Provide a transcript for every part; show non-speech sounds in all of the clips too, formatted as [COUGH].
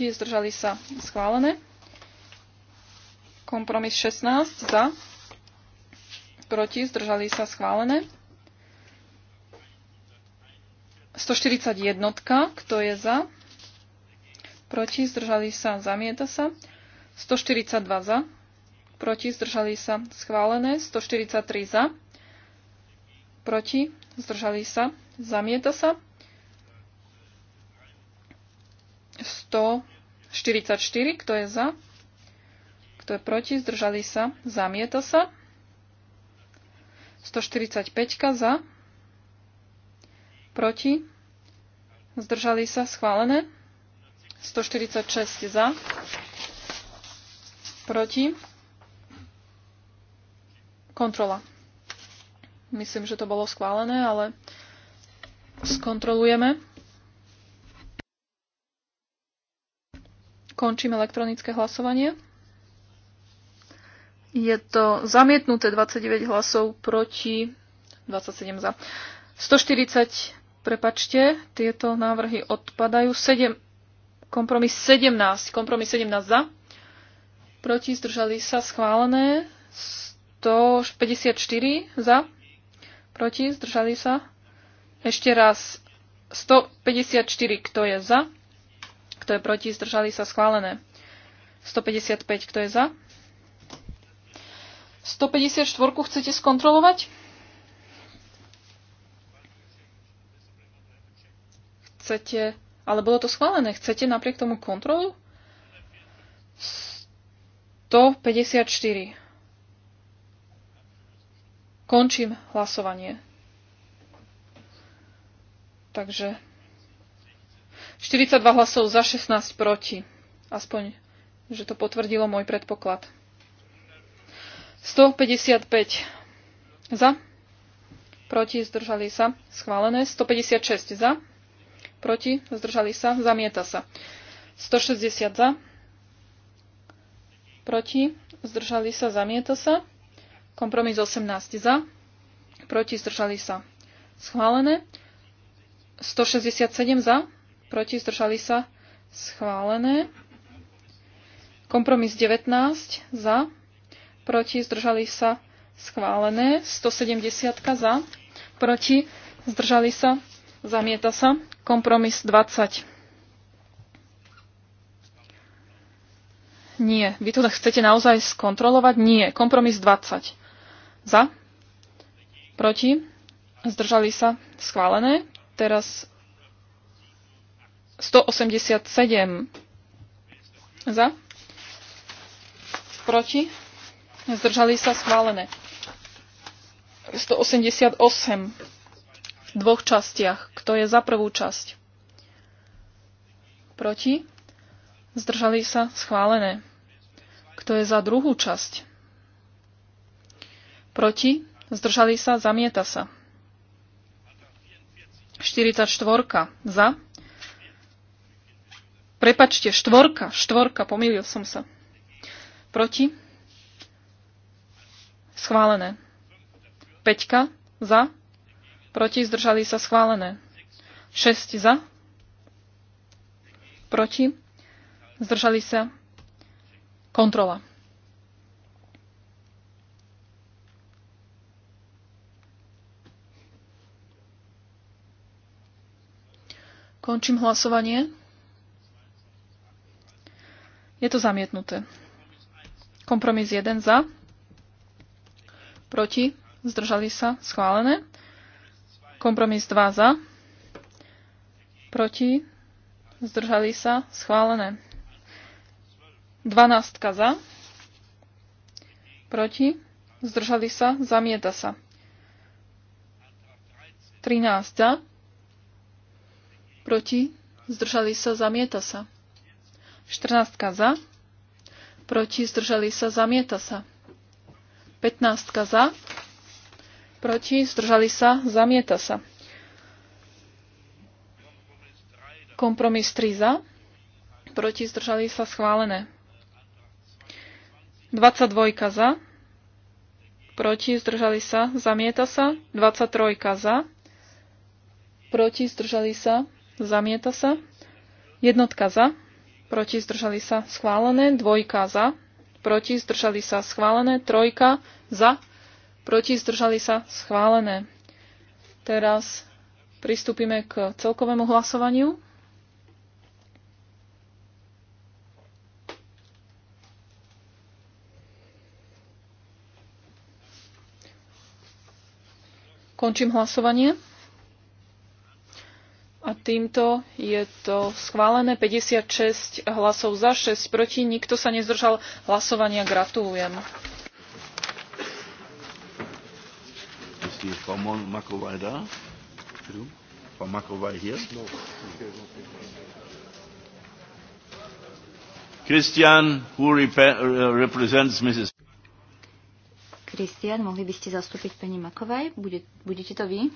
proti, zdržali sa schválené. Kompromis 16 za, proti, zdržali sa schválené. 141, kto je za, proti, zdržali sa, zamieta sa. 142 za, proti, zdržali sa, schválené. 143 za, proti, zdržali sa, zamieta sa. 100, 44, kto je za? Kto je proti? Zdržali sa? Zamieta sa. 145 za. Proti? Zdržali sa? Schválené. 146 za. Proti? Kontrola. Myslím, že to bolo schválené, ale skontrolujeme. Končím elektronické hlasovanie. Je to zamietnuté 29 hlasov proti 27 za. 140, prepačte, tieto návrhy odpadajú. 7, kompromis 17, kompromis 17 za. Proti zdržali sa schválené 154 za. Proti zdržali sa. Ešte raz 154, kto je za kto je proti? Zdržali sa? Schválené. 155. Kto je za? 154 chcete skontrolovať? Chcete, ale bolo to schválené, chcete napriek tomu kontrolu? 154. Končím hlasovanie. Takže 42 hlasov za 16 proti. Aspoň, že to potvrdilo môj predpoklad. 155 za, proti, zdržali sa, schválené. 156 za, proti, zdržali sa, zamieta sa. 160 za, proti, zdržali sa, zamieta sa. Kompromis 18 za, proti, zdržali sa, schválené. 167 za, proti, zdržali sa, schválené. Kompromis 19 za, proti, zdržali sa, schválené. 170 za, proti, zdržali sa, zamieta sa. Kompromis 20. Nie. Vy to chcete naozaj skontrolovať? Nie. Kompromis 20. Za? Proti? Zdržali sa? Schválené. Teraz 187 za, proti, zdržali sa schválené. 188 v dvoch častiach. Kto je za prvú časť? Proti, zdržali sa schválené. Kto je za druhú časť? Proti, zdržali sa, zamieta sa. 44 za, Prepačte, štvorka, štvorka, pomýlil som sa. Proti? Schválené. Peťka, za. Proti, zdržali sa, schválené. Šesť za. Proti, zdržali sa, kontrola. Končím hlasovanie. Je to zamietnuté. Kompromis 1 za, proti, zdržali sa, schválené. Kompromis 2 za, proti, zdržali sa, schválené. 12 za, proti, zdržali sa, zamieta sa. 13 za, proti, zdržali sa, zamieta sa. 14 za, proti zdržali sa, zamieta sa. 15 za, proti zdržali sa, zamieta sa. Kompromis 3 za, proti zdržali sa, schválené. 22 za, proti zdržali sa, zamieta sa. 23 za, proti zdržali sa, zamieta sa. Jednotka za, proti zdržali sa schválené, dvojka za, proti zdržali sa schválené, trojka za, proti zdržali sa schválené. Teraz pristúpime k celkovému hlasovaniu. Končím hlasovanie. A týmto je to schválené 56 hlasov za 6 proti. Nikto sa nezdržal hlasovania. Gratulujem. Christian, who uh, represents Mrs. Christian, mohli by ste zastúpiť pani Makovej? Bude, budete to vy?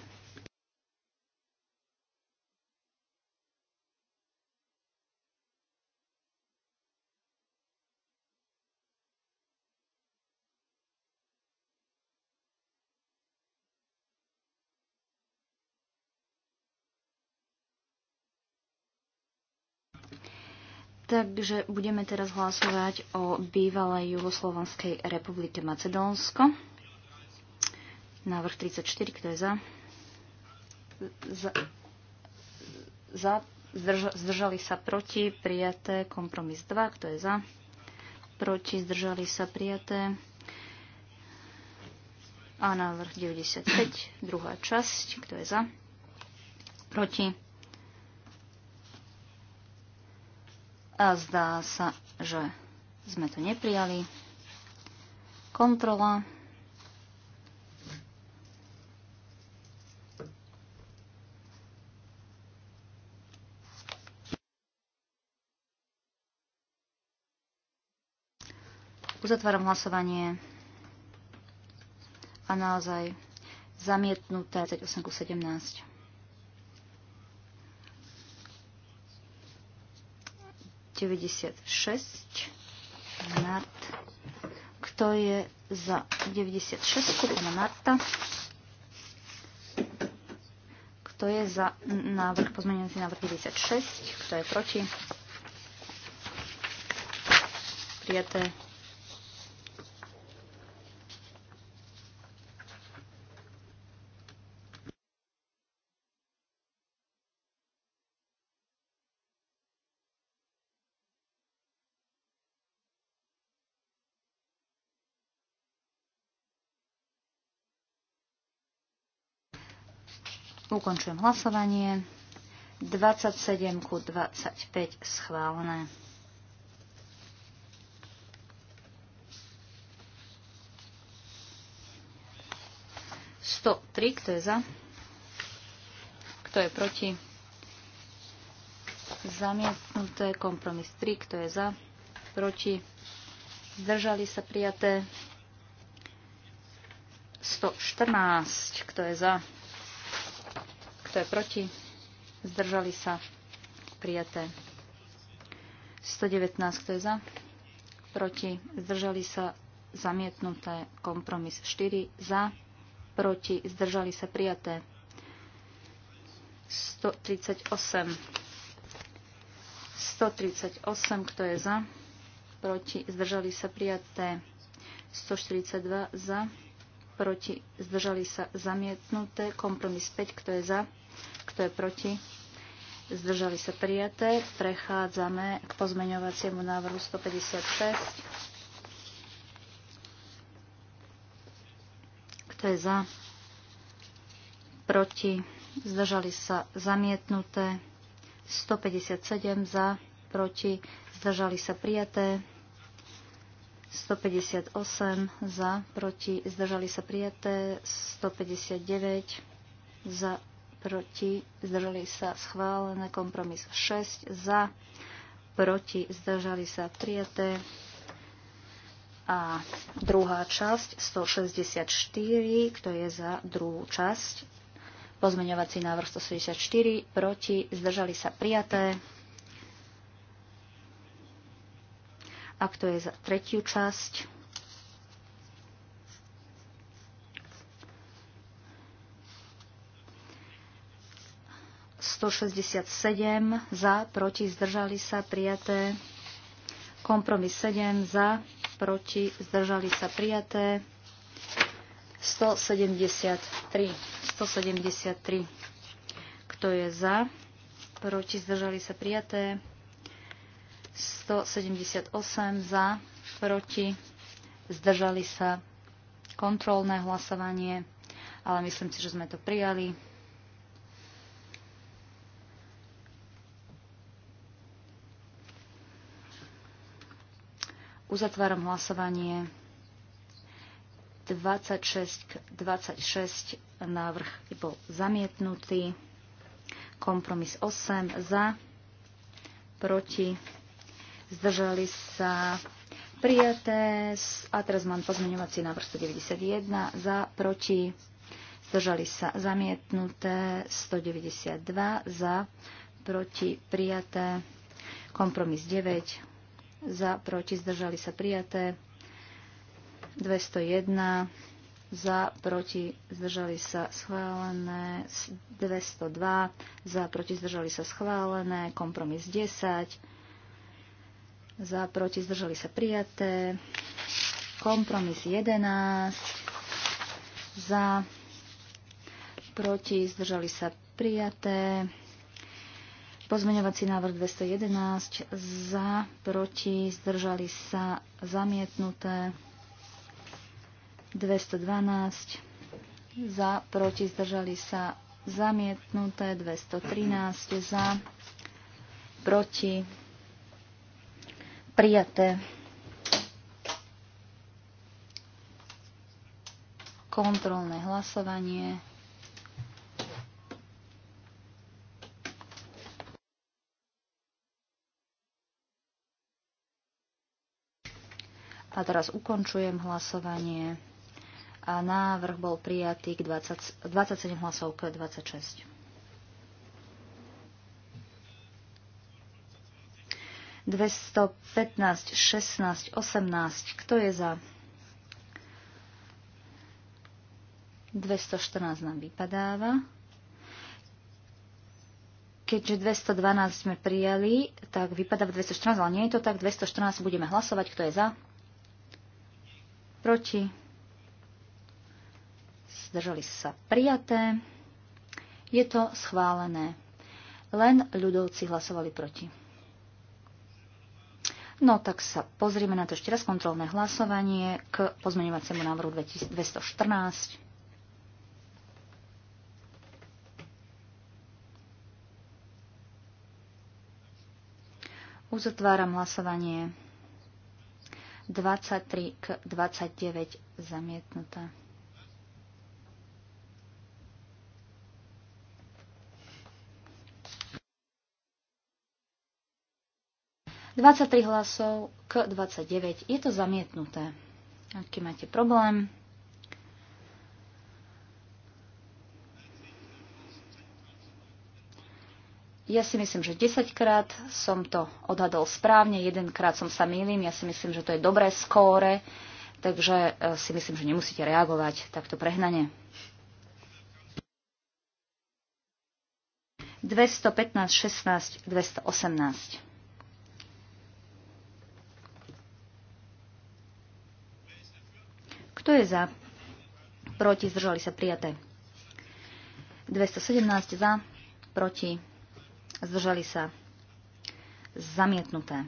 Takže budeme teraz hlasovať o bývalej Jugoslovanskej republike Macedónsko. Návrh 34, kto je za? Za, za zdržali sa proti, prijaté, kompromis 2, kto je za? Proti, zdržali sa prijaté. A návrh 95, druhá časť, kto je za? Proti A zdá sa, že sme to neprijali. Kontrola. Uzatváram hlasovanie a naozaj zamietnuté 38 17. 96 Nart. Kto je za 96 pána Marta Kto je za návrh, pozmenujúci návrh 96? Kto je proti? Prijaté Ukončujem hlasovanie. 27 ku 25 schválené. tri, kto je za? Kto je proti? Zamietnuté kompromis 3, kto je za? Proti? Zdržali sa prijaté. 114, kto je za? Kto je proti? Zdržali sa. Prijaté. 119. Kto je za? Proti. Zdržali sa. Zamietnuté. Kompromis 4. Za. Proti. Zdržali sa. Prijaté. 138. 138. Kto je za? Proti. Zdržali sa. Prijaté. 142. Za. Proti. Zdržali sa. Zamietnuté. Kompromis 5. Kto je za? Kto je proti? Zdržali sa prijaté. Prechádzame k pozmeňovaciemu návrhu 156. Kto je za? Proti? Zdržali sa zamietnuté. 157 za, proti, zdržali sa prijaté. 158 za, proti, zdržali sa prijaté. 159 za, proti, zdržali sa schválené, kompromis 6 za, proti, zdržali sa prijaté. A druhá časť, 164, kto je za druhú časť. Pozmeňovací návrh 164, proti, zdržali sa prijaté. A kto je za tretiu časť? 167 za, proti, zdržali sa, prijaté. Kompromis 7 za, proti, zdržali sa, prijaté. 173. 173. Kto je za? Proti, zdržali sa, prijaté. 178 za, proti, zdržali sa, kontrolné hlasovanie, ale myslím si, že sme to prijali. Uzatváram hlasovanie. 26 k 26 návrh bol zamietnutý. Kompromis 8 za, proti, zdržali sa prijaté. A teraz mám pozmeňovací návrh 191 za, proti, zdržali sa zamietnuté 192 za, proti prijaté kompromis 9 za, proti, zdržali sa prijaté. 201 za, proti, zdržali sa schválené. 202 za, proti, zdržali sa schválené. Kompromis 10 za, proti, zdržali sa prijaté. Kompromis 11 za, proti, zdržali sa prijaté. Pozmeňovací návrh 211 za, proti, zdržali sa, zamietnuté. 212 za, proti, zdržali sa, zamietnuté. 213 za, proti, prijaté. Kontrolné hlasovanie. A teraz ukončujem hlasovanie. A návrh bol prijatý k 20, 27 hlasov k 26. 215, 16, 18. Kto je za? 214 nám vypadáva. Keďže 212 sme prijali, tak vypadá 214, ale nie je to tak. 214 budeme hlasovať. Kto je za? proti, zdržali sa prijaté, je to schválené. Len ľudovci hlasovali proti. No tak sa pozrieme na to ešte raz kontrolné hlasovanie k pozmeňovaciemu návrhu 214. Uzatváram hlasovanie. 23 k 29 zamietnuté. Dvadsaťtri hlasov k 29. Je to zamietnuté. Aký máte problém? Ja si myslím, že 10 krát som to odhadol správne, jedenkrát som sa mýlim, ja si myslím, že to je dobré skóre, takže e, si myslím, že nemusíte reagovať takto prehnane. 215, 16, 218. Kto je za? Proti, zdržali sa prijaté. 217 za, proti, Zdržali sa. Zamietnuté.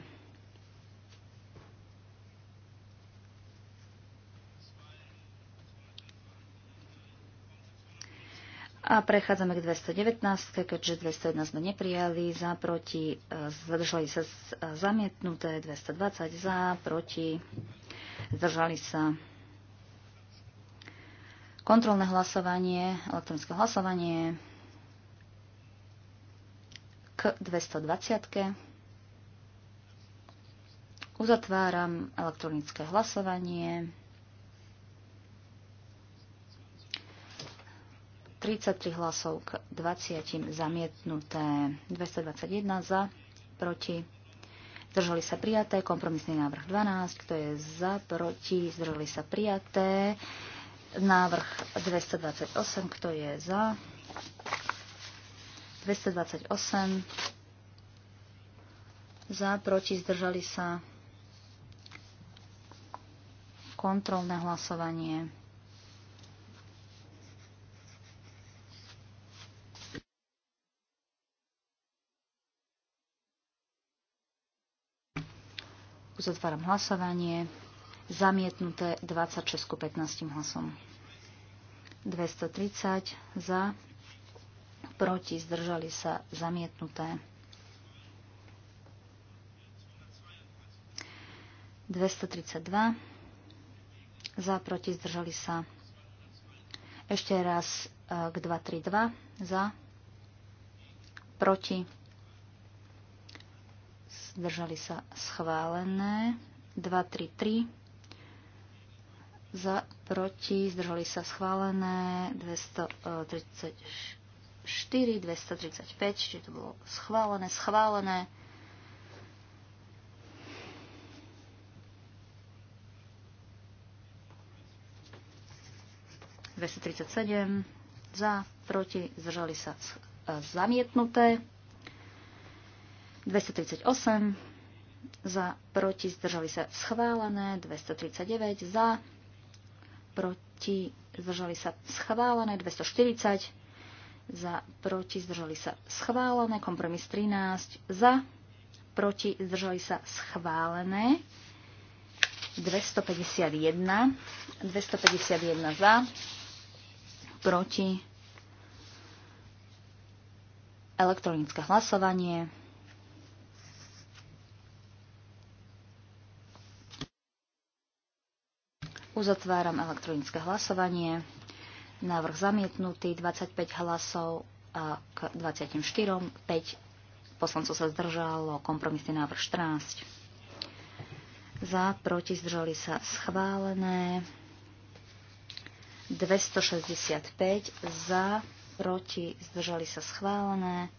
A prechádzame k 219, keďže 211 sme neprijali, za, proti, e, zdržali sa e, zamietnuté, 220 za, proti, zdržali sa kontrolné hlasovanie, elektronické hlasovanie. 220. Uzatváram elektronické hlasovanie. 33 hlasov k 20 zamietnuté, 221 za, proti, zdržali sa prijaté, kompromisný návrh 12, kto je za, proti, zdržali sa prijaté, návrh 228, kto je za, 228 za, proti, zdržali sa. Kontrolné hlasovanie. Uzatváram hlasovanie. Zamietnuté 26 ku 15 hlasom. 230 za, proti, zdržali sa, zamietnuté. 232 za, proti, zdržali sa. Ešte raz e, k 232 za, proti, zdržali sa schválené. 233 za, proti, zdržali sa schválené. 234 4, 235, čiže to bolo schválené, schválené. ...237 za, proti, zdržali sa e, zamietnuté. 238 za, proti, zdržali sa schválené. 239 za, proti, zdržali sa schválené. 240 za, proti, zdržali sa schválené, kompromis 13, za, proti, zdržali sa schválené, 251, 251 za, proti, elektronické hlasovanie, Uzatváram elektronické hlasovanie. Návrh zamietnutý 25 hlasov a k 24, 5 poslancov sa zdržalo, kompromisný návrh 14. Za, proti, zdržali sa schválené. 265 za, proti, zdržali sa schválené,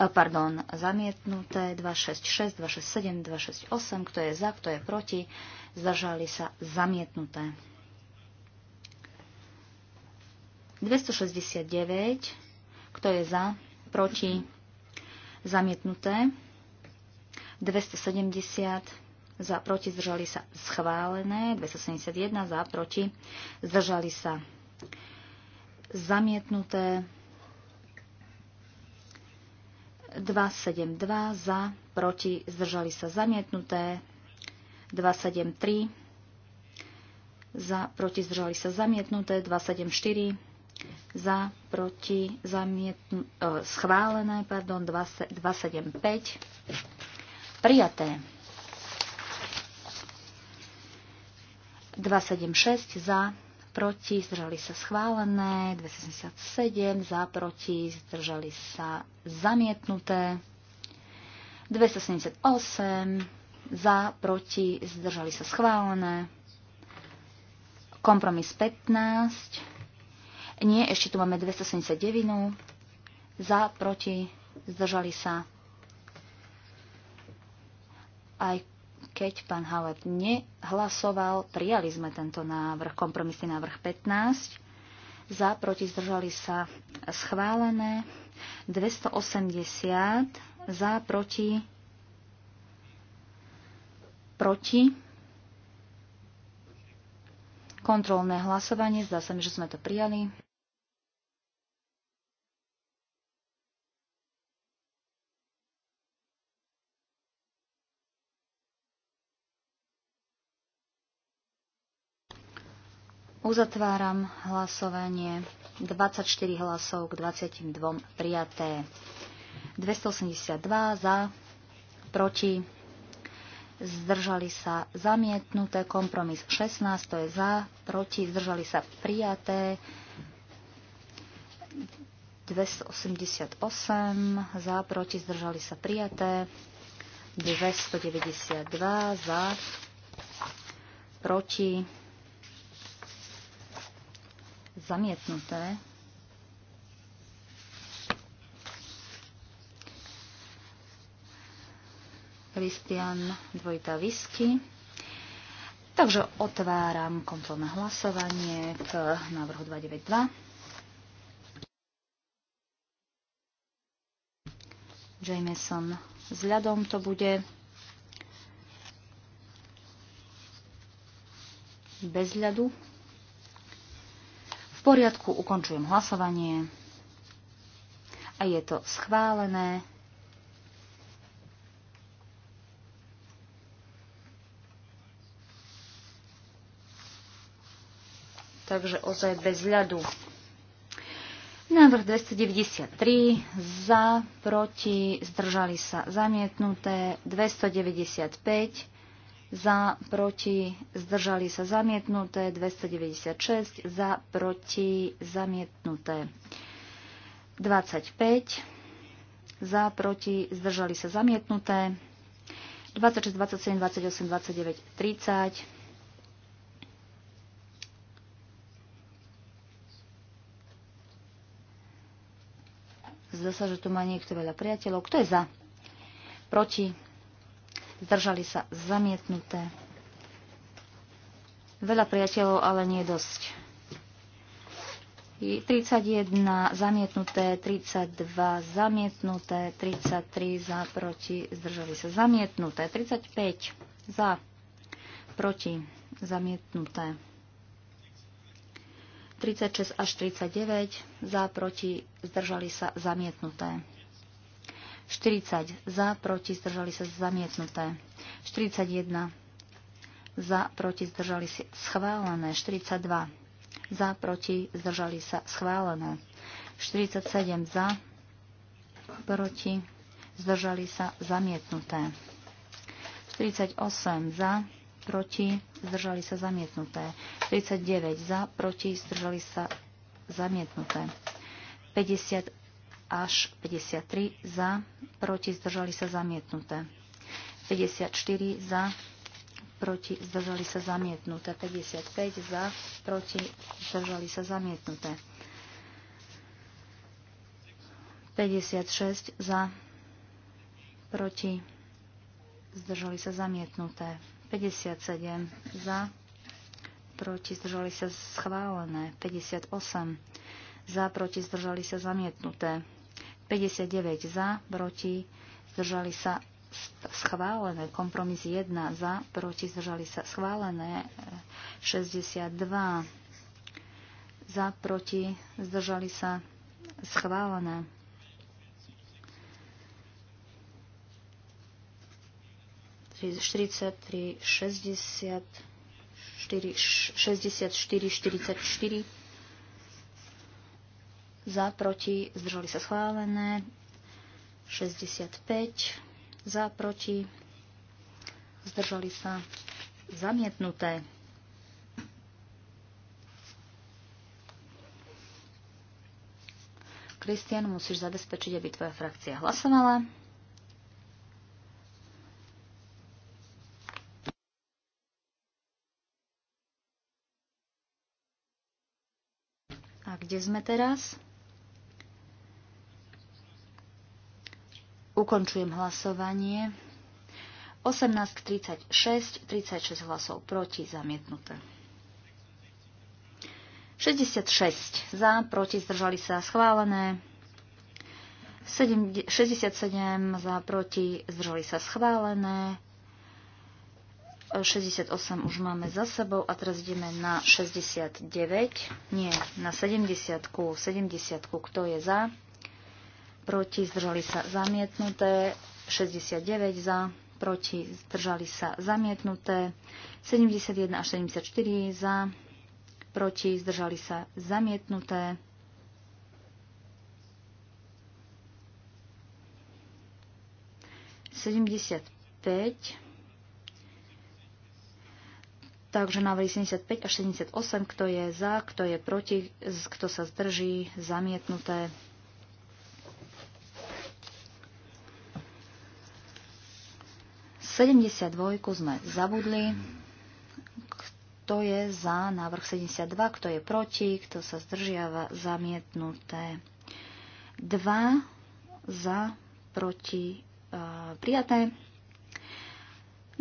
e, pardon, zamietnuté, 266, 267, 268, kto je za, kto je proti, zdržali sa zamietnuté. 269, kto je za, proti, zamietnuté. 270, za, proti, zdržali sa, schválené. 271, za, proti, zdržali sa, zamietnuté. 272 za, proti, zdržali sa zamietnuté, 273 za, proti, zdržali sa zamietnuté, 274 za, proti, zamietn- e, schválené, pardon, 275, prijaté. 276 za, proti, zdržali sa schválené, 277 za, proti, zdržali sa zamietnuté, 278 za, proti, zdržali sa schválené, kompromis 15, nie, ešte tu máme 279. Za, proti, zdržali sa. Aj keď pán Halep nehlasoval, prijali sme tento návrh, kompromisný návrh 15. Za, proti, zdržali sa schválené. 280 za, proti, proti. Kontrolné hlasovanie, zdá sa mi, že sme to prijali. Uzatváram hlasovanie. 24 hlasov k 22 prijaté. 282 za, proti, zdržali sa zamietnuté. Kompromis 16, to je za, proti, zdržali sa prijaté. 288 za, proti, zdržali sa prijaté. 292 za, proti, zamietnuté. Kristian Dvojta Visky. Takže otváram kontrolné hlasovanie k návrhu 292. Jameson. S ľadom to bude. Bez ľadu poriadku, ukončujem hlasovanie a je to schválené. Takže ozaj bez ľadu. Návrh 293 za, proti, zdržali sa zamietnuté, 295 za, proti, zdržali sa zamietnuté, 296 za, proti, zamietnuté, 25 za, proti, zdržali sa zamietnuté, 26, 27, 28, 29, 30, Zdá sa, že tu má niekto veľa priateľov. Kto je za? Proti? zdržali sa zamietnuté. Veľa priateľov, ale nie dosť. 31 zamietnuté, 32 zamietnuté, 33 za, proti, zdržali sa zamietnuté, 35 za, proti, zamietnuté. 36 až 39 za, proti, zdržali sa zamietnuté. 40 za, proti, zdržali sa zamietnuté. 41 za, proti, zdržali sa schválené. 42 za, proti, zdržali sa schválené. 47 za, proti, zdržali sa zamietnuté. 48 za, proti, zdržali sa zamietnuté. 49 za, proti, zdržali sa zamietnuté. 50 až 53 za, proti zdržali sa zamietnuté. 54 za, proti zdržali sa zamietnuté. 55 za, proti zdržali sa zamietnuté. 56 za, proti zdržali sa zamietnuté. 57 za, proti zdržali sa schválené. 58 za, proti, zdržali sa zamietnuté. 59 za, proti, zdržali sa schválené. Kompromis 1 za, proti, zdržali sa schválené. 62 za, proti, zdržali sa schválené. Čiže 43, 60, 4, 64, 44 za, proti, zdržali sa schválené, 65, za, proti, zdržali sa zamietnuté. Kristian, musíš zabezpečiť, aby tvoja frakcia hlasovala. A kde sme teraz? Ukončujem hlasovanie. 18 36, 36 hlasov proti, zamietnuté. 66 za, proti, zdržali sa, schválené. 67 za, proti, zdržali sa, schválené. 68 už máme za sebou a teraz ideme na 69, nie, na 70, 70, kto je za, proti, zdržali sa zamietnuté, 69 za, proti, zdržali sa zamietnuté, 71 až 74 za, proti, zdržali sa zamietnuté, 75, takže návrhy 75 až 78, kto je za, kto je proti, kto sa zdrží, zamietnuté. 72 sme zabudli. Kto je za návrh 72, kto je proti, kto sa zdržiava, zamietnuté. 2 za, proti, e, prijaté.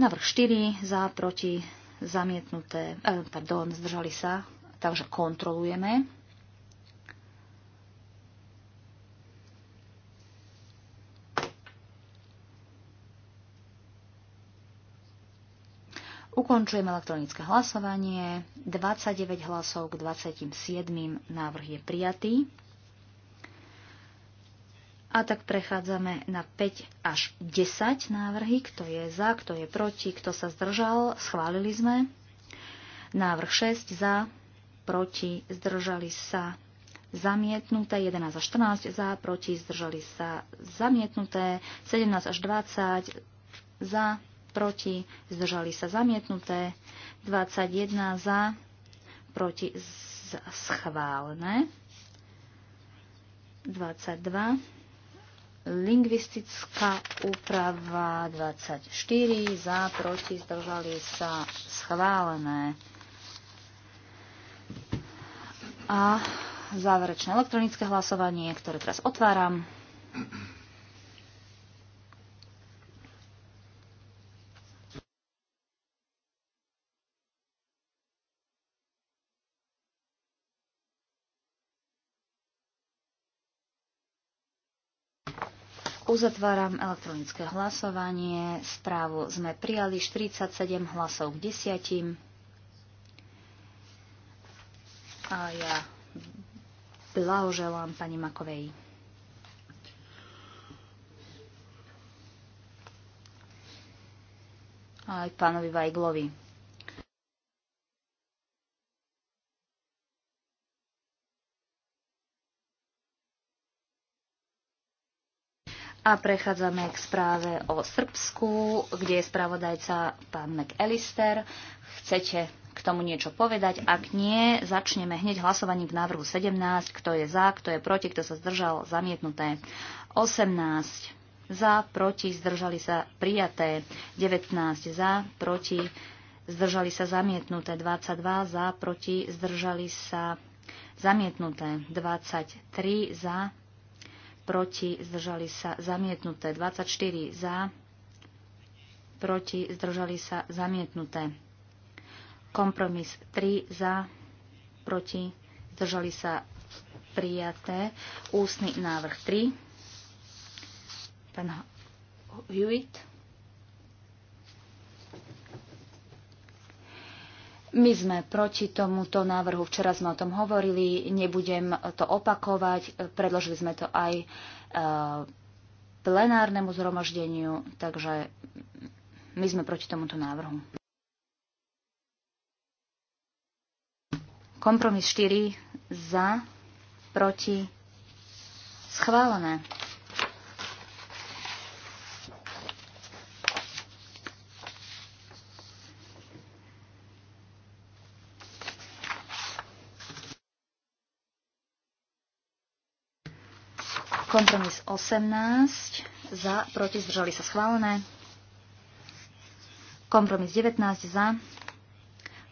Návrh 4 za, proti, zamietnuté, e, pardon, zdržali sa, takže kontrolujeme. Ukončujem elektronické hlasovanie. 29 hlasov k 27. Návrh je prijatý. A tak prechádzame na 5 až 10 návrhy, kto je za, kto je proti, kto sa zdržal, schválili sme. Návrh 6 za, proti, zdržali sa, zamietnuté, 11 až 14 za, proti, zdržali sa, zamietnuté, 17 až 20 za, proti, zdržali sa zamietnuté, 21 za, proti, schválené, 22, lingvistická úprava 24, za, proti, zdržali sa, schválené. A záverečné elektronické hlasovanie, ktoré teraz otváram. Uzatváram elektronické hlasovanie. Správu sme prijali 47 hlasov k 10. A ja blahoželám pani Makovej. Aj pánovi Vajglovi. A prechádzame k správe o Srbsku, kde je spravodajca pán McAllister. Chcete k tomu niečo povedať? Ak nie, začneme hneď hlasovaním k návrhu 17. Kto je za, kto je proti, kto sa zdržal, zamietnuté. 18 za, proti, zdržali sa, prijaté. 19 za, proti, zdržali sa, zamietnuté. 22 za, proti, zdržali sa, zamietnuté. 23 za, proti, zdržali sa, zamietnuté. 24 za, proti, zdržali sa, zamietnuté. Kompromis 3 za, proti, zdržali sa, prijaté. Ústny návrh 3. Pán Hewitt. My sme proti tomuto návrhu, včera sme o tom hovorili, nebudem to opakovať, predložili sme to aj e, plenárnemu zhromaždeniu, takže my sme proti tomuto návrhu. Kompromis 4 za, proti, schválené. Kompromis 18 za, proti, zdržali sa schválené. Kompromis 19 za,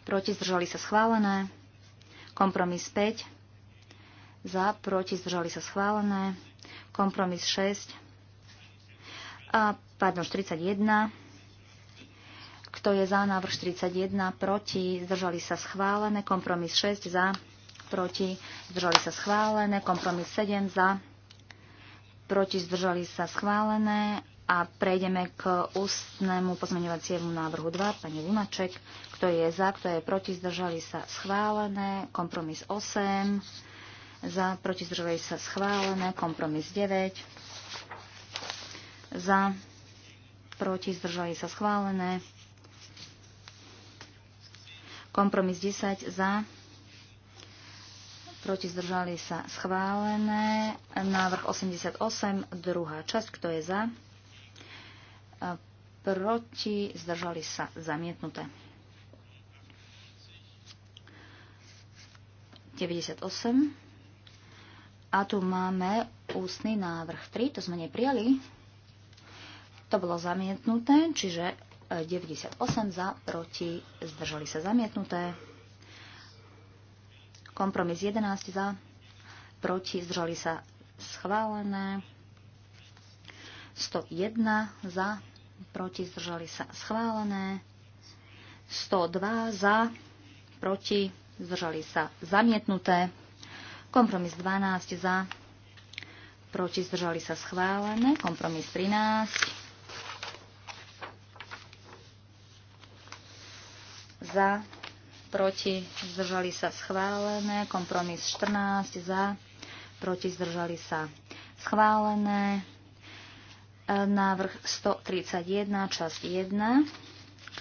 proti, zdržali sa schválené. Kompromis 5 za, proti, zdržali sa schválené. Kompromis 6 a pardon, 41. Kto je za návrh 41, proti, zdržali sa schválené. Kompromis 6 za, proti, zdržali sa schválené. Kompromis 7 za, proti zdržali sa schválené a prejdeme k ústnemu pozmeňovaciemu návrhu 2, pani Lunaček. Kto je za, kto je proti, zdržali sa schválené. Kompromis 8. Za, proti, zdržali sa schválené. Kompromis 9. Za, proti, zdržali sa schválené. Kompromis 10. Za, proti zdržali sa schválené. Návrh 88, druhá časť, kto je za, e, proti zdržali sa zamietnuté. 98. A tu máme ústny návrh 3, to sme neprijali. To bolo zamietnuté, čiže 98 za, proti, zdržali sa zamietnuté. Kompromis 11 za, proti, zdržali sa schválené. 101 za, proti, zdržali sa schválené. 102 za, proti, zdržali sa zamietnuté. Kompromis 12 za, proti, zdržali sa schválené. Kompromis 13 za, proti, zdržali sa schválené, kompromis 14 za, proti, zdržali sa schválené, e, návrh 131, časť 1,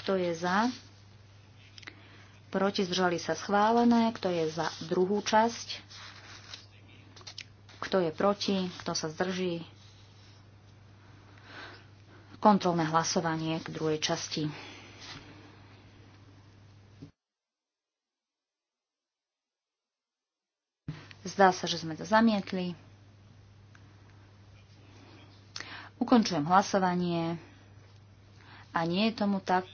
kto je za, proti, zdržali sa schválené, kto je za druhú časť, kto je proti, kto sa zdrží, kontrolné hlasovanie k druhej časti. Zdá sa, že sme to zamietli. Ukončujem hlasovanie. A nie je tomu tak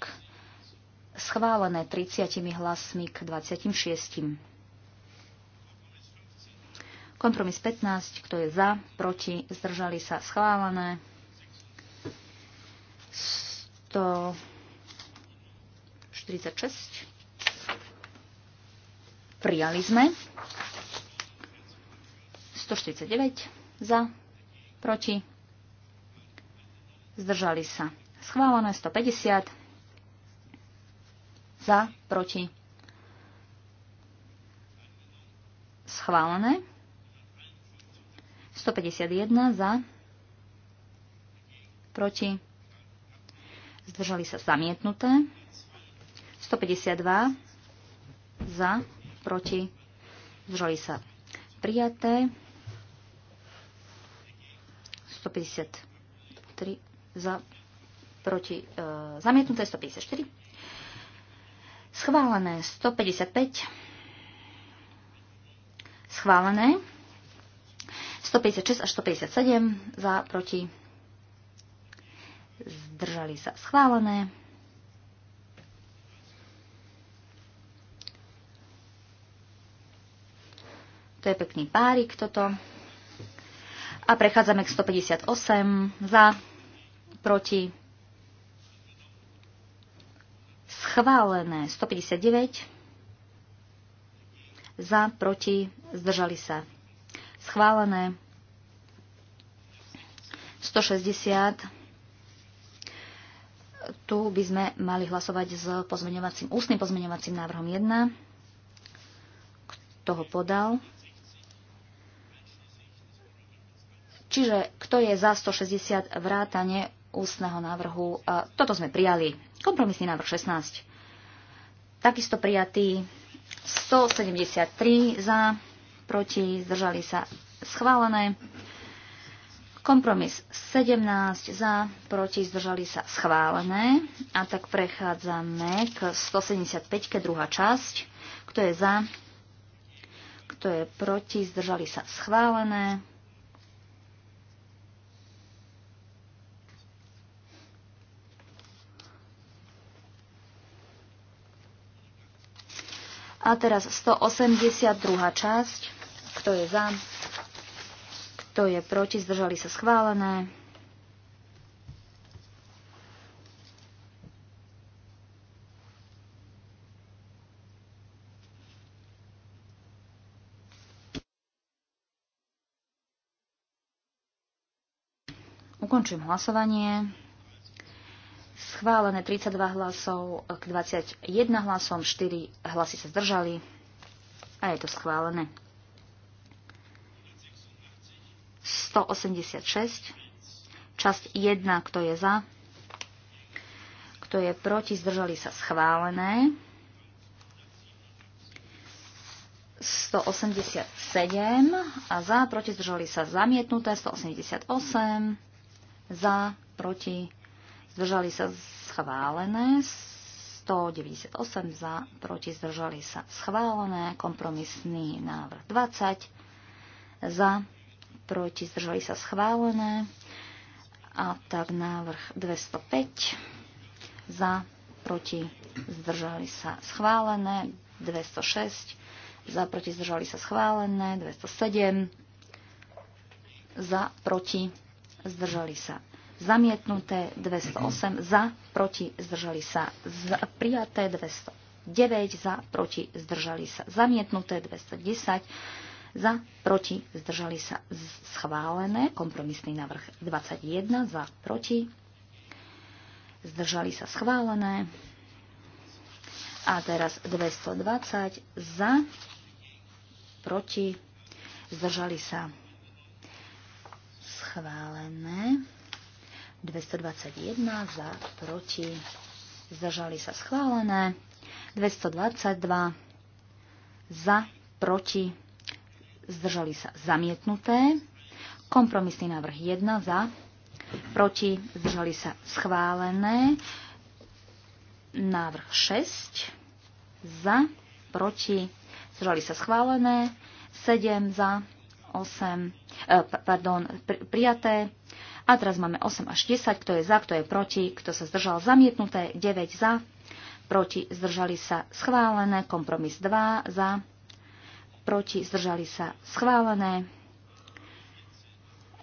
schválené 30 hlasmi k 26. Kompromis 15, kto je za, proti, zdržali sa, schválené. 146. Prijali sme. 149 za, proti, zdržali sa. Schválené 150 za, proti, schválené. 151 za, proti, zdržali sa zamietnuté. 152 za, proti, zdržali sa prijaté. 153 za, proti, e, zamietnuté 154. Schválené 155. Schválené 156 až 157 za, proti, zdržali sa schválené. To je pekný párik toto. A prechádzame k 158 za, proti, schválené 159 za, proti, zdržali sa. Schválené 160 tu by sme mali hlasovať s pozmeňovacím, ústnym pozmeňovacím návrhom 1. Kto ho podal? Čiže kto je za 160 vrátane ústneho návrhu, e, toto sme prijali. Kompromisný návrh 16. Takisto prijatý 173 za, proti, zdržali sa schválené. Kompromis 17 za, proti, zdržali sa schválené. A tak prechádzame k 175, ke druhá časť. Kto je za? Kto je proti? Zdržali sa schválené. A teraz 182. časť. Kto je za? Kto je proti? Zdržali sa schválené. Ukončím hlasovanie schválené 32 hlasov k 21 hlasom, 4 hlasy sa zdržali a je to schválené. 186, časť 1, kto je za, kto je proti, zdržali sa schválené. 187 a za, proti, zdržali sa zamietnuté, 188 za, proti, zdržali sa schválené, 198 za, proti zdržali sa schválené, kompromisný návrh 20 za, proti zdržali sa schválené a tak návrh 205 za, proti zdržali sa schválené, 206 za, proti zdržali sa schválené, 207 za, proti zdržali sa zamietnuté 208 za, proti, zdržali sa z, prijaté 209 za, proti, zdržali sa zamietnuté 210 za, proti, zdržali sa schválené, kompromisný návrh 21 za, proti, zdržali sa schválené a teraz 220 za, proti, zdržali sa schválené. 221 za, proti, zdržali sa schválené. 222 za, proti, zdržali sa zamietnuté. Kompromisný návrh 1 za, proti, zdržali sa schválené. Návrh 6 za, proti, zdržali sa schválené. 7 za, 8, eh, pardon, prijaté, a teraz máme 8 až 10, kto je za, kto je proti, kto sa zdržal zamietnuté, 9 za, proti zdržali sa schválené, kompromis 2 za, proti zdržali sa schválené,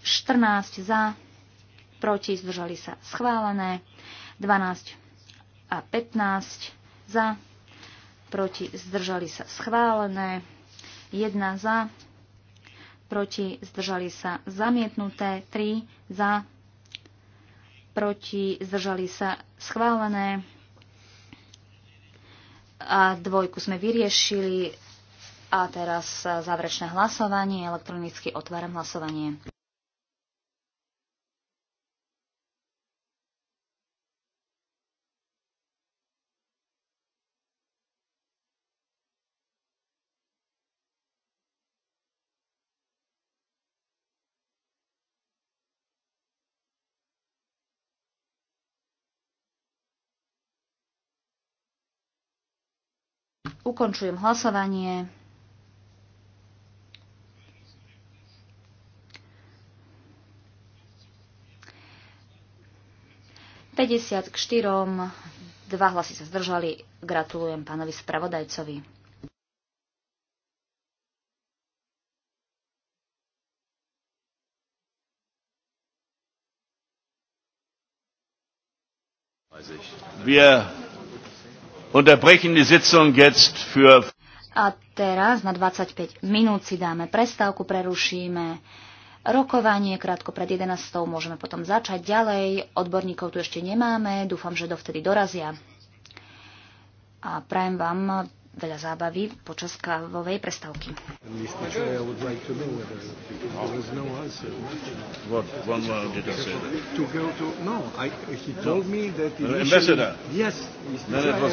14 za, proti zdržali sa schválené, 12 a 15 za, proti zdržali sa schválené, 1 za, proti, zdržali sa zamietnuté, 3 za, proti, zdržali sa schválené. A dvojku sme vyriešili a teraz záverečné hlasovanie. Elektronicky otváram hlasovanie. Ukončujem hlasovanie. Päťdesiat k štyrom, dva hlasy sa zdržali. Gratulujem pánovi spravodajcovi. Wir Unterbrechen die Sitzung jetzt für... A teraz na 25 minút si dáme prestávku, prerušíme rokovanie krátko pred 11. Môžeme potom začať ďalej. Odborníkov tu ešte nemáme, dúfam, že dovtedy dorazia. A prajem vám veľa zábavy počas kávovej prestávky. No, no. ambassador. Yes. No,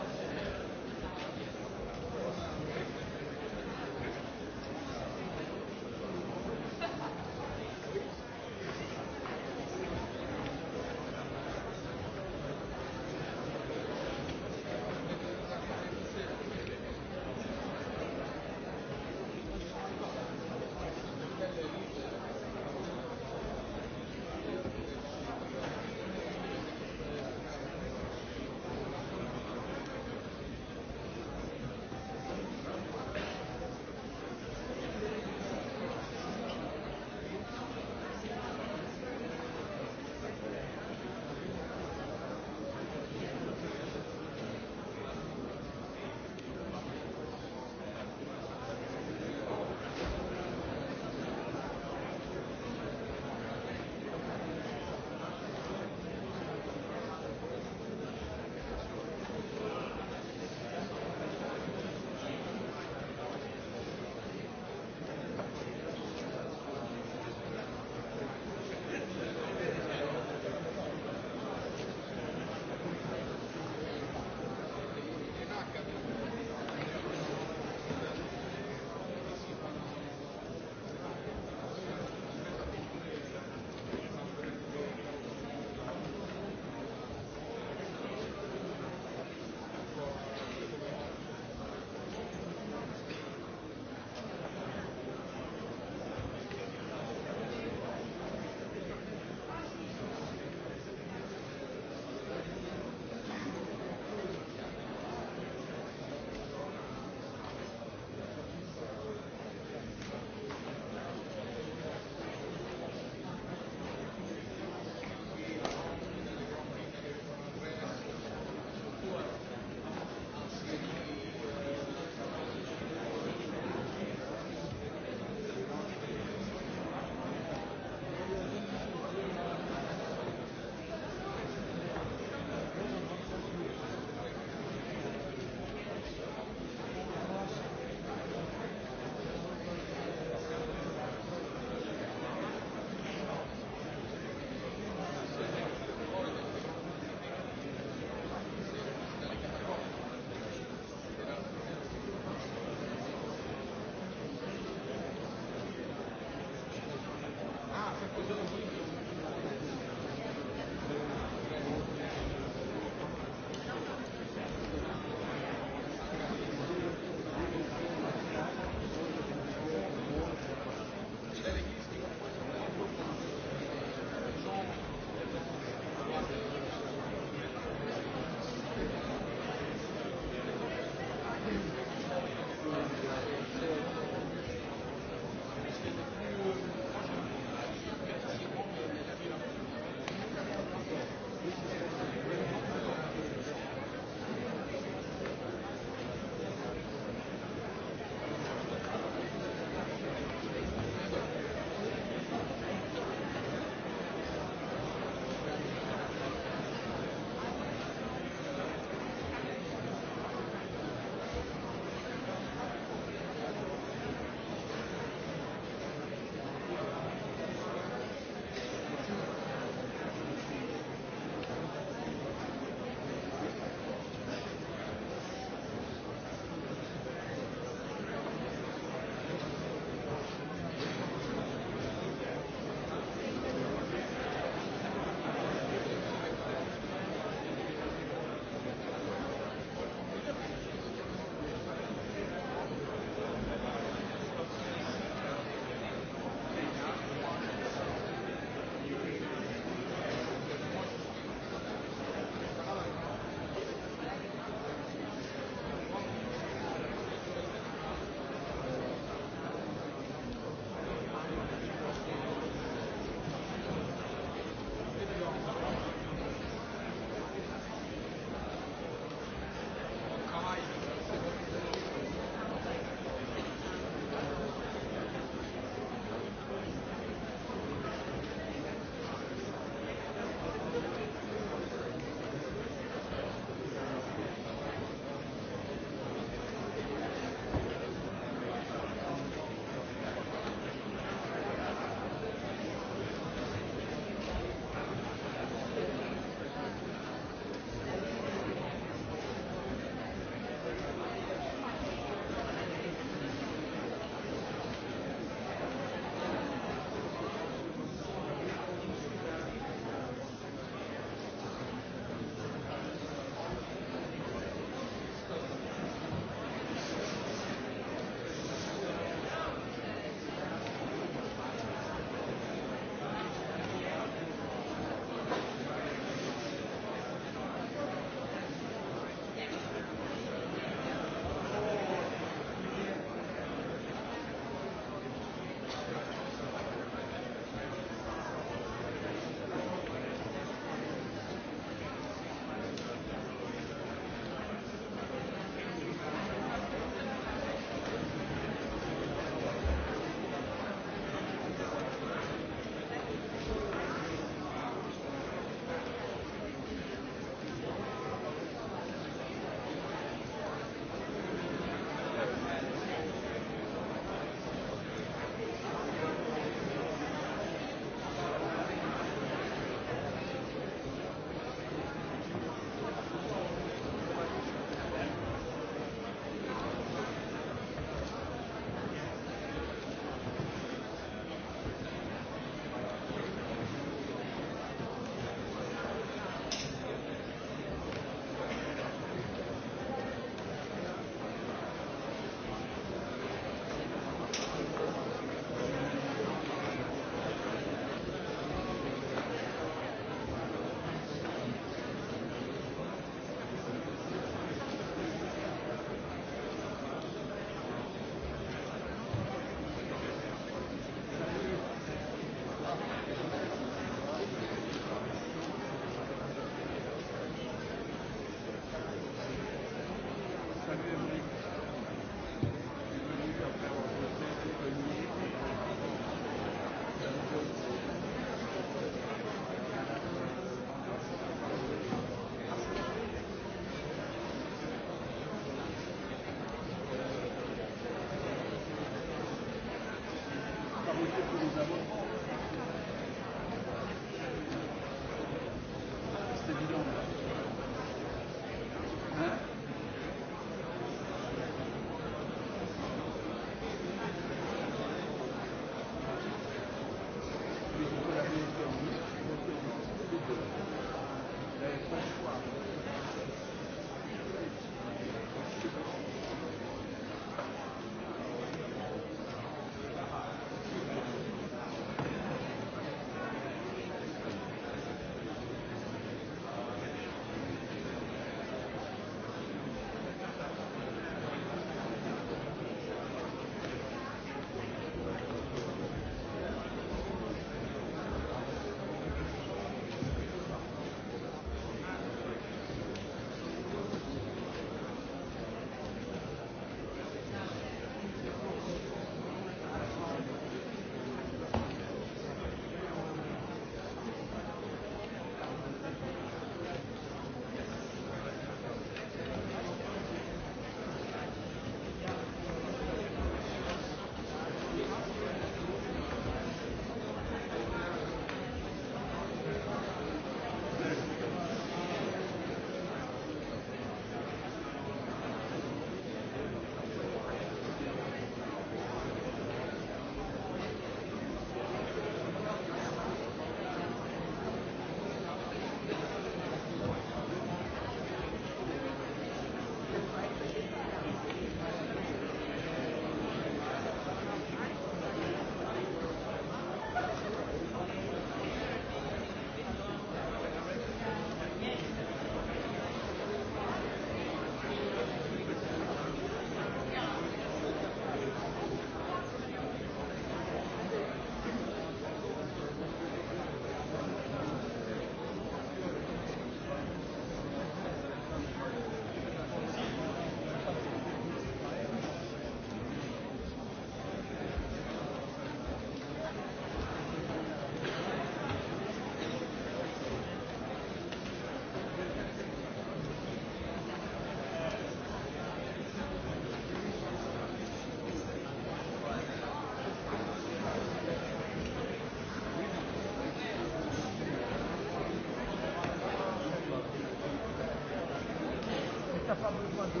n'a pas besoin de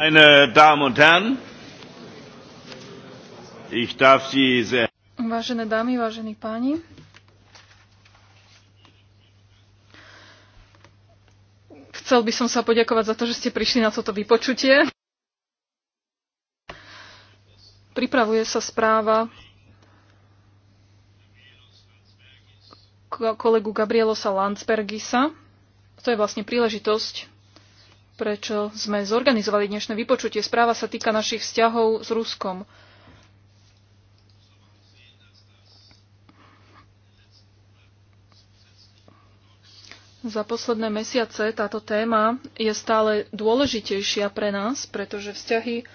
Meine Damen und Herren, ich darf Sie sehr. Vážené dámy, vážení páni, chcel by som sa poďakovať za to, že ste prišli na toto vypočutie. Pripravuje sa správa kolegu Gabrielosa Landsbergisa. To je vlastne príležitosť prečo sme zorganizovali dnešné vypočutie. Správa sa týka našich vzťahov s Ruskom. Za posledné mesiace táto téma je stále dôležitejšia pre nás, pretože vzťahy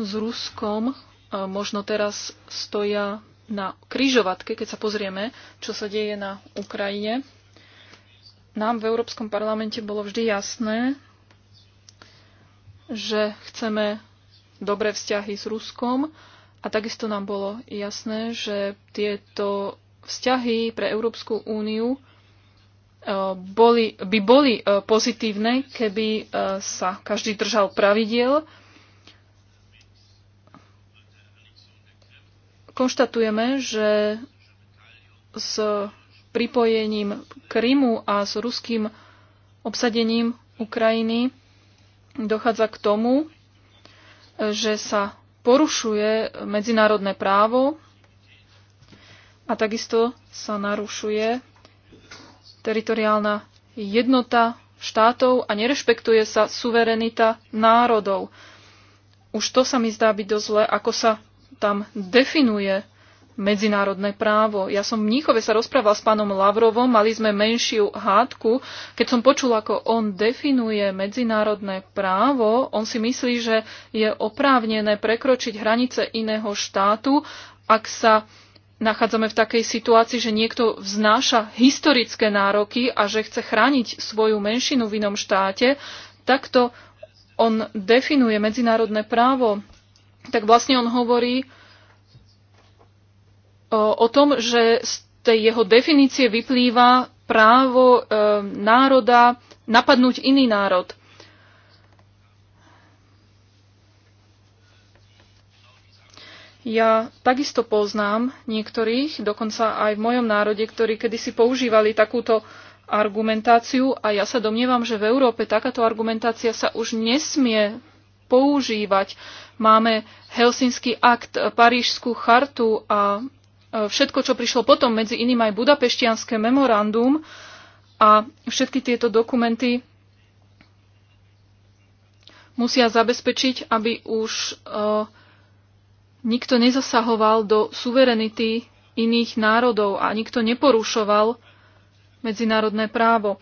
s Ruskom e, možno teraz stoja na kryžovatke, keď sa pozrieme, čo sa deje na Ukrajine. Nám v Európskom parlamente bolo vždy jasné, že chceme dobré vzťahy s Ruskom a takisto nám bolo jasné, že tieto vzťahy pre Európsku úniu e, boli, by boli e, pozitívne, keby e, sa každý držal pravidiel. Konštatujeme, že s pripojením Krymu a s ruským obsadením Ukrajiny dochádza k tomu, že sa porušuje medzinárodné právo a takisto sa narušuje teritoriálna jednota štátov a nerešpektuje sa suverenita národov. Už to sa mi zdá byť dosť zle, ako sa tam definuje medzinárodné právo. Ja som v Mníchove sa rozprával s pánom Lavrovom, mali sme menšiu hádku. Keď som počul, ako on definuje medzinárodné právo, on si myslí, že je oprávnené prekročiť hranice iného štátu, ak sa nachádzame v takej situácii, že niekto vznáša historické nároky a že chce chrániť svoju menšinu v inom štáte, takto on definuje medzinárodné právo. Tak vlastne on hovorí, o tom, že z tej jeho definície vyplýva právo e, národa napadnúť iný národ. Ja takisto poznám niektorých, dokonca aj v mojom národe, ktorí kedysi používali takúto argumentáciu a ja sa domnievam, že v Európe takáto argumentácia sa už nesmie používať. Máme Helsinský akt, Parížskú chartu a E, všetko, čo prišlo potom, medzi iným aj budapeštianské memorandum a všetky tieto dokumenty musia zabezpečiť, aby už e, nikto nezasahoval do suverenity iných národov a nikto neporušoval medzinárodné právo.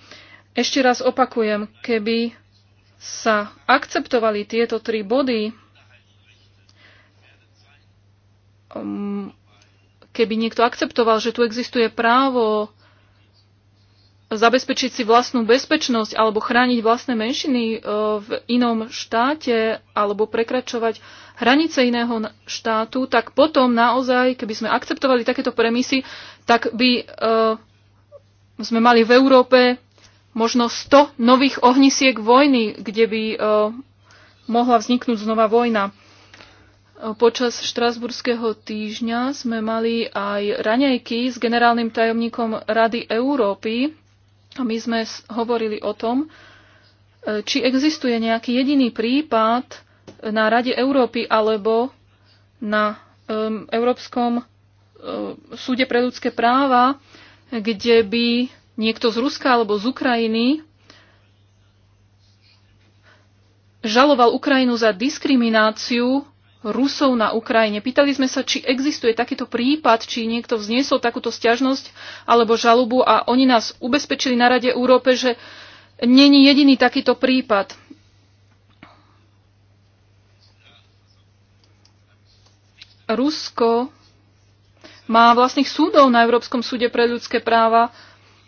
Ešte raz opakujem, keby sa akceptovali tieto tri body, um, keby niekto akceptoval, že tu existuje právo zabezpečiť si vlastnú bezpečnosť alebo chrániť vlastné menšiny e, v inom štáte alebo prekračovať hranice iného štátu, tak potom naozaj, keby sme akceptovali takéto premisy, tak by e, sme mali v Európe možno 100 nových ohnisiek vojny, kde by e, mohla vzniknúť znova vojna. Počas štrasburského týždňa sme mali aj raňajky s generálnym tajomníkom Rady Európy a my sme hovorili o tom, e, či existuje nejaký jediný prípad na Rade Európy alebo na um, Európskom um, súde pre ľudské práva, kde by niekto z Ruska alebo z Ukrajiny žaloval Ukrajinu za diskrimináciu Rusov na Ukrajine. Pýtali sme sa, či existuje takýto prípad, či niekto vzniesol takúto stiažnosť alebo žalobu a oni nás ubezpečili na Rade Európe, že není jediný takýto prípad. Rusko má vlastných súdov na Európskom súde pre ľudské práva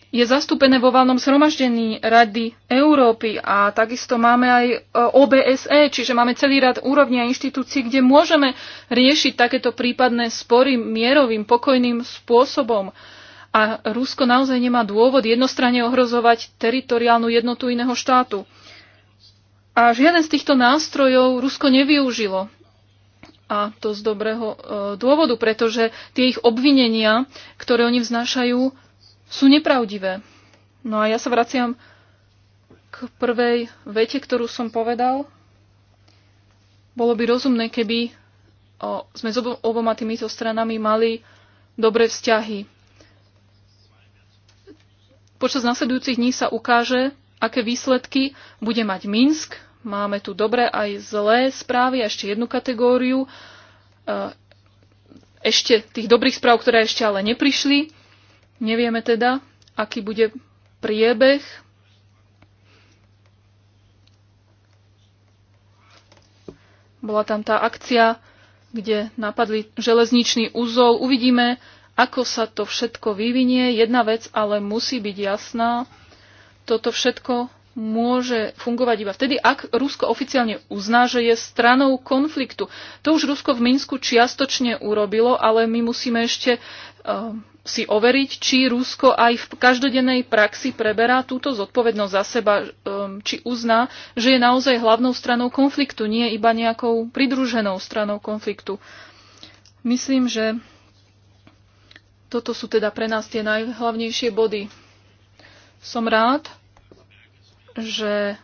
je zastúpené vo valnom zhromaždení Rady Európy a takisto máme aj OBSE, e, čiže máme celý rad úrovní a inštitúcií, kde môžeme riešiť takéto prípadné spory mierovým, pokojným spôsobom. A Rusko naozaj nemá dôvod jednostranne ohrozovať teritoriálnu jednotu iného štátu. A žiaden z týchto nástrojov Rusko nevyužilo. A to z dobrého e, dôvodu, pretože tie ich obvinenia, ktoré oni vznášajú, sú nepravdivé. No a ja sa vraciam k prvej vete, ktorú som povedal. Bolo by rozumné, keby o, sme s oboma týmito stranami mali dobré vzťahy. Počas nasledujúcich dní sa ukáže, aké výsledky bude mať Minsk. Máme tu dobré aj zlé správy, a ešte jednu kategóriu, e, ešte tých dobrých správ, ktoré ešte ale neprišli. Nevieme teda, aký bude priebeh. Bola tam tá akcia, kde napadli železničný úzol. Uvidíme, ako sa to všetko vyvinie. Jedna vec ale musí byť jasná. Toto všetko môže fungovať iba vtedy, ak Rusko oficiálne uzná, že je stranou konfliktu. To už Rusko v Minsku čiastočne urobilo, ale my musíme ešte uh, si overiť, či Rusko aj v každodennej praxi preberá túto zodpovednosť za seba, um, či uzná, že je naozaj hlavnou stranou konfliktu, nie iba nejakou pridruženou stranou konfliktu. Myslím, že toto sú teda pre nás tie najhlavnejšie body. Som rád, že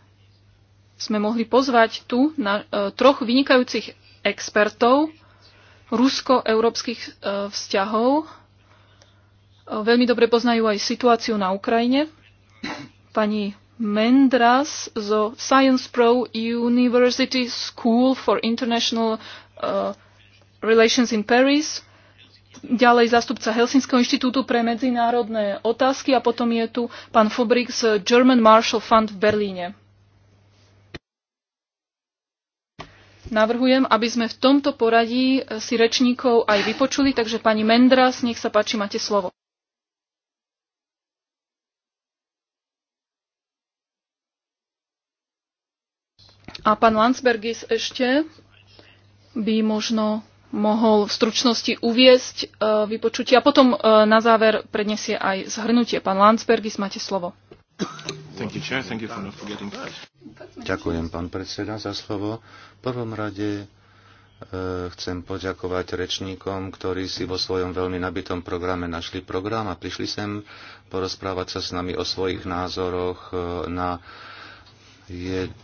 sme mohli pozvať tu na e, troch vynikajúcich expertov rusko-európskych e, vzťahov. E, veľmi dobre poznajú aj situáciu na Ukrajine. Pani Mendras zo Science Pro University School for International Relations in Paris ďalej zástupca Helsinského inštitútu pre medzinárodné otázky a potom je tu pán Fubrik z German Marshall Fund v Berlíne. Navrhujem, aby sme v tomto poradí eh, si rečníkov aj vypočuli, takže pani Mendras, nech sa páči, máte slovo. A pán Landsbergis ešte by možno mohol v stručnosti uviesť e, vypočutie a potom e, na záver predniesie aj zhrnutie. Pán Landsbergis, máte slovo. Ďakujem, pán predseda, za slovo. V prvom rade e, chcem poďakovať rečníkom, ktorí si vo svojom veľmi nabitom programe našli program a prišli sem porozprávať sa s nami o svojich názoroch na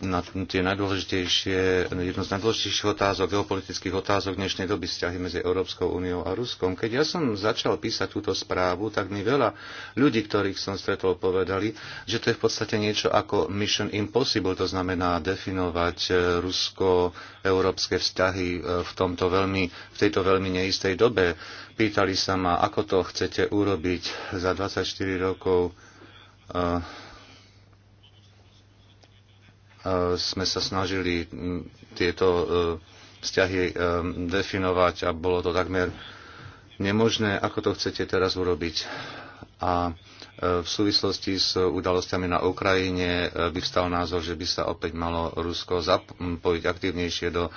na tie najdôležitejšie, jedno z najdôležitejších otázok, geopolitických otázok dnešnej doby vzťahy medzi Európskou úniou a Ruskom. Keď ja som začal písať túto správu, tak mi veľa ľudí, ktorých som stretol, povedali, že to je v podstate niečo ako Mission Impossible, to znamená definovať e, rusko-európske vzťahy e, v, tomto veľmi, v tejto veľmi neistej dobe. Pýtali sa ma, ako to chcete urobiť za 24 rokov uh, sme sa snažili tieto e, vzťahy e, definovať a bolo to takmer nemožné. Ako to chcete teraz urobiť? A e, v súvislosti s udalosťami na Ukrajine vyvstal názor, že by sa opäť malo Rusko zapojiť aktívnejšie do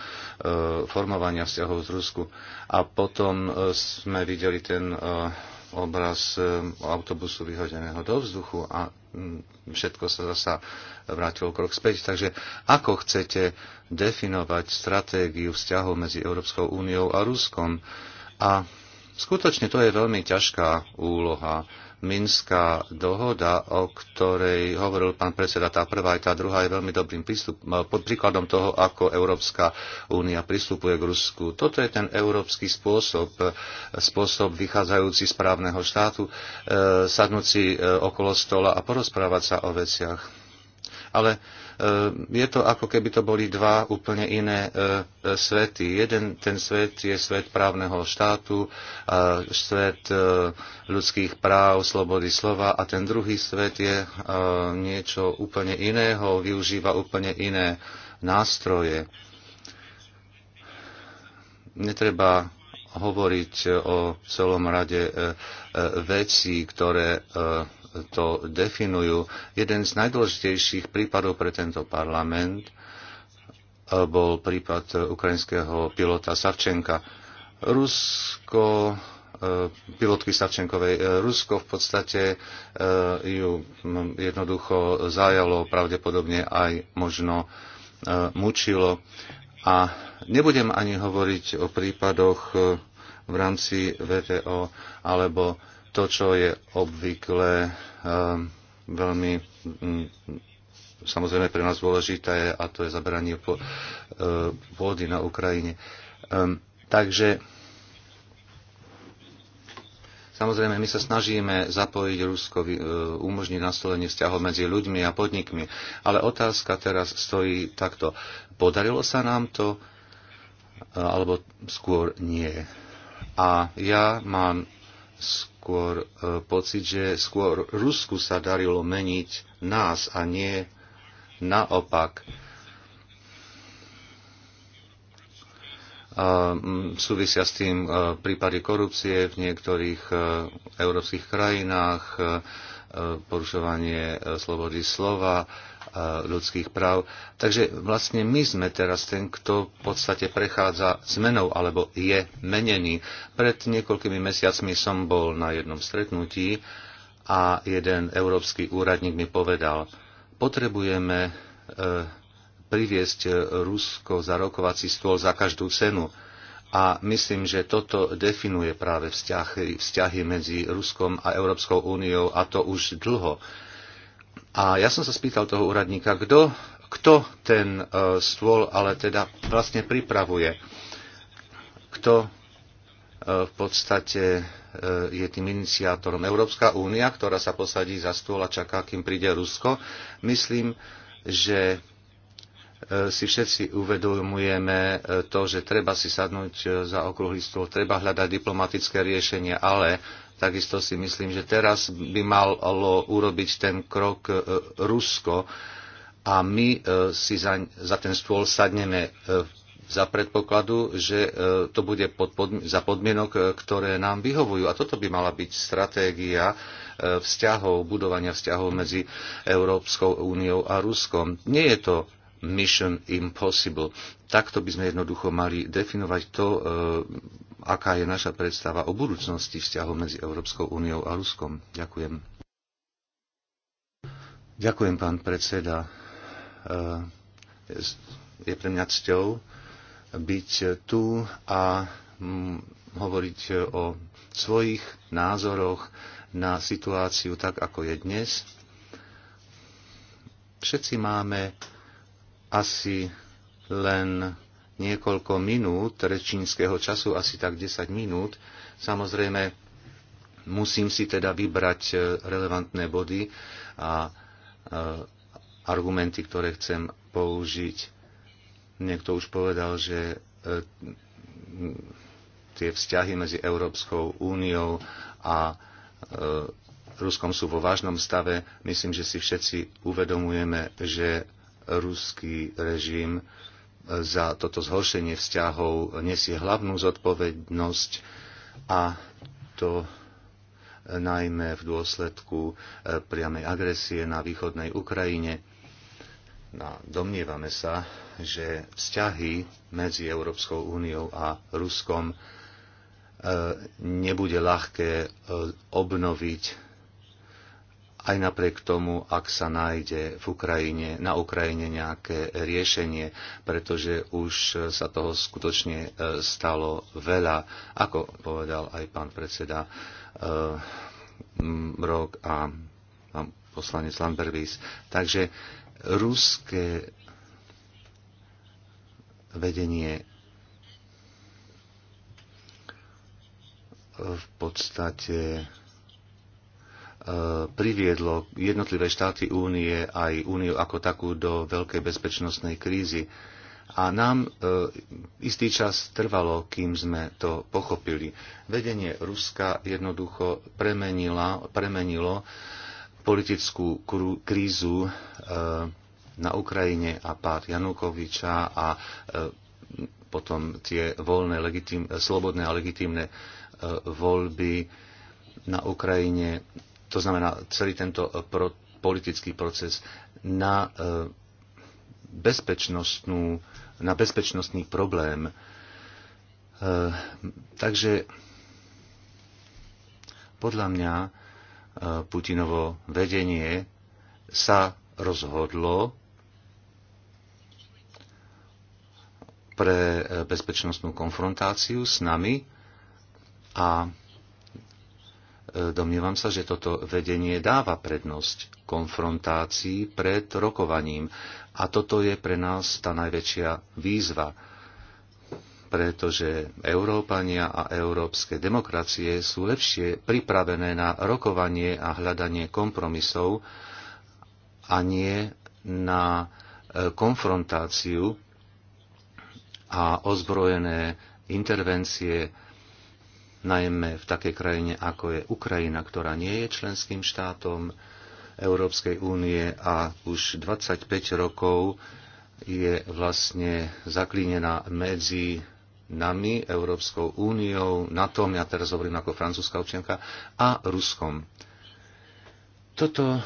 formovania vzťahov z Rusku. A potom sme videli ten obraz autobusu vyhodeného do vzduchu a všetko sa zasa vrátilo krok späť. Takže ako chcete definovať stratégiu vzťahov medzi Európskou úniou a Ruskom? A skutočne to je veľmi ťažká úloha Minská dohoda, o ktorej hovoril pán predseda, tá prvá aj tá druhá je veľmi dobrým prístup, pod príkladom toho, ako Európska únia pristupuje k Rusku. Toto je ten európsky spôsob, spôsob vychádzajúci z právneho štátu, e, sadnúci e, okolo stola a porozprávať sa o veciach. Ale Eh, je to ako keby to boli dva úplne iné eh, svety. Jeden ten svet je svet právneho štátu, eh, svet ľudských práv, slobody slova a ten druhý svet je niečo úplne iného, využíva úplne iné nástroje. Netreba hovoriť o celom rade vecí, ktoré to definujú. Jeden z najdôležitejších prípadov pre tento parlament eh, bol prípad eh, ukrajinského pilota Savčenka. Rusko eh, pilotky Savčenkovej. Rusko v podstate ju hm, jednoducho zájalo, pravdepodobne aj možno mučilo. A nebudem ani hovoriť o prípadoch v rámci VTO alebo to, čo je obvykle ehm, veľmi mm, samozrejme pre nás dôležité, a to je zabranie vody ehm, na Ukrajine. Ehm, takže Samozrejme, my sa snažíme zapojiť Rusko, umožniť nastolenie vzťahov medzi ľuďmi a podnikmi. Ale otázka teraz stojí takto. Podarilo sa nám to, alebo skôr nie. A ja mám skôr e, pocit, že skôr Rusku sa darilo meniť nás a nie naopak. Mm, súvisia s tým e, prípady korupcie v niektorých e, európskych krajinách, porušovanie slobody slova, ľudských práv. Takže vlastne my sme teraz ten, kto v podstate prechádza zmenou alebo je menený. Pred niekoľkými mesiacmi som bol na jednom stretnutí a jeden európsky úradník mi povedal, potrebujeme e, priviesť Rusko za rokovací stôl za každú cenu. A myslím, že toto definuje práve vzťahy, vzťahy medzi Ruskom a Európskou úniou a to už dlho. A ja som sa spýtal toho úradníka, kto, kto ten uh, stôl ale teda vlastne pripravuje. Kto e, v podstate e, je tým iniciátorom. Európska únia, ktorá sa posadí za stôl a čaká, kým príde Rusko. Myslím, že si všetci uvedomujeme to, že treba si sadnúť za okrúhly stôl, treba hľadať diplomatické riešenie, ale Takisto si myslím, že teraz by malo urobiť ten krok e, Rusko a my e, si za, za ten stôl sadneme e, za predpokladu, že to bude pod, pod, za podmienok, ktoré nám vyhovujú. A toto by mala byť stratégia vzťahov, budovania vzťahov medzi Európskou úniou a Ruskom. Nie je to mission impossible. Takto by sme jednoducho mali definovať to, aká je naša predstava o budúcnosti vzťahu medzi Európskou úniou a Ruskom. Ďakujem. Ďakujem, pán predseda. E, je pre mňa cťou byť tu a mm, hovoriť o svojich názoroch na situáciu tak, ako je dnes. Všetci máme asi len niekoľko minút rečínskeho času, asi tak 10 minút. Samozrejme, musím si teda vybrať e, relevantné body a e, argumenty, ktoré chcem použiť. Niekto už povedal, že e, tie vzťahy medzi Európskou úniou a Ruskom sú vo vážnom stave. Myslím, že si všetci uvedomujeme, že ruský režim za toto zhoršenie vzťahov nesie hlavnú zodpovednosť a to najmä v dôsledku e, priamej agresie na východnej Ukrajine. No, domnievame sa, že vzťahy medzi Európskou úniou a Ruskom e, nebude ľahké e, obnoviť aj napriek tomu, ak sa nájde v Ukrajine, na Ukrajine nejaké riešenie, pretože už sa toho skutočne e, stalo veľa, ako povedal aj pán predseda e, Rok a pán poslanec Lambervis. Takže ruské vedenie v podstate priviedlo jednotlivé štáty únie aj úniu ako takú do veľkej bezpečnostnej krízy. A nám e, istý čas trvalo, kým sme to pochopili. Vedenie Ruska jednoducho premenila, premenilo politickú krízu e, na Ukrajine a pád Janukoviča a e, potom tie voľné, legitim, e, slobodné a legitímne e, voľby na Ukrajine to znamená celý tento e, pro, politický proces na, e, bezpečnostnú, na bezpečnostný problém. E, takže podľa mňa Putinovo vedenie sa rozhodlo pre bezpečnostnú konfrontáciu s nami a Domnievam sa, že toto vedenie dáva prednosť konfrontácii pred rokovaním a toto je pre nás tá najväčšia výzva, pretože Európania a európske demokracie sú lepšie pripravené na rokovanie a hľadanie kompromisov a nie na e, konfrontáciu a ozbrojené intervencie najmä v takej krajine, ako je Ukrajina, ktorá nie je členským štátom Európskej únie a už 25 rokov je vlastne zaklínená medzi nami, Európskou úniou, NATO, ja teraz hovorím ako francúzska občianka, a Ruskom. Toto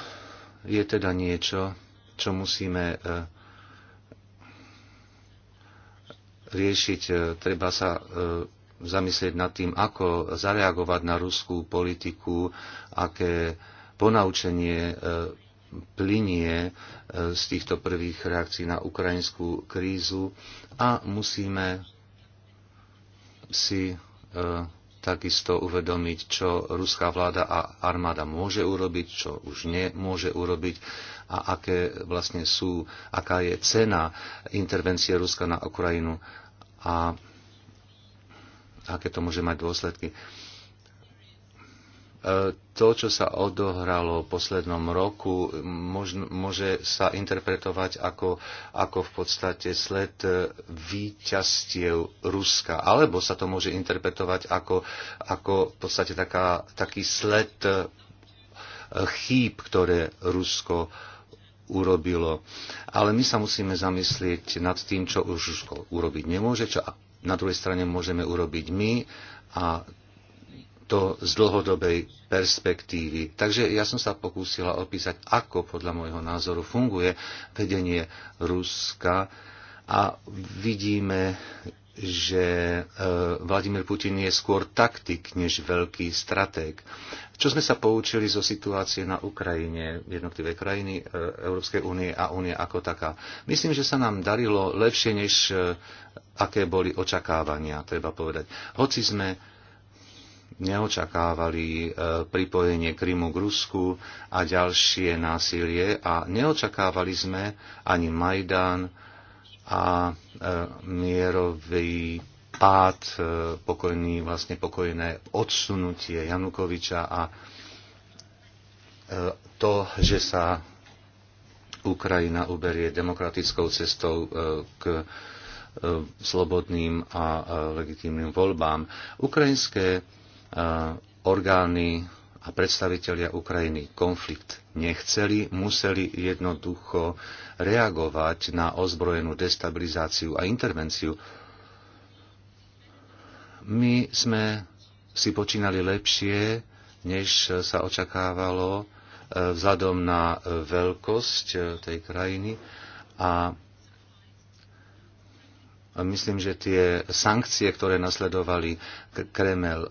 je teda niečo, čo musíme e, riešiť. E, treba sa e, zamyslieť nad tým, ako zareagovať na ruskú politiku, aké ponaučenie e, plinie e, z týchto prvých reakcií na ukrajinskú krízu a musíme si e, takisto uvedomiť, čo ruská vláda a armáda môže urobiť, čo už nemôže urobiť a aké vlastne sú, aká je cena intervencie Ruska na Ukrajinu. A aké to môže mať dôsledky. E, to, čo sa odohralo v poslednom roku, môže sa interpretovať ako, ako v podstate sled výťastiev Ruska. Alebo sa to môže interpretovať ako, ako v podstate taká, taký sled e, chýb, ktoré Rusko urobilo. Ale my sa musíme zamyslieť nad tým, čo už Rusko urobiť nemôže, čo na druhej strane môžeme urobiť my a to z dlhodobej perspektívy. Takže ja som sa pokúsila opísať, ako podľa môjho názoru funguje vedenie Ruska a vidíme že e, Vladimír Putin je skôr taktik než veľký stratég. Čo sme sa poučili zo situácie na Ukrajine, jednotlivé krajiny e, Európskej únie a únie ako taká? Myslím, že sa nám darilo lepšie, než e, aké boli očakávania, treba povedať. Hoci sme neočakávali pripojenie Krymu k Rusku a ďalšie násilie a neočakávali sme ani Majdan a E, mierový pád, e, pokojný, vlastne pokojné odsunutie Janukoviča a e, to, že sa Ukrajina uberie demokratickou cestou k slobodným a legitímnym voľbám. Ukrajinské orgány a predstavitelia Ukrajiny konflikt nechceli, museli jednoducho reagovať na ozbrojenú destabilizáciu a intervenciu. My sme si počínali lepšie, než sa očakávalo e, vzhľadom na veľkosť e, tej krajiny a myslím, že tie sankcie, ktoré nasledovali Kremel, e,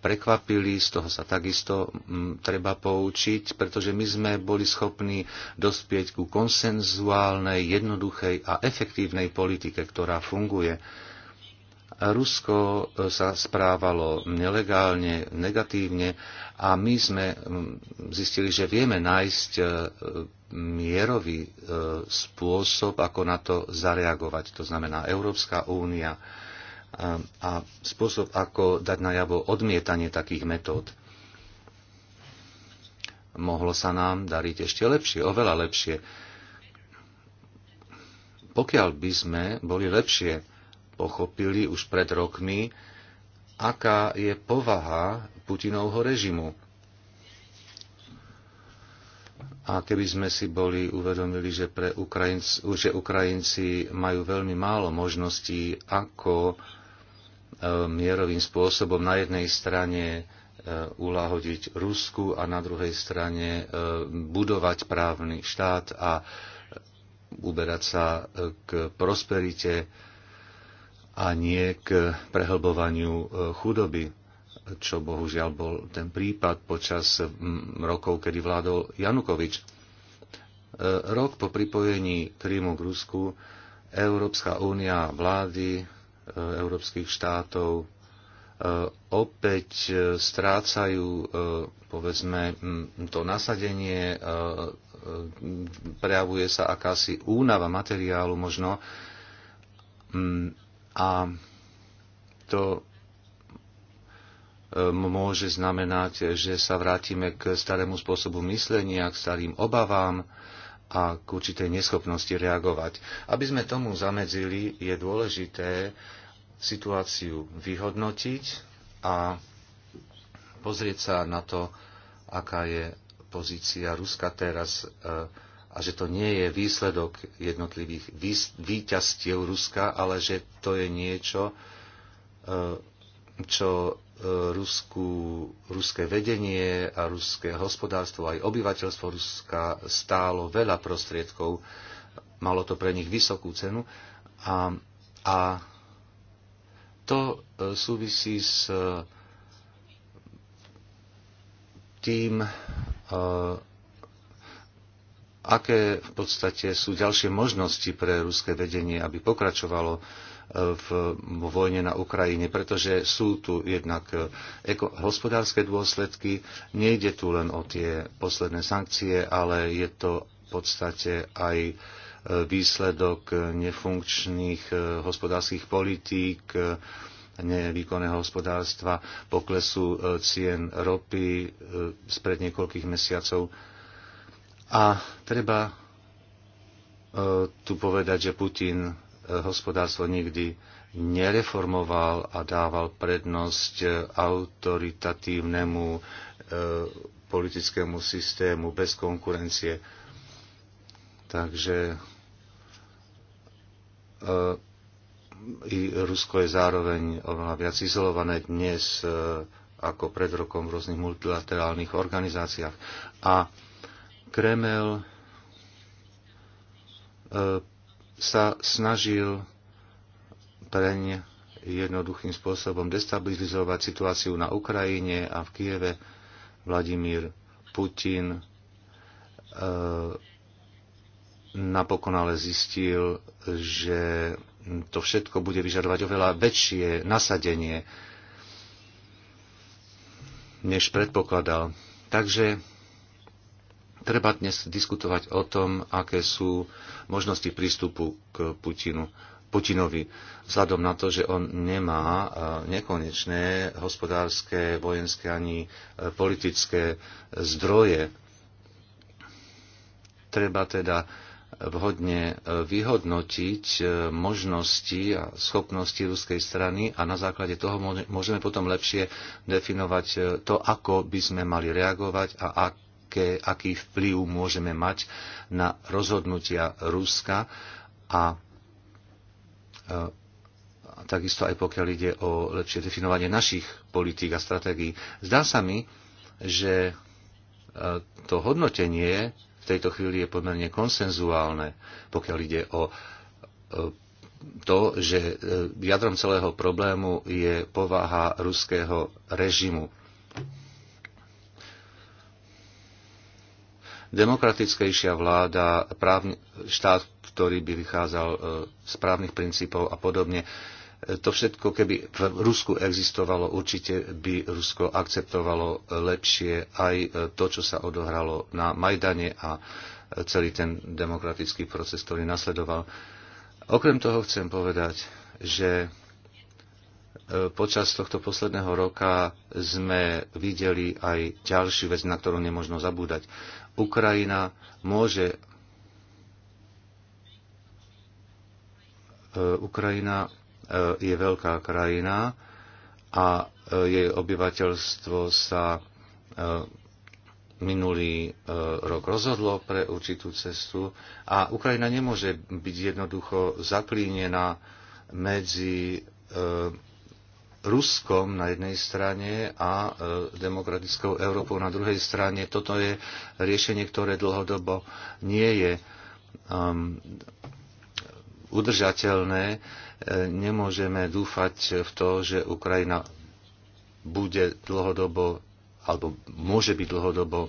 prekvapili, z toho sa takisto m, mm, treba poučiť, pretože my sme boli schopní dospieť ku konsenzuálnej, jednoduchej a efektívnej politike, ktorá funguje. Rusko e, sa správalo nelegálne, negatívne a my sme mm, zistili, že vieme nájsť e, mierový e, spôsob, ako na to zareagovať. To znamená, Európska únia a spôsob, ako dať najavo odmietanie takých metód. Mohlo sa nám dariť ešte lepšie, oveľa lepšie. Pokiaľ by sme boli lepšie pochopili už pred rokmi, aká je povaha Putinovho režimu, a keby sme si boli uvedomili, že, pre Ukrajinc, že Ukrajinci majú veľmi málo možností, ako mierovým spôsobom na jednej strane e, uľahodiť Rusku a na druhej strane e, budovať právny štát a uberať sa e, k prosperite a nie k prehlbovaniu chudoby, čo bohužiaľ bol ten prípad počas rokov, kedy vládol Janukovič. Rok po pripojení Krímu k Rusku Európska únia, vlády, E, európskych štátov e, opäť e, strácajú povedzme to nasadenie, prejavuje sa akási únava materiálu možno a to môže znamenať, že sa vrátime k starému spôsobu myslenia, k starým obavám a k určitej neschopnosti reagovať. Aby sme tomu zamedzili, je dôležité situáciu vyhodnotiť a pozrieť sa na to, aká je pozícia Ruska teraz e, a že to nie je výsledok jednotlivých výťastiev Ruska, ale že to je niečo, e, čo e, Rusku, ruské vedenie a ruské hospodárstvo, aj obyvateľstvo Ruska stálo veľa prostriedkov, malo to pre nich vysokú cenu a, a to e, súvisí s e, tým, e, aké v podstate sú ďalšie možnosti pre ruské vedenie, aby pokračovalo v vojne na Ukrajine, pretože sú tu jednak hospodárske dôsledky. Nejde tu len o tie posledné sankcie, ale je to v podstate aj výsledok nefunkčných eh, hospodárskych politík, eh, nevýkonného hospodárstva, poklesu eh, cien ropy spred niekoľkých mesiacov. A treba tu povedať, že Putin hospodárstvo nikdy nereformoval a dával prednosť autoritatívnemu politickému systému bez konkurencie Takže e, i Rusko je zároveň oveľa viac izolované dnes e, ako pred rokom v rôznych multilaterálnych organizáciách. A Kremel e, sa snažil preň jednoduchým spôsobom destabilizovať situáciu na Ukrajine a v Kieve Vladimír Putin napokon ale zistil, že to všetko bude vyžadovať oveľa väčšie nasadenie, než predpokladal. Takže treba dnes diskutovať o tom, aké sú možnosti prístupu k Putinu, Putinovi, vzhľadom na to, že on nemá nekonečné hospodárske, vojenské ani e, politické e, zdroje. Treba teda vhodne e, vyhodnotiť e, možnosti a schopnosti ruskej strany a na základe toho môžeme potom lepšie definovať e, to, ako by sme mali reagovať a aké, aký vplyv môžeme mať na rozhodnutia Ruska a takisto aj pokiaľ ide o lepšie definovanie našich politík a stratégií. Zdá sa mi, že to hodnotenie tejto chvíli je pomerne konsenzuálne, pokiaľ ide o e, to, že e, jadrom celého problému je povaha ruského režimu. Demokratickejšia vláda, právny, štát, ktorý by vychádzal e, z právnych princípov a podobne, to všetko, keby v Rusku existovalo, určite by Rusko akceptovalo lepšie aj e, to, čo sa odohralo na Majdane a e, celý ten demokratický proces, ktorý nasledoval. Okrem toho chcem povedať, že e, počas tohto posledného roka sme videli aj ďalšiu vec, na ktorú nemôžno zabúdať. Ukrajina môže Ukrajina E, je veľká krajina a e, jej obyvateľstvo sa e, minulý rok rozhodlo pre určitú cestu a Ukrajina nemôže byť jednoducho zaklínená medzi Ruskom na jednej strane a demokratickou Európou na druhej strane. Toto je riešenie, ktoré dlhodobo nie je um, udržateľné. E, nemôžeme dúfať v to, že Ukrajina bude dlhodobo alebo môže byť dlhodobo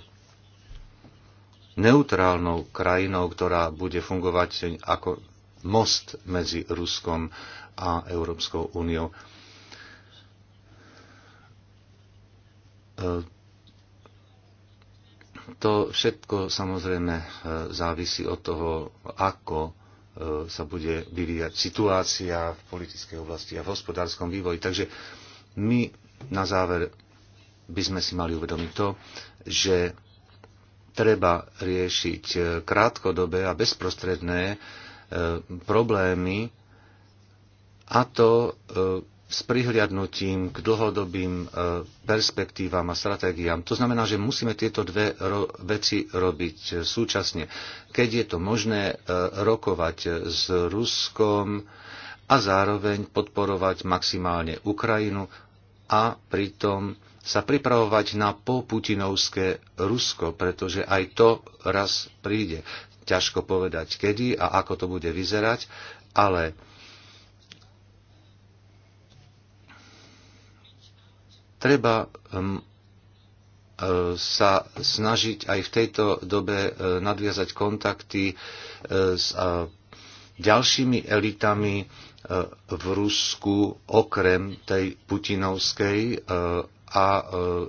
neutrálnou krajinou, ktorá bude fungovať ako most medzi Ruskom a Európskou úniou. E, to všetko samozrejme e, závisí od toho, ako E, sa bude vyvíjať situácia v politickej oblasti a v hospodárskom vývoji. Takže my na záver by sme si mali uvedomiť to, že treba riešiť e, krátkodobé a bezprostredné e, problémy a to s prihliadnutím k dlhodobým e, perspektívam a stratégiám. To znamená, že musíme tieto dve ro- veci robiť e, súčasne. Keď je to možné e, rokovať s Ruskom a zároveň podporovať maximálne Ukrajinu a pritom sa pripravovať na poputinovské Rusko, pretože aj to raz príde. Ťažko povedať kedy a ako to bude vyzerať, ale Treba um, e, sa snažiť aj v tejto dobe e, nadviazať kontakty e, s ďalšími elitami v Rusku okrem tej putinovskej a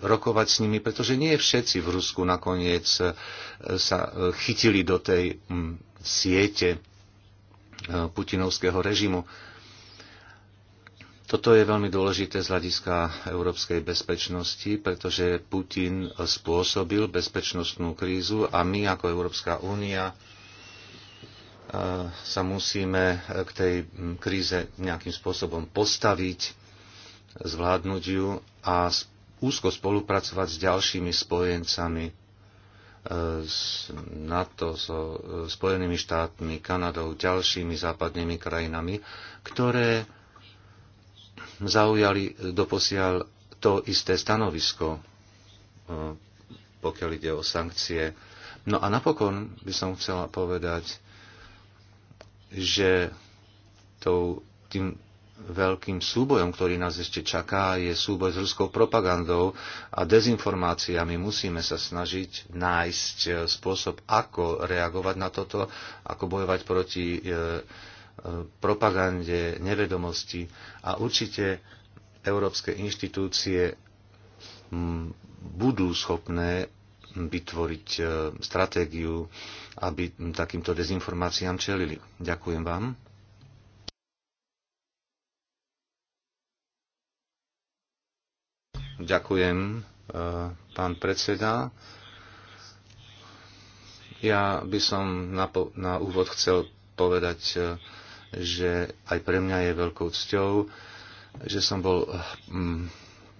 rokovať s nimi, pretože nie všetci v Rusku nakoniec sa chytili do tej siete putinovského režimu. Toto je veľmi dôležité z hľadiska európskej bezpečnosti, pretože Putin spôsobil bezpečnostnú krízu a my ako Európska únia e, sa musíme k tej kríze nejakým spôsobom postaviť, zvládnuť ju a úzko spolupracovať s ďalšími spojencami e, s NATO, so e, Spojenými štátmi, Kanadou, ďalšími západnými krajinami, ktoré zaujali e, doposiaľ to isté stanovisko, e, pokiaľ ide o sankcie. No a napokon by som chcela povedať, že tou, tým veľkým súbojom, ktorý nás ešte čaká, je súboj s ruskou propagandou a dezinformáciami. Musíme sa snažiť nájsť e, spôsob, ako reagovať na toto, ako bojovať proti propagande, nevedomosti a určite európske inštitúcie mm, budú schopné vytvoriť e, stratégiu, aby takýmto dezinformáciám čelili. Ďakujem vám. Ďakujem, e, pán predseda. Ja by som na, na úvod chcel povedať, e, že aj pre mňa je veľkou cťou, že som bol mm,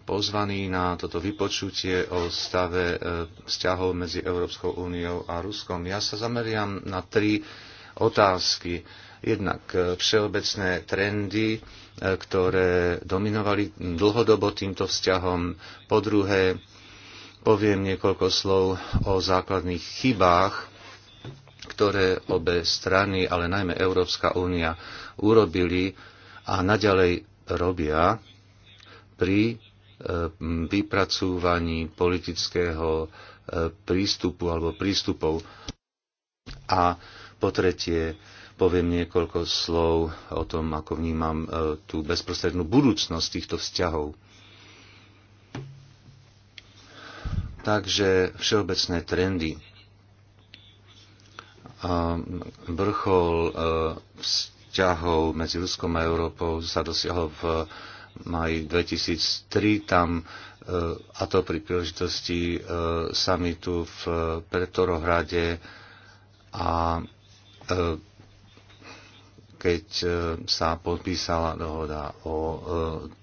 pozvaný na toto vypočutie o stave e, vzťahov medzi Európskou úniou a Ruskom. Ja sa zameriam na tri otázky. Jednak e, všeobecné trendy, e, ktoré dominovali dlhodobo týmto vzťahom. Po druhé, poviem niekoľko slov o základných chybách, ktoré obe strany, ale najmä Európska únia, urobili a naďalej robia pri e, vypracúvaní politického e, prístupu alebo prístupov. A po tretie, poviem niekoľko slov o tom, ako vnímam e, tú bezprostrednú budúcnosť týchto vzťahov. Takže všeobecné trendy vrchol e, vzťahov medzi Ruskom a Európou sa dosiahol v maji 2003 tam e, a to pri príležitosti e, samitu v Pretorohrade a keď sa podpísala dohoda o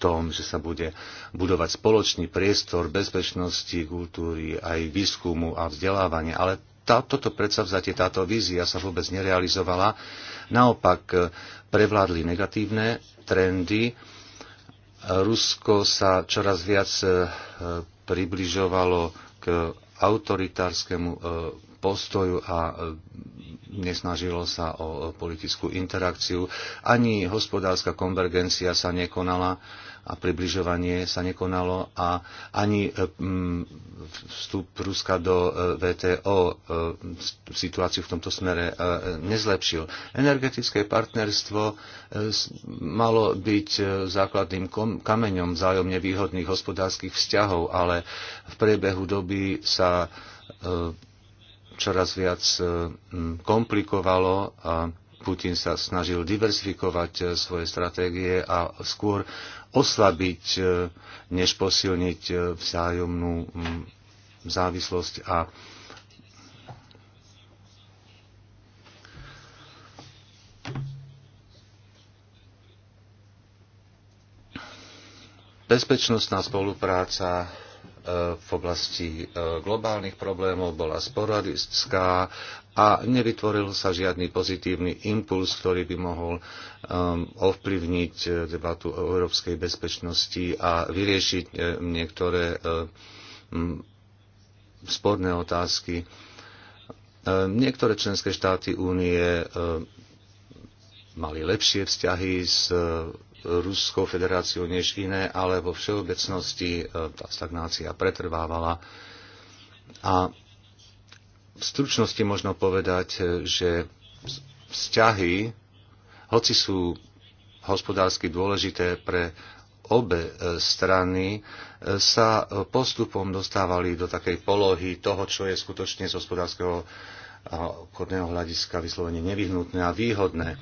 tom, že sa bude budovať spoločný priestor bezpečnosti, kultúry, aj výskumu a vzdelávania. Ale tá, toto predsavzatie, táto vízia sa vôbec nerealizovala. Naopak e, prevládli negatívne trendy. E, Rusko sa čoraz viac e, približovalo k autoritárskému postoju a nesnažilo sa o politickú interakciu, ani hospodárska konvergencia sa nekonala a približovanie sa nekonalo a ani e, vstup Ruska do e, VTO e, situáciu v tomto smere nezlepšil. Energetické partnerstvo malo byť základným kameňom vzájomne výhodných hospodárskych vzťahov, ale v priebehu doby sa čoraz viac e, komplikovalo a Putin sa snažil diversifikovať e, svoje stratégie a skôr oslabiť, e, než posilniť vzájomnú závislosť a Bezpečnostná spolupráca v oblasti e, globálnych problémov bola sporadická a nevytvoril sa žiadny pozitívny impuls, ktorý by mohol e, ovplyvniť e, debatu o európskej bezpečnosti a vyriešiť niektoré sporné otázky. Niektoré členské štáty únie mali lepšie vzťahy s Ruskou federáciou než iné, ale vo všeobecnosti e, tá stagnácia pretrvávala. A v stručnosti možno povedať, e, že vzťahy, hoci sú hospodársky dôležité pre obe e, strany sa postupom dostávali do takej polohy toho, čo je skutočne z hospodárskeho obchodného hľadiska vyslovene nevyhnutné a výhodné.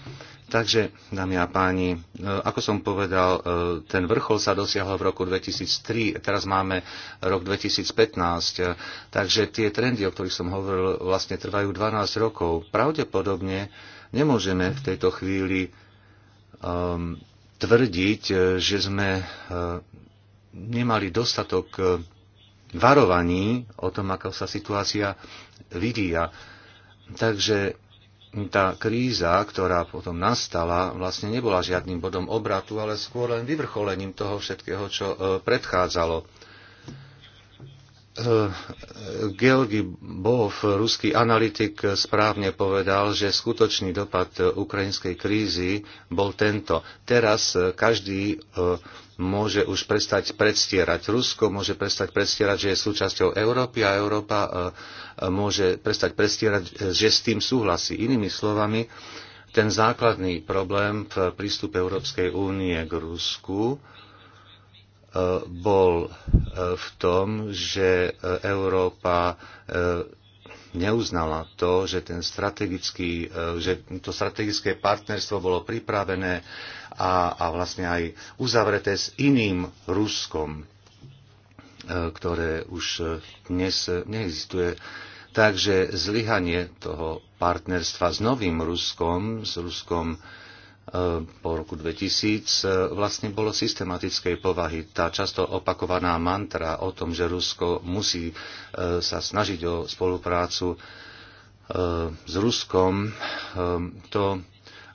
Takže, dámy a páni, e, ako som povedal, e, ten vrchol sa dosiahol v roku 2003, teraz máme rok 2015, e, takže tie trendy, o ktorých som hovoril, vlastne trvajú 12 rokov. Pravdepodobne nemôžeme v tejto chvíli um, tvrdiť, že sme nemali dostatok varovaní o tom, ako sa situácia vyvíja Takže tá kríza, ktorá potom nastala, vlastne nebola žiadnym bodom obratu, ale skôr len vyvrcholením toho všetkého, čo e, predchádzalo. E, Georgi Bov, ruský analytik, správne povedal, že skutočný dopad ukrajinskej krízy bol tento. Teraz e, každý môže už prestať predstierať. Rusko môže prestať predstierať, že je súčasťou Európy a Európa e, e, môže prestať predstierať, e, že s tým súhlasí. Inými slovami, ten základný problém v prístupe Európskej únie k Rusku bol v tom, že Európa neuznala to, že, ten strategický, že to strategické partnerstvo bolo pripravené a, a vlastne aj uzavreté s iným Ruskom, e, ktoré už e, dnes e, neexistuje. Takže zlyhanie toho partnerstva s novým Ruskom, s Ruskom po roku 2000, vlastne bolo systematickej povahy. Tá často opakovaná mantra o tom, že Rusko musí sa snažiť o spoluprácu s Ruskom, to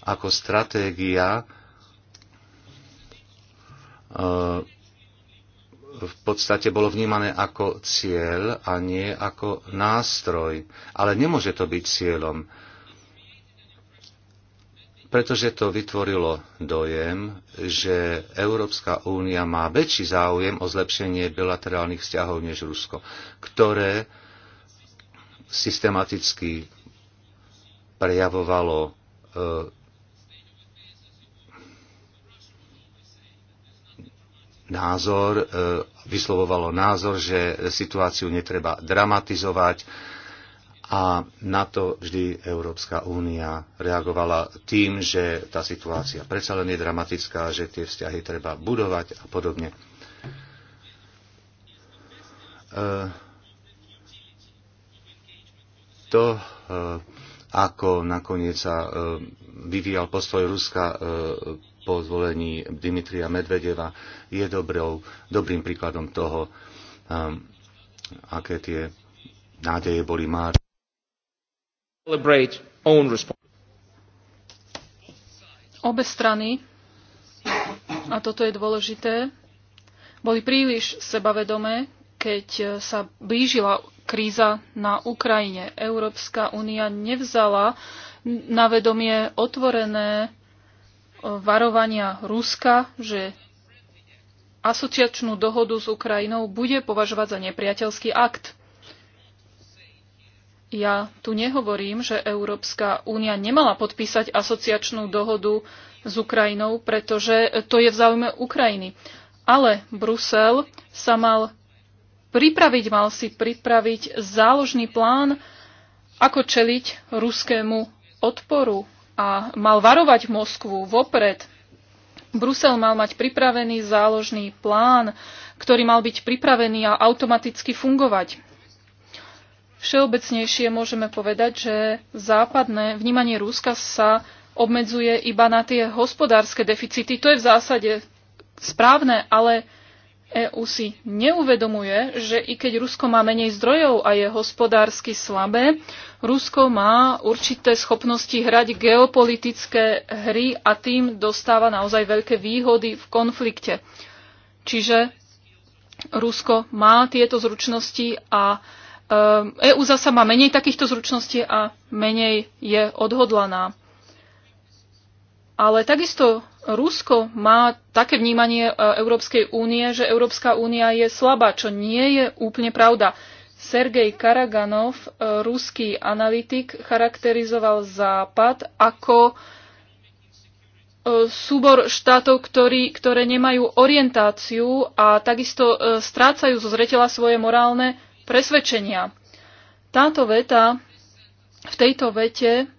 ako stratégia E, v podstate bolo vnímané ako cieľ a nie ako nástroj. Ale nemôže to byť cieľom, pretože to vytvorilo dojem, že Európska únia má väčší záujem o zlepšenie bilaterálnych vzťahov než Rusko, ktoré systematicky prejavovalo e, názor, e, vyslovovalo názor, že situáciu netreba dramatizovať a na to vždy Európska únia reagovala tým, že tá situácia predsa len je dramatická, že tie vzťahy treba budovať a podobne. E, to, e, ako nakoniec sa vyvíjal postoj Ruska po zvolení Dimitrija Medvedeva je dobrou, dobrým príkladom toho, um, aké tie nádeje boli márne. Obe strany, a toto je dôležité, boli príliš sebavedomé, keď sa blížila kríza na Ukrajine. Európska únia nevzala na vedomie otvorené varovania Ruska, že asociačnú dohodu s Ukrajinou bude považovať za nepriateľský akt. Ja tu nehovorím, že Európska únia nemala podpísať asociačnú dohodu s Ukrajinou, pretože to je v záujme Ukrajiny. Ale Brusel sa mal pripraviť, mal si pripraviť záložný plán, ako čeliť ruskému odporu a mal varovať Moskvu vopred. Brusel mal mať pripravený záložný plán, ktorý mal byť pripravený a automaticky fungovať. Všeobecnejšie môžeme povedať, že západné vnímanie Rúska sa obmedzuje iba na tie hospodárske deficity. To je v zásade správne, ale EÚ si neuvedomuje, že i keď Rusko má menej zdrojov a je hospodársky slabé, Rusko má určité schopnosti hrať geopolitické hry a tým dostáva naozaj veľké výhody v konflikte. Čiže Rusko má tieto zručnosti a EÚ e zasa má menej takýchto zručností a menej je odhodlaná. Ale takisto Rusko má také vnímanie e, Európskej únie, že Európska únia je slabá, čo nie je úplne pravda. Sergej Karaganov, e, ruský analytik, charakterizoval Západ ako e, súbor štátov, ktorý, ktoré nemajú orientáciu a takisto strácajú zo zretela svoje morálne presvedčenia. Táto veta, v tejto vete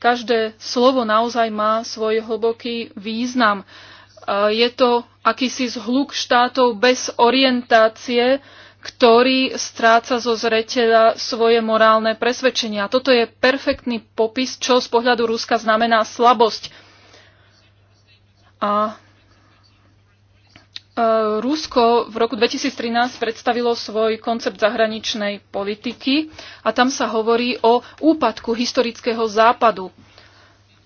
Každé slovo naozaj má svoj hlboký význam. E, je to akýsi zhluk štátov bez orientácie, ktorý stráca zo zreteľa svoje morálne presvedčenia. Toto je perfektný popis, čo z pohľadu Ruska znamená slabosť. A E, Rusko v roku 2013 predstavilo svoj koncept zahraničnej politiky a tam sa hovorí o úpadku historického západu.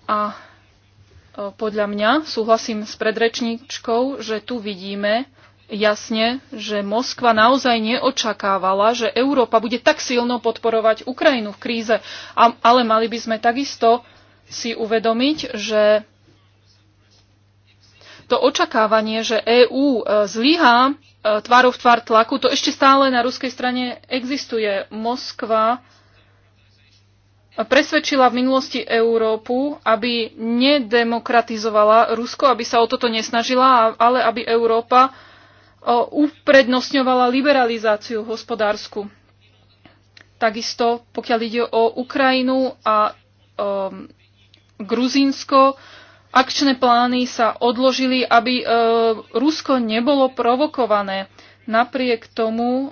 A e, podľa mňa súhlasím s predrečníčkou, že tu vidíme jasne, že Moskva naozaj neočakávala, že Európa bude tak silno podporovať Ukrajinu v kríze, ale mali by sme takisto si uvedomiť, že to očakávanie, že EÚ e, zlyhá e, tvárov v tvár tlaku, to ešte stále na ruskej strane existuje. Moskva presvedčila v minulosti Európu, aby nedemokratizovala Rusko, aby sa o toto nesnažila, ale aby Európa e, uprednostňovala liberalizáciu hospodársku. Takisto, pokiaľ ide o Ukrajinu a um, Gruzínsko, akčné plány sa odložili, aby e, Rusko nebolo provokované. Napriek tomu, e,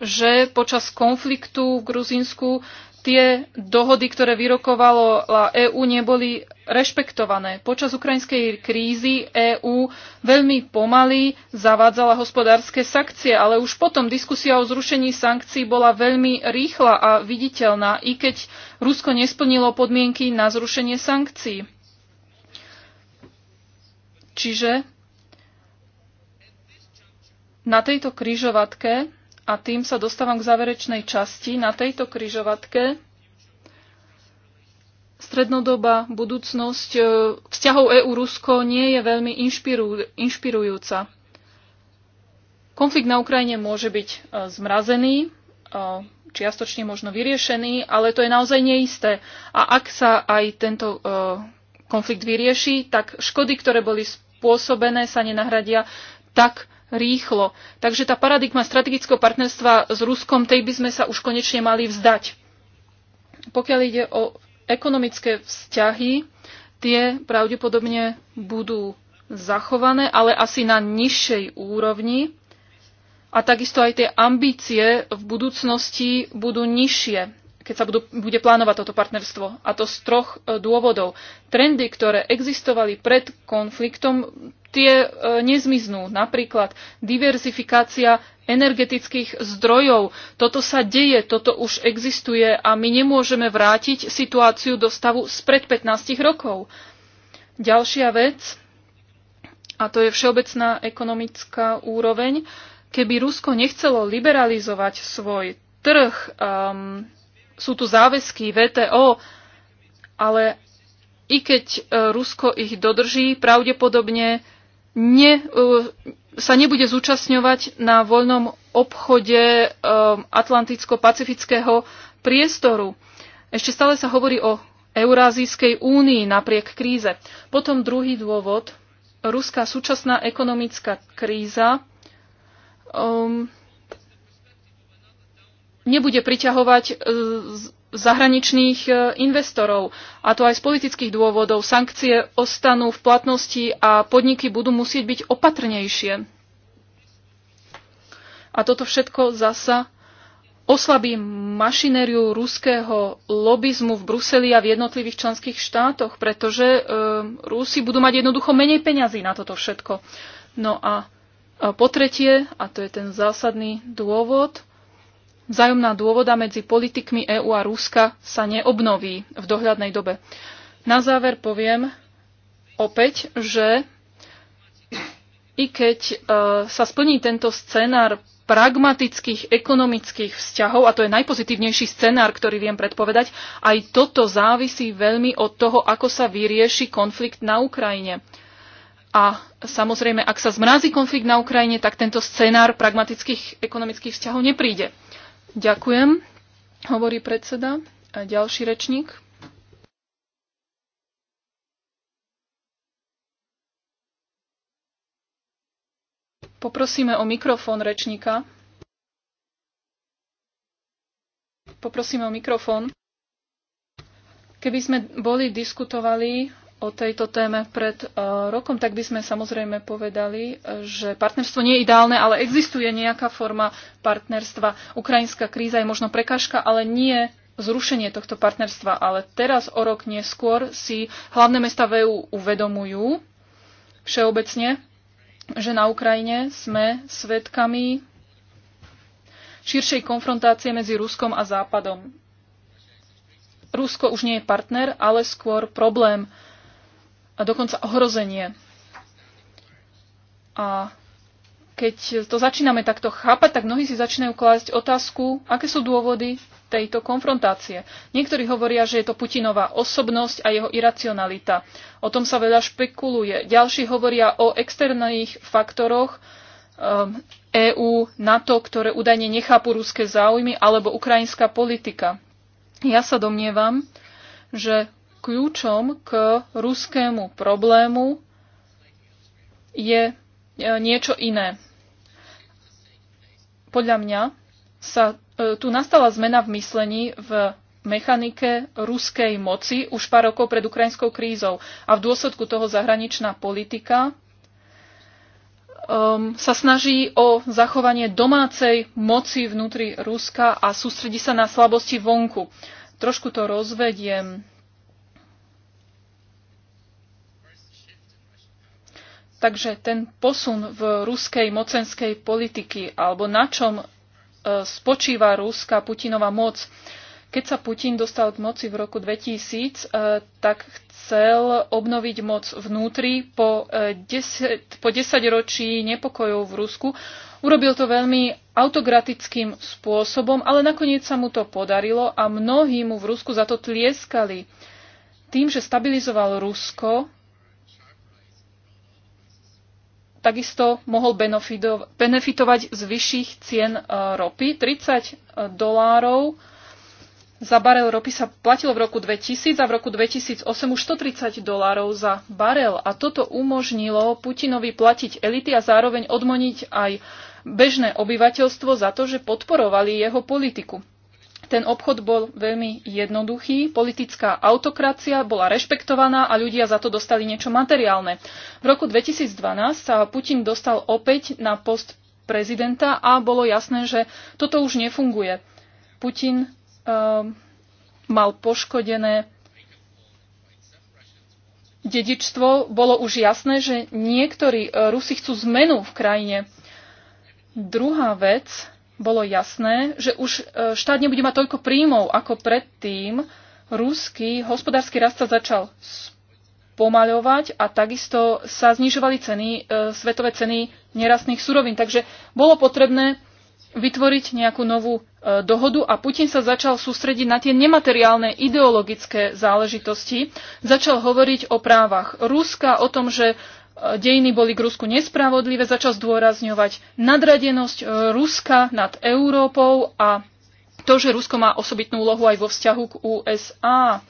že počas konfliktu v Gruzínsku tie dohody, ktoré vyrokovalo EÚ, neboli rešpektované. Počas ukrajinskej krízy EÚ veľmi pomaly zavádzala hospodárske sankcie, ale už potom diskusia o zrušení sankcií bola veľmi rýchla a viditeľná, i keď Rusko nesplnilo podmienky na zrušenie sankcií. Čiže na tejto kryžovatke a tým sa dostávam k záverečnej časti. Na tejto kryžovatke strednodobá budúcnosť e, vzťahov EU-Rusko nie je veľmi inšpirujúca. Konflikt na Ukrajine môže byť e, zmrazený, e, čiastočne možno vyriešený, ale to je naozaj neisté. A ak sa aj tento konflikt vyrieši, tak škody, ktoré boli spôsobené, sa nenahradia tak rýchlo. Takže tá paradigma strategického partnerstva s Ruskom, tej by sme sa už konečne mali vzdať. Pokiaľ ide o ekonomické vzťahy, tie pravdepodobne budú zachované, ale asi na nižšej úrovni. A takisto aj tie ambície v budúcnosti budú nižšie, keď sa budú, bude plánovať toto partnerstvo. A to z troch e, dôvodov. Trendy, ktoré existovali pred konfliktom, tie e, nezmiznú. Napríklad diverzifikácia energetických zdrojov. Toto sa deje, toto už existuje a my nemôžeme vrátiť situáciu do stavu spred 15 rokov. Ďalšia vec, a to je všeobecná ekonomická úroveň, keby Rusko nechcelo liberalizovať svoj trh, um, sú tu záväzky VTO, ale i keď e, Rusko ich dodrží, pravdepodobne ne, e, sa nebude zúčastňovať na voľnom obchode e, Atlanticko-pacifického priestoru. Ešte stále sa hovorí o Eurázijskej únii napriek kríze. Potom druhý dôvod. Ruská súčasná ekonomická kríza um, nebude priťahovať e, zahraničných e, investorov. A to aj z politických dôvodov. Sankcie ostanú v platnosti a podniky budú musieť byť opatrnejšie. A toto všetko zasa oslabí mašinériu ruského lobizmu v Bruseli a v jednotlivých členských štátoch, pretože e, Rusi budú mať jednoducho menej peňazí na toto všetko. No a po tretie, a to je ten zásadný dôvod, Vzájomná dôvoda medzi politikmi EÚ a Ruska sa neobnoví v dohľadnej dobe. Na záver poviem opäť, že i keď e, sa splní tento scenár pragmatických ekonomických vzťahov, a to je najpozitívnejší scenár, ktorý viem predpovedať, aj toto závisí veľmi od toho, ako sa vyrieši konflikt na Ukrajine. A samozrejme, ak sa zmrazí konflikt na Ukrajine, tak tento scenár pragmatických ekonomických vzťahov nepríde. Ďakujem, hovorí predseda. A ďalší rečník. Poprosíme o mikrofón rečníka. Poprosíme o mikrofón. Keby sme boli diskutovali o tejto téme pred eh, rokom, tak by sme samozrejme povedali, eh, že partnerstvo nie je ideálne, ale existuje nejaká forma partnerstva. Ukrajinská kríza je možno prekážka, ale nie zrušenie tohto partnerstva. Ale teraz o rok neskôr si hlavné mesta VÚ e uvedomujú všeobecne, že na Ukrajine sme svedkami širšej konfrontácie medzi Ruskom a Západom. Rusko už nie je partner, ale skôr problém a dokonca ohrozenie. A keď to začíname takto chápať, tak mnohí si začínajú klásť otázku, aké sú dôvody tejto konfrontácie. Niektorí hovoria, že je to Putinová osobnosť a jeho iracionalita. O tom sa veľa špekuluje. Ďalší hovoria o externých faktoroch um, ehm, EÚ, NATO, ktoré údajne nechápu ruské záujmy, alebo ukrajinská politika. Ja sa domnievam, že kľúčom k ruskému problému je e, niečo iné. Podľa mňa sa e, tu nastala zmena v myslení v mechanike ruskej moci už pár rokov pred ukrajinskou krízou a v dôsledku toho zahraničná politika um, sa snaží o zachovanie domácej moci vnútri Ruska a sústredí sa na slabosti vonku. Trošku to rozvediem. Takže ten posun v ruskej mocenskej politiky alebo na čom e, spočíva ruská Putinova moc. Keď sa Putin dostal k moci v roku 2000, e, tak chcel obnoviť moc vnútri po 10, e, po 10 ročí nepokojov v Rusku. Urobil to veľmi autokratickým spôsobom, ale nakoniec sa mu to podarilo a mnohí mu v Rusku za to tlieskali. Tým, že stabilizoval Rusko, takisto mohol benefitovať z vyšších cien e, ropy. 30 e, dolárov za barel ropy sa platilo v roku 2000 a v roku 2008 už 130 dolárov za barel. A toto umožnilo Putinovi platiť elity a zároveň odmoniť aj bežné obyvateľstvo za to, že podporovali jeho politiku. Ten obchod bol veľmi jednoduchý, politická autokracia bola rešpektovaná a ľudia za to dostali niečo materiálne. V roku 2012 sa Putin dostal opäť na post prezidenta a bolo jasné, že toto už nefunguje. Putin um, mal poškodené dedičstvo. Bolo už jasné, že niektorí e, Rusi chcú zmenu v krajine. Druhá vec, bolo jasné, že už e, štát nebude mať toľko príjmov ako predtým. Ruský hospodársky rast sa začal pomaľovať a takisto sa znižovali ceny, e, svetové ceny nerastných surovín. Takže bolo potrebné vytvoriť nejakú novú e, dohodu a Putin sa začal sústrediť na tie nemateriálne ideologické záležitosti. Začal hovoriť o právach Ruska, o tom, že dejiny boli k Rusku nespravodlivé, začal zdôrazňovať nadradenosť e, Ruska nad Európou a to, že Rusko má osobitnú úlohu aj vo vzťahu k USA.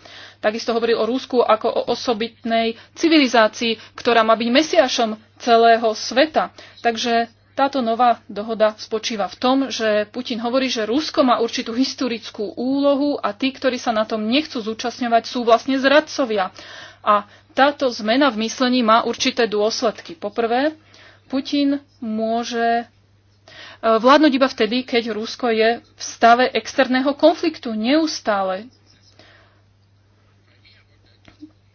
Takisto hovoril o Rusku ako o osobitnej civilizácii, ktorá má byť mesiašom celého sveta. Takže táto nová dohoda spočíva v tom, že Putin hovorí, že Rusko má určitú historickú úlohu a tí, ktorí sa na tom nechcú zúčastňovať, sú vlastne zradcovia. A táto zmena v myslení má určité dôsledky. Poprvé, Putin môže e, vládnuť iba vtedy, keď Rusko je v stave externého konfliktu neustále.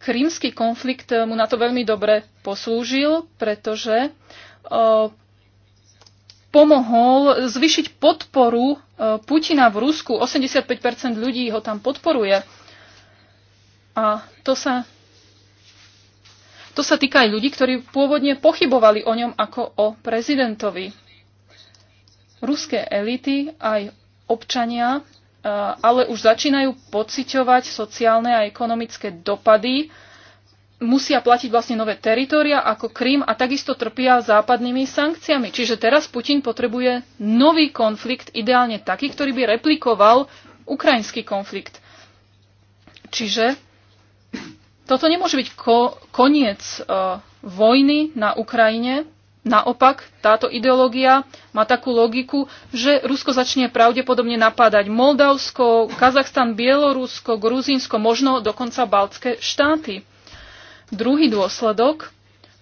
Krímsky konflikt e, mu na to veľmi dobre poslúžil, pretože e, pomohol zvyšiť podporu Putina v Rusku. 85% ľudí ho tam podporuje. A to sa to sa týka aj ľudí, ktorí pôvodne pochybovali o ňom ako o prezidentovi. Ruské elity aj občania e, ale už začínajú pociťovať sociálne a ekonomické dopady, musia platiť vlastne nové teritoria ako Krím a takisto trpia západnými sankciami. Čiže teraz Putin potrebuje nový konflikt, ideálne taký, ktorý by replikoval ukrajinský konflikt. Čiže toto nemôže byť ko- koniec uh, vojny na Ukrajine. Naopak, táto ideológia má takú logiku, že Rusko začne pravdepodobne napádať Moldavsko, Kazachstan, Bielorusko, Gruzínsko, možno dokonca Baltské štáty. Druhý dôsledok,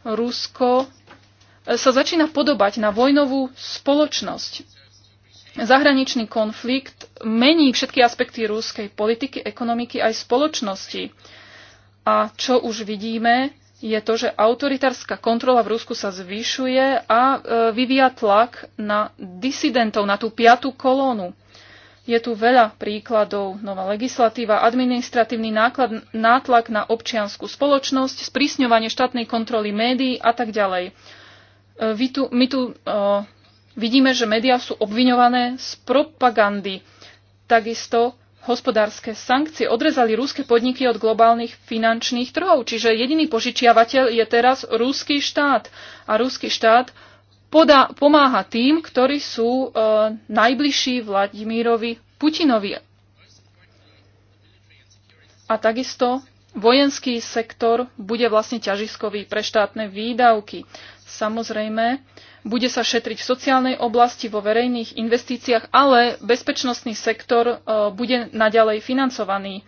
Rusko e, sa začína podobať na vojnovú spoločnosť. Zahraničný konflikt mení všetky aspekty rúskej politiky, ekonomiky aj spoločnosti. A čo už vidíme, je to, že autoritárska kontrola v Rusku sa zvyšuje a e, vyvíja tlak na disidentov, na tú piatú kolónu. Je tu veľa príkladov. Nová legislatíva, administratívny náklad, nátlak na občianskú spoločnosť, sprísňovanie štátnej kontroly médií a tak ďalej. E, vy tu, my tu uh, vidíme, že médiá sú obviňované z propagandy. Takisto hospodárske sankcie odrezali ruské podniky od globálnych finančných trhov. Čiže jediný požičiavateľ je teraz ruský štát. A ruský štát podá, pomáha tým, ktorí sú e, najbližší Vladimírovi Putinovi. A takisto vojenský sektor bude vlastne ťažiskový pre štátne výdavky. Samozrejme, bude sa šetriť v sociálnej oblasti, vo verejných investíciách, ale bezpečnostný sektor e, bude naďalej financovaný.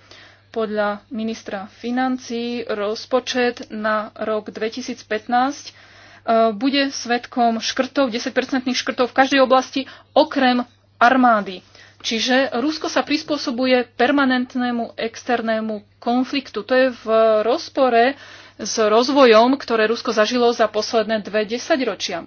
Podľa ministra financí rozpočet na rok 2015 e, bude svetkom škrtov, 10-percentných škrtov v každej oblasti, okrem armády. Čiže Rusko sa prispôsobuje permanentnému externému konfliktu. To je v rozpore s rozvojom, ktoré Rusko zažilo za posledné dve desaťročia.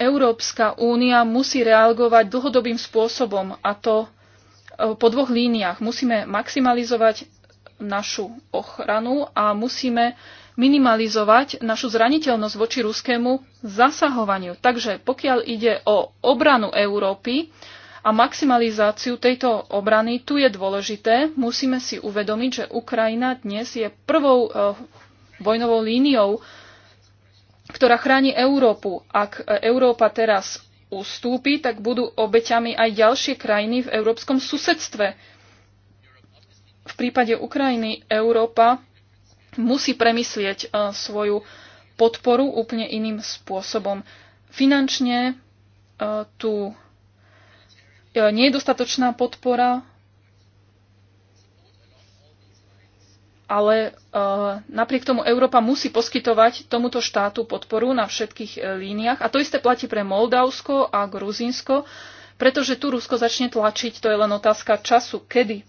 Európska únia musí reagovať dlhodobým spôsobom a to e, po dvoch líniách. Musíme maximalizovať našu ochranu a musíme minimalizovať našu zraniteľnosť voči ruskému zasahovaniu. Takže pokiaľ ide o obranu Európy, a maximalizáciu tejto obrany. Tu je dôležité, musíme si uvedomiť, že Ukrajina dnes je prvou eh, vojnovou líniou, ktorá chráni Európu. Ak eh, Európa teraz ustúpi, tak budú obeťami aj ďalšie krajiny v európskom susedstve. V prípade Ukrajiny Európa musí premyslieť eh, svoju podporu úplne iným spôsobom. Finančne tu E, nedostatočná podpora, ale e, napriek tomu Európa musí poskytovať tomuto štátu podporu na všetkých e, líniách. A to isté platí pre Moldavsko a Gruzínsko, pretože tu Rusko začne tlačiť, to je len otázka času, kedy.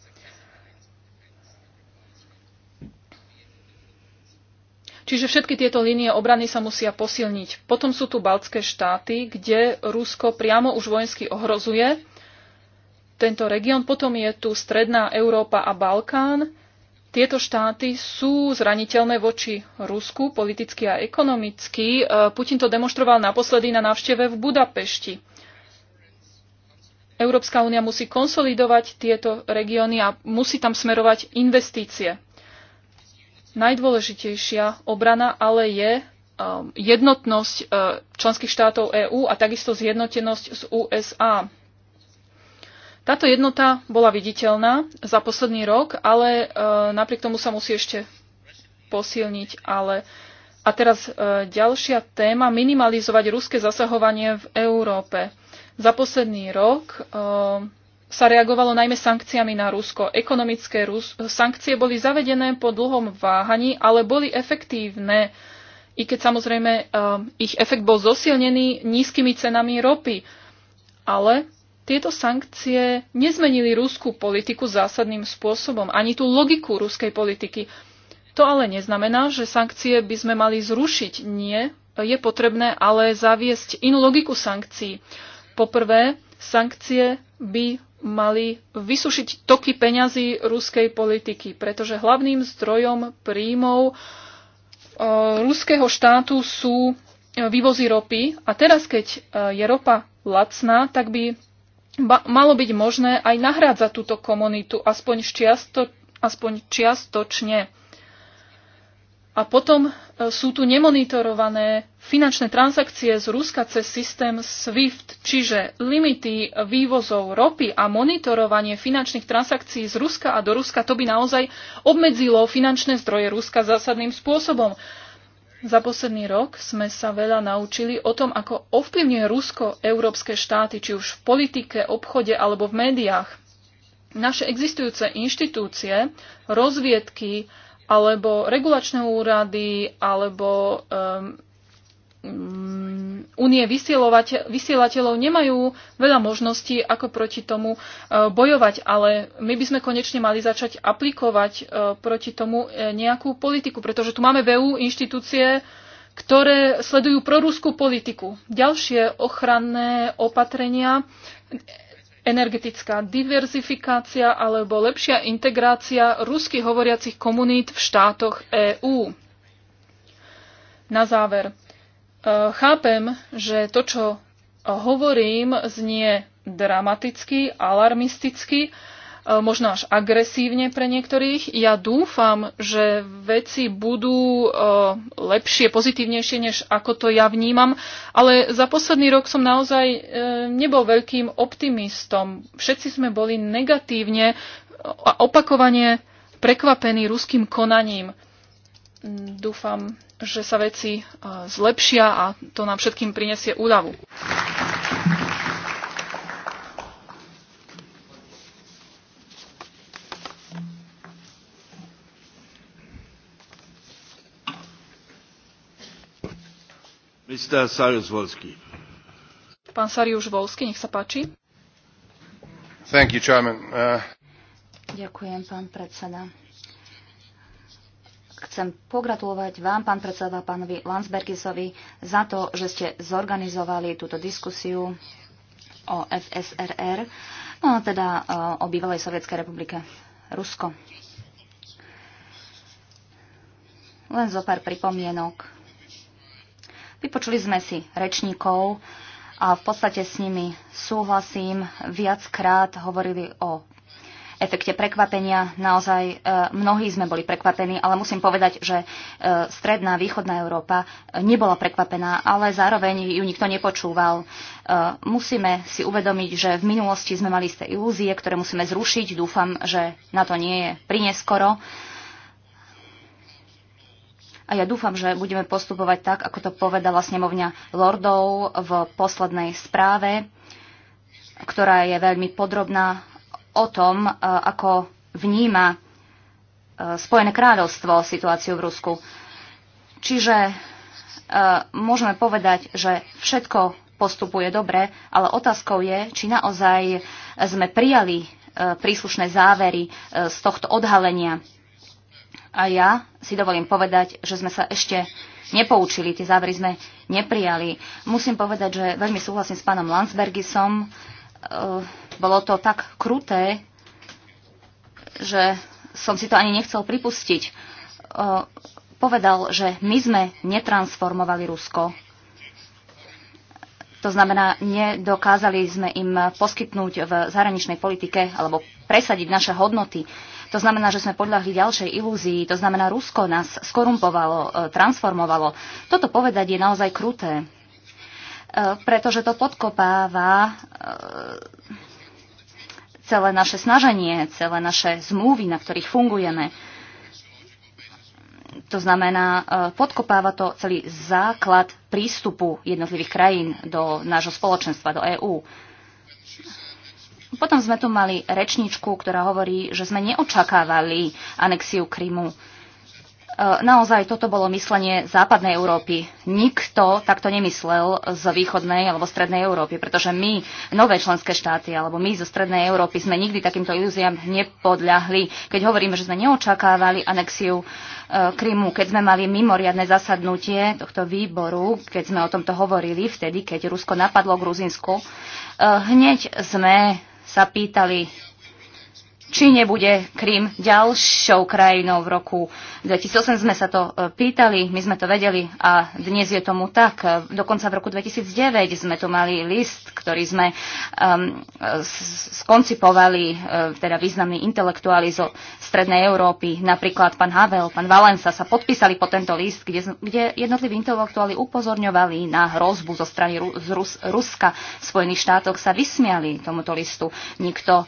Čiže všetky tieto línie obrany sa musia posilniť. Potom sú tu baltské štáty, kde Rusko priamo už vojensky ohrozuje tento región. Potom je tu Stredná Európa a Balkán. Tieto štáty sú zraniteľné voči Rusku politicky a ekonomicky. E, Putin to demonstroval naposledy na návšteve v Budapešti. Európska únia musí konsolidovať tieto regióny a musí tam smerovať investície. Najdôležitejšia obrana ale je e, jednotnosť e, členských štátov EÚ a takisto zjednotenosť z USA. Táto jednota bola viditeľná za posledný rok, ale e, napriek tomu sa musí ešte posilniť. Ale... A teraz e, ďalšia téma, minimalizovať ruské zasahovanie v Európe. Za posledný rok e, sa reagovalo najmä sankciami na Rusko. Ekonomické Rus- sankcie boli zavedené po dlhom váhaní, ale boli efektívne, i keď samozrejme e, ich efekt bol zosilnený nízkymi cenami ropy. Ale tieto sankcie nezmenili ruskú politiku zásadným spôsobom, ani tú logiku ruskej politiky. To ale neznamená, že sankcie by sme mali zrušiť. Nie, je potrebné ale zaviesť inú logiku sankcií. Poprvé, sankcie by mali vysušiť toky peňazí ruskej politiky, pretože hlavným zdrojom príjmov e, ruského štátu sú e, vývozy ropy a teraz, keď e, je ropa lacná, tak by malo byť možné aj nahrádzať túto komunitu aspoň, čiasto, aspoň čiastočne. A potom e, sú tu nemonitorované finančné transakcie z Ruska cez systém SWIFT, čiže limity vývozov ropy a monitorovanie finančných transakcií z Ruska a do Ruska to by naozaj obmedzilo finančné zdroje Ruska zásadným spôsobom. Za posledný rok sme sa veľa naučili o tom, ako ovplyvňuje Rusko európske štáty, či už v politike, obchode alebo v médiách. Naše existujúce inštitúcie, rozviedky alebo regulačné úrady alebo um, únie mm, vysielateľov nemajú veľa možností, ako proti tomu e, bojovať, ale my by sme konečne mali začať aplikovať e, proti tomu e, nejakú politiku, pretože tu máme VU inštitúcie, ktoré sledujú prorúskú politiku. Ďalšie ochranné opatrenia, energetická diverzifikácia alebo lepšia integrácia ruských hovoriacich komunít v štátoch EÚ. Na záver, Eh, chápem, že to, čo eh, hovorím, znie dramaticky, alarmisticky, eh, možno až agresívne pre niektorých. Ja dúfam, že veci budú lepšie, pozitívnejšie, než ako to ja vnímam, ale za posledný rok som naozaj nebol veľkým optimistom. Všetci sme boli negatívne a opakovane prekvapení ruským konaním. Dúfam, že sa veci e, zlepšia a to nám všetkým prinesie úľavu. Pán Sarius Volsky, nech sa páči. Thank you, Chairman. Uh... Ďakujem, pán predseda chcem pogratulovať vám, pán predseda, pánovi Landsbergisovi, za to, že ste zorganizovali túto diskusiu o FSRR, no teda e, o bývalej Sovietskej republike Rusko. Len zo pár pripomienok. Vypočuli sme si rečníkov a v podstate s nimi súhlasím. Viackrát hovorili o efekte prekvapenia naozaj e, mnohí sme boli prekvapení, ale musím povedať, že e, stredná, východná Európa e, nebola prekvapená, ale zároveň ju nikto nepočúval. Musíme si uvedomiť, že v minulosti sme mali isté ilúzie, ktoré musíme zrušiť. Dúfam, že na to nie je prineskoro. A ja dúfam, že budeme postupovať tak, ako to povedala snemovňa lordov v poslednej správe, ktorá je veľmi podrobná o tom, e, ako vníma e, Spojené kráľovstvo situáciu v Rusku. Čiže e, môžeme povedať, že všetko postupuje dobre, ale otázkou je, či naozaj sme prijali príslušné závery z tohto odhalenia. A ja si dovolím povedať, že sme sa ešte nepoučili, tie závery sme neprijali. Musím povedať, že veľmi súhlasím s pánom Landsbergisom, Eh, bolo to tak kruté, že som si to ani nechcel pripustiť. Eh, povedal, že my sme netransformovali Rusko. To znamená, nedokázali sme im poskytnúť v zahraničnej politike alebo presadiť naše hodnoty. To znamená, že sme podľahli ďalšej ilúzii. To znamená, Rusko nás skorumpovalo, eh, transformovalo. Toto povedať je naozaj kruté. Eh, pretože to podkopáva eh, celé naše snaženie, celé naše zmluvy, na ktorých fungujeme. To znamená, eh, podkopáva to celý základ prístupu jednotlivých krajín do nášho spoločenstva, do EÚ. Potom sme tu mali rečničku, ktorá hovorí, že sme neočakávali anexiu Krymu. Eh, naozaj toto bolo myslenie západnej Európy. Nikto takto nemyslel z východnej alebo strednej Európy, pretože my, nové členské štáty alebo my zo strednej Európy sme nikdy takýmto ilúziám nepodľahli. Keď hovoríme, že sme neočakávali anexiu eh, Krymu, keď sme mali mimoriadne zasadnutie tohto výboru, keď sme o tomto hovorili vtedy, keď Rusko napadlo Gruzinsku, eh, hneď sme sa pýtali či nebude Krím ďalšou krajinou v roku 2008. Sme sa to e, pýtali, my sme to vedeli a dnes je tomu tak. Dokonca v roku 2009 sme tu mali list, ktorý sme um, skoncipovali, e, teda významní intelektuáli zo Strednej Európy, napríklad pán Havel, pán Valensa sa podpísali po tento list, kde, kde jednotliví intelektuáli upozorňovali na hrozbu zo strany Ru- z Rus- Ruska. V Spojených štátoch sa vysmiali tomuto listu. Nikto uh,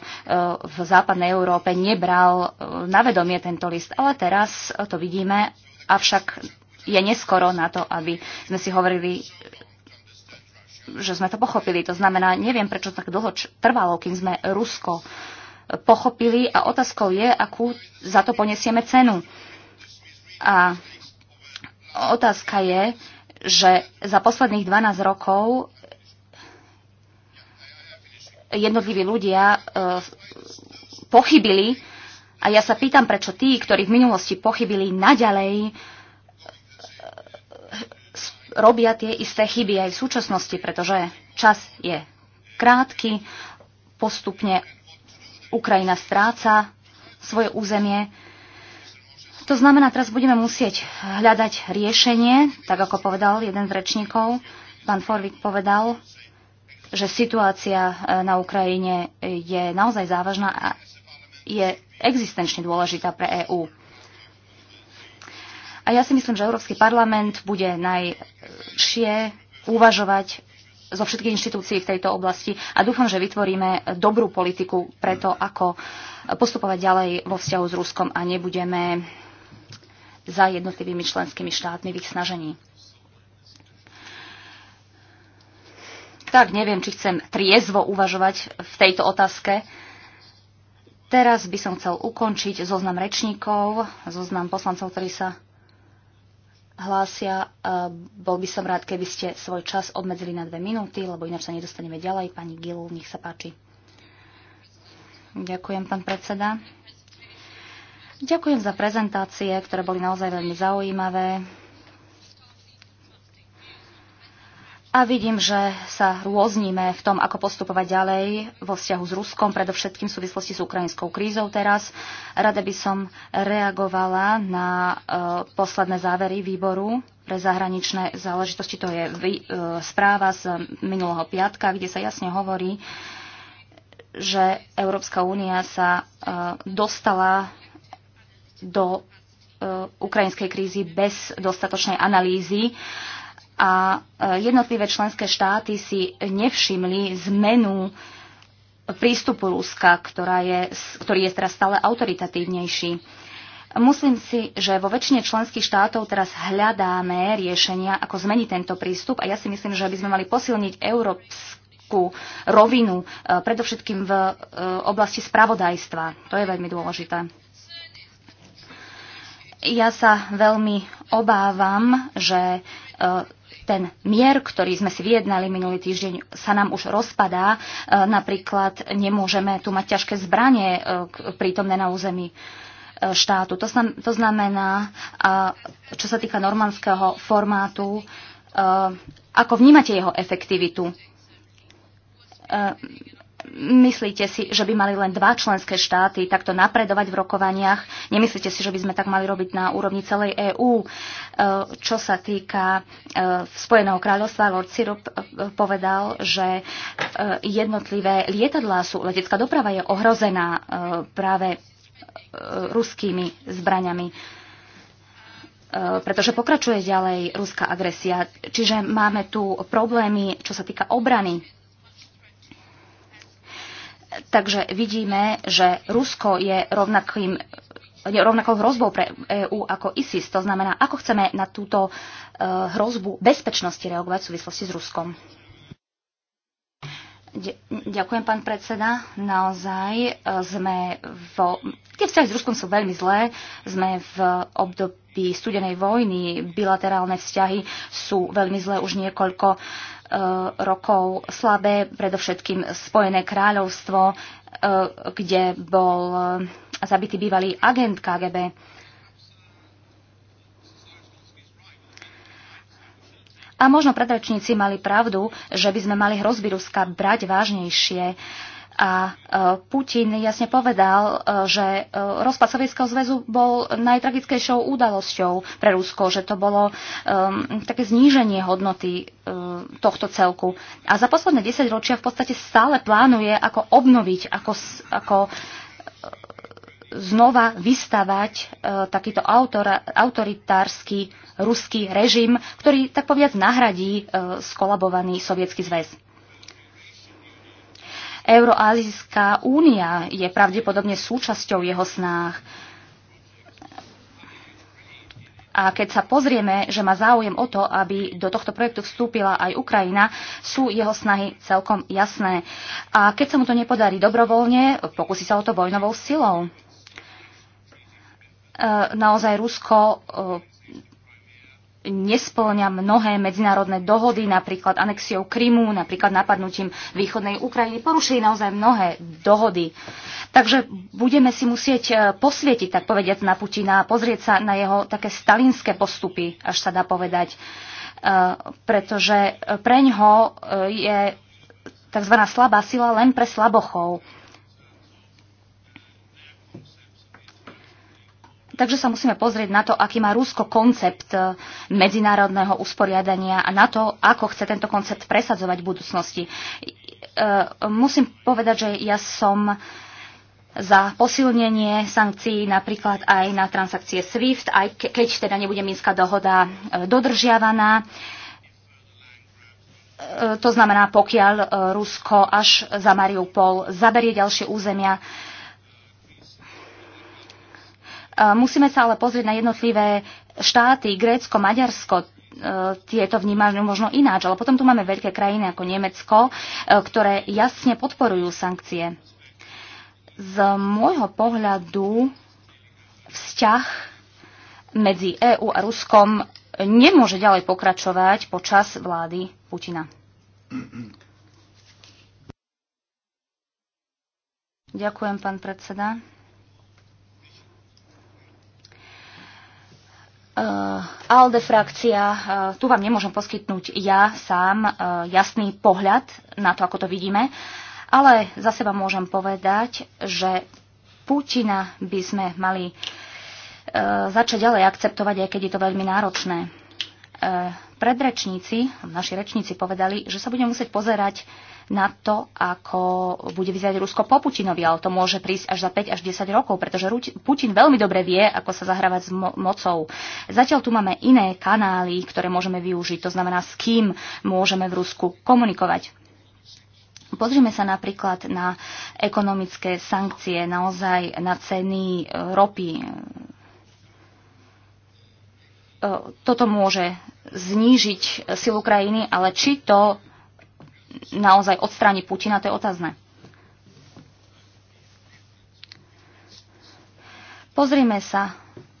v západnej Európe nebral e, na vedomie tento list. Ale teraz to vidíme, avšak je neskoro na to, aby sme si hovorili, že sme to pochopili. To znamená, neviem, prečo tak dlho trvalo, kým sme Rusko pochopili a otázkou je, akú za to poniesieme cenu. A otázka je, že za posledných 12 rokov jednotliví ľudia e, pochybili. A ja sa pýtam, prečo tí, ktorí v minulosti pochybili naďalej, eh, robia tie isté chyby aj v súčasnosti, pretože čas je krátky, postupne Ukrajina stráca svoje územie. To znamená, teraz budeme musieť hľadať riešenie, tak ako povedal jeden z rečníkov. Pán Forvik povedal, že situácia eh, na Ukrajine je naozaj závažná a je existenčne dôležitá pre EÚ. A ja si myslím, že Európsky parlament bude najšie uvažovať zo všetkých inštitúcií v tejto oblasti a dúfam, že vytvoríme dobrú politiku pre to, ako postupovať ďalej vo vzťahu s Ruskom a nebudeme za jednotlivými členskými štátmi v ich snažení. Tak neviem, či chcem triezvo uvažovať v tejto otázke, Teraz by som chcel ukončiť zoznam rečníkov, zoznam poslancov, ktorí sa hlásia. E, bol by som rád, keby ste svoj čas obmedzili na dve minúty, lebo ináč sa nedostaneme ďalej. Pani Gil, nech sa páči. Ďakujem, pán predseda. Ďakujem za prezentácie, ktoré boli naozaj veľmi zaujímavé. A vidím, že sa rôznime v tom, ako postupovať ďalej vo vzťahu s Ruskom, predovšetkým v súvislosti s ukrajinskou krízou teraz. Rada by som reagovala na e, posledné závery výboru pre zahraničné záležitosti. To je vý, e, správa z minulého piatka, kde sa jasne hovorí, že Európska únia sa e, dostala do e, ukrajinskej krízy bez dostatočnej analýzy a e, jednotlivé členské štáty si nevšimli zmenu prístupu Ruska, ktorá je, ktorý je teraz stále autoritatívnejší. Myslím si, že vo väčšine členských štátov teraz hľadáme riešenia, ako zmeniť tento prístup a ja si myslím, že by sme mali posilniť európsku rovinu, e, predovšetkým v e, oblasti spravodajstva. To je veľmi dôležité. Ja sa veľmi obávam, že ten mier, ktorý sme si vyjednali minulý týždeň, sa nám už rozpadá. E, napríklad nemôžeme tu mať ťažké zbranie e, prítomné na území e, štátu. To znamená, čo sa týka normandského formátu, ako vnímate jeho efektivitu? Myslíte si, že by mali len dva členské štáty takto napredovať v rokovaniach? Nemyslíte si, že by sme tak mali robiť na úrovni celej EÚ? E, čo sa týka e, Spojeného kráľovstva, Lord Sirup e, povedal, že jednotlivé lietadlá sú, letecká doprava je ohrozená práve ruskými zbraňami pretože pokračuje ďalej ruská agresia. Čiže máme tu problémy, čo sa týka obrany Takže vidíme, že Rusko je rovnakým rovnakou hrozbou pre EÚ ako ISIS. To znamená, ako chceme na túto e, hrozbu bezpečnosti reagovať v súvislosti s Ruskom. Ďakujem, pán predseda. Naozaj e, sme vo... Tie vzťahy s Ruskom sú veľmi zlé. Sme v období studenej vojny. Bilaterálne vzťahy sú veľmi zlé už niekoľko uh, Eh, rokov slabé, predovšetkým Spojené kráľovstvo, eh, kde bol eh, zabitý bývalý agent KGB. A možno predrečníci mali pravdu, že by sme mali hrozby Ruska brať vážnejšie. Uh, a e, Putin jasne povedal, e, že e, rozpad Sovietskeho zväzu bol najtragickejšou udalosťou pre Rusko, že to bolo um, také zníženie hodnoty um, tohto celku. A za posledné 10 ročia v podstate stále plánuje, ako obnoviť, ako, ako znova vystavať uh, takýto autor, autoritársky ruský režim, ktorý tak povedať nahradí uh, skolabovaný sovietský zväz. Euroazijská únia je pravdepodobne súčasťou jeho snách. A keď sa pozrieme, že má záujem o to, aby do tohto projektu vstúpila aj Ukrajina, sú jeho snahy celkom jasné. A keď sa mu to nepodarí dobrovoľne, pokusí sa o to vojnovou silou. E, naozaj Rusko e, nesplňa mnohé medzinárodné dohody, napríklad anexiou Krymu, napríklad napadnutím východnej Ukrajiny. Porušili naozaj mnohé dohody. Takže budeme si musieť e, posvietiť, tak povediať, na Putina a pozrieť sa na jeho také stalinské postupy, až sa dá povedať. E, pretože e, preň ho je tzv. slabá sila len pre slabochov. Takže sa musíme pozrieť na to, aký má Rusko koncept e, medzinárodného usporiadania a na to, ako chce tento koncept presadzovať v budúcnosti. E, musím povedať, že ja som za posilnenie sankcií napríklad aj na transakcie SWIFT, aj keď teda nebude Minská dohoda e, dodržiavaná. To znamená, pokiaľ Rusko až za Mariupol zaberie ďalšie územia, Musíme sa ale pozrieť na jednotlivé štáty, Grécko, Maďarsko, e, tieto vnímajú možno ináč, ale potom tu máme veľké krajiny ako Nemecko, e, ktoré jasne podporujú sankcie. Z môjho pohľadu vzťah medzi EÚ a Ruskom nemôže ďalej pokračovať počas vlády Putina. Ďakujem, pán predseda. Uh, ALDE frakcia, uh, tu vám nemôžem poskytnúť ja sám uh, jasný pohľad na to, ako to vidíme, ale za seba môžem povedať, že Putina by sme mali uh, začať ďalej akceptovať, aj keď je to veľmi náročné. Uh, predrečníci, naši rečníci povedali, že sa budeme musieť pozerať uh, na to, ako bude vyzerať Rusko po Putinovi, ale to môže prísť až za 5 až 10 rokov, pretože Putin veľmi dobre vie, ako sa zahrávať s mo- mocou. Zatiaľ tu máme iné kanály, ktoré môžeme využiť, to znamená, s kým môžeme v Rusku komunikovať. Pozrime sa napríklad na ekonomické sankcie, naozaj na ceny e, ropy. E, toto môže znížiť silu krajiny, ale či to naozaj odstráni Putina, to je otázne. Pozrime sa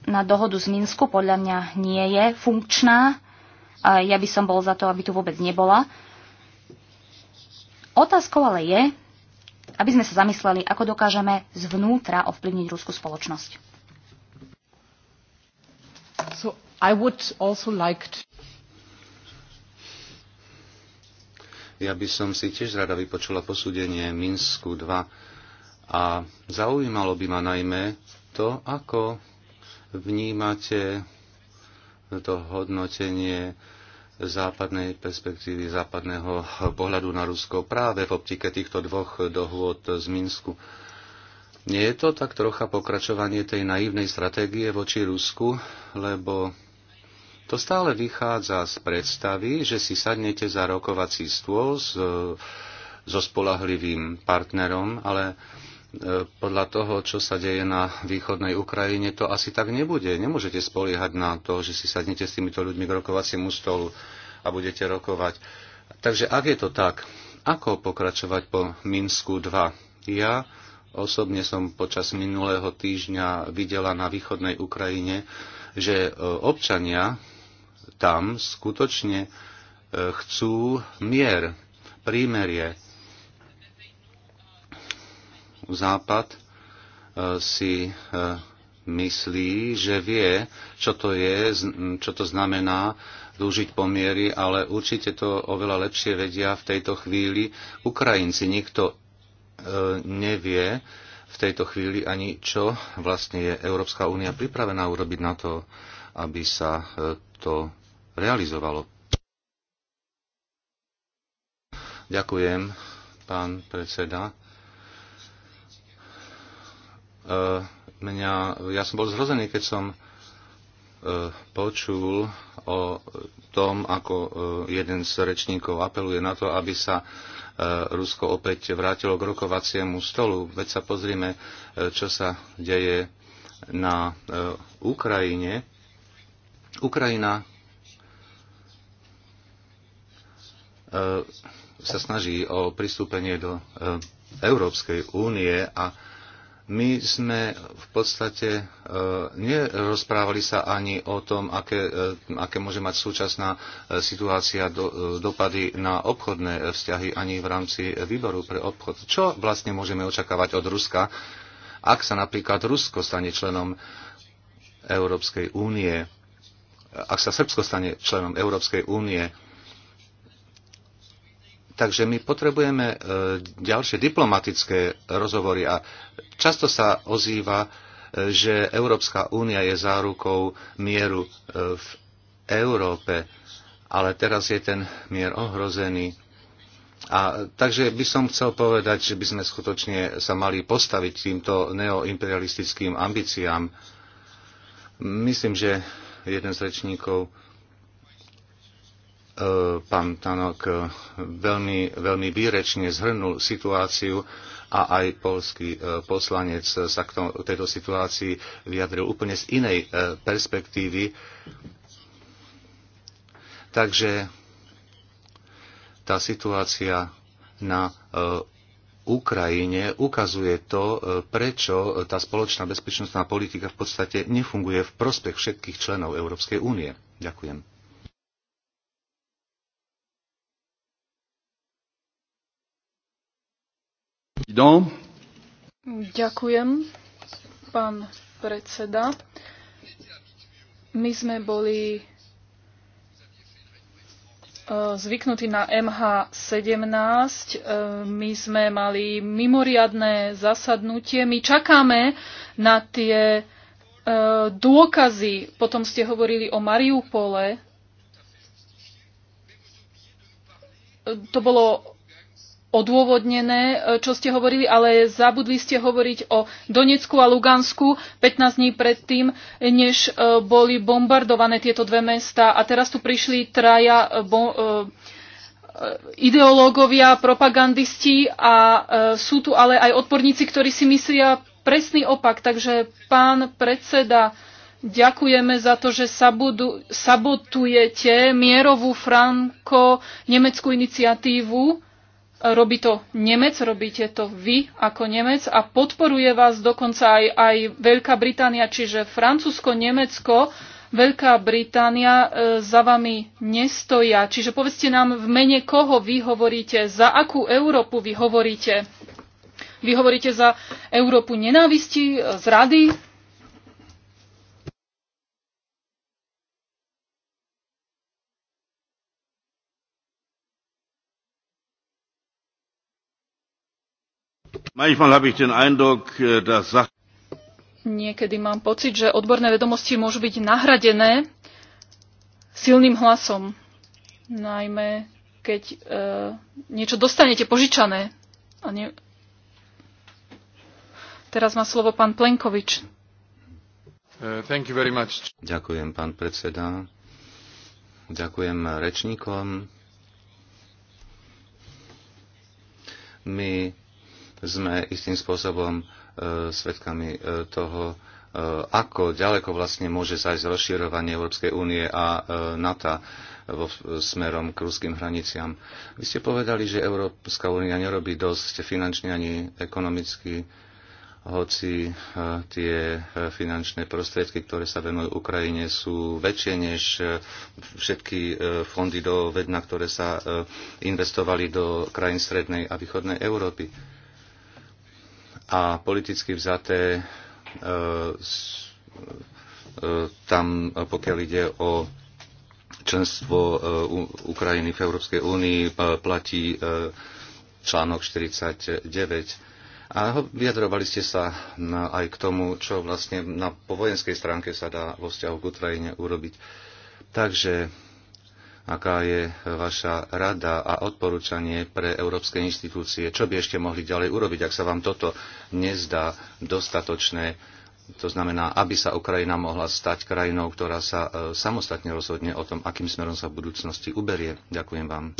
na dohodu z Minsku, podľa mňa nie je funkčná. Ja by som bol za to, aby tu vôbec nebola. Otázkou ale je, aby sme sa zamysleli, ako dokážeme zvnútra ovplyvniť rúskú spoločnosť. So I would also like to... Ja by som si tiež rada vypočula posúdenie Minsku 2 a zaujímalo by ma najmä to, ako vnímate to hodnotenie západnej perspektívy, západného pohľadu na Rusko práve v optike týchto dvoch dohôd z Minsku. Nie je to tak trocha pokračovanie tej naivnej stratégie voči Rusku, lebo to stále vychádza z predstavy, že si sadnete za rokovací stôl s, e, so spolahlivým partnerom, ale e, podľa toho, čo sa deje na východnej Ukrajine, to asi tak nebude. Nemôžete spoliehať na to, že si sadnete s týmito ľuďmi k rokovaciemu stolu a budete rokovať. Takže ak je to tak, ako pokračovať po Minsku 2? Ja osobne som počas minulého týždňa videla na východnej Ukrajine, že e, občania tam skutočne e, chcú mier, prímerie. Západ e, si e, myslí, že vie, čo to je, čo to znamená dúžiť pomiery, ale určite to oveľa lepšie vedia v tejto chvíli Ukrajinci. Nikto nevie v tejto chvíli ani, čo vlastne je Európska únia pripravená urobiť na to, aby sa to realizovalo. Ďakujem, pán predseda. E, mňa, ja som bol zrozený, keď som e, počul o tom, ako e, jeden z rečníkov apeluje na to, aby sa Rusko opäť vrátilo k rokovaciemu stolu. Veď sa pozrime, čo sa deje na Ukrajine. Ukrajina E, sa snaží o pristúpenie do e, Európskej únie a my sme v podstate e, nerozprávali sa ani o tom, aké, aké môže mať súčasná situácia do, dopady na obchodné vzťahy ani v rámci výboru pre obchod. Čo vlastne môžeme očakávať od Ruska, ak sa napríklad Rusko stane členom Európskej únie, ak sa Srbsko stane členom Európskej únie, Takže my potrebujeme e, ďalšie diplomatické rozhovory a často sa ozýva, e, že Európska únia je zárukou mieru e, v Európe, ale teraz je ten mier ohrozený. A, takže by som chcel povedať, že by sme skutočne sa mali postaviť týmto neoimperialistickým ambíciám. Myslím, že jeden z rečníkov E, pán Tanok e, veľmi, veľmi výrečne zhrnul situáciu a aj polský e, poslanec sa k tejto situácii vyjadril úplne z inej perspektívy. Takže tá situácia na Ukrajine ukazuje to, prečo tá spoločná bezpečnostná politika v podstate nefunguje v prospech všetkých členov Európskej únie. Ďakujem. Ďakujem, pán predseda. My sme boli e, zvyknutí na MH17. E, my sme mali mimoriadné zasadnutie. My čakáme na tie e, dôkazy. Potom ste hovorili o Mariupole. To bolo odôvodnené, e, čo ste hovorili, ale zabudli ste hovoriť o Donecku a Lugansku 15 dní predtým, než e, boli bombardované tieto dve mesta. A teraz tu prišli traja e, ideológovia, propagandisti a sú tu ale aj odporníci, ktorí si myslia presný opak. Takže pán predseda, Ďakujeme za to, že sabotujete mierovú franko-nemeckú iniciatívu Robí to Nemec, robíte to vy ako Nemec a podporuje vás dokonca aj, aj Veľká Británia, čiže Francúzsko, Nemecko, Veľká Británia e, za vami nestoja. Čiže povedzte nám, v mene koho vy hovoríte, za akú Európu vy hovoríte. Vy hovoríte za Európu nenávisti, e, zrady, Äh, Niekedy mám pocit, že odborné vedomosti môžu byť nahradené silným hlasom. Najmä keď e, niečo dostanete požičané. A ne... Teraz má slovo pán Plenkovič. Uh, thank you very much. Ďakujem, pán predseda. Ďakujem rečníkom. My sme istým spôsobom e, svetkami e, toho, e, ako ďaleko vlastne môže zajsť rozširovanie Európskej únie a e, NATO vo, smerom k ruským hraniciam. Vy ste povedali, že Európska únia nerobí dosť finančne ani ekonomicky, hoci e, tie e, finančné prostriedky, ktoré sa venujú Ukrajine, sú väčšie než e, všetky fondy do vedna, ktoré sa investovali do krajín Strednej a Východnej Európy a politicky vzaté e, e, tam, pokiaľ ide o členstvo e, Ukrajiny v Európskej únii, platí článok 49. A vyjadrovali ste sa aj k tomu, čo vlastne na, po vojenskej stránke sa dá vo vzťahu k Ukrajine urobiť. Takže aká je vaša rada a odporúčanie pre európske inštitúcie. Čo by ešte mohli ďalej urobiť, ak sa vám toto nezdá dostatočné? To znamená, aby sa Ukrajina mohla stať krajinou, ktorá sa e, samostatne rozhodne o tom, akým smerom sa v budúcnosti uberie. Ďakujem vám.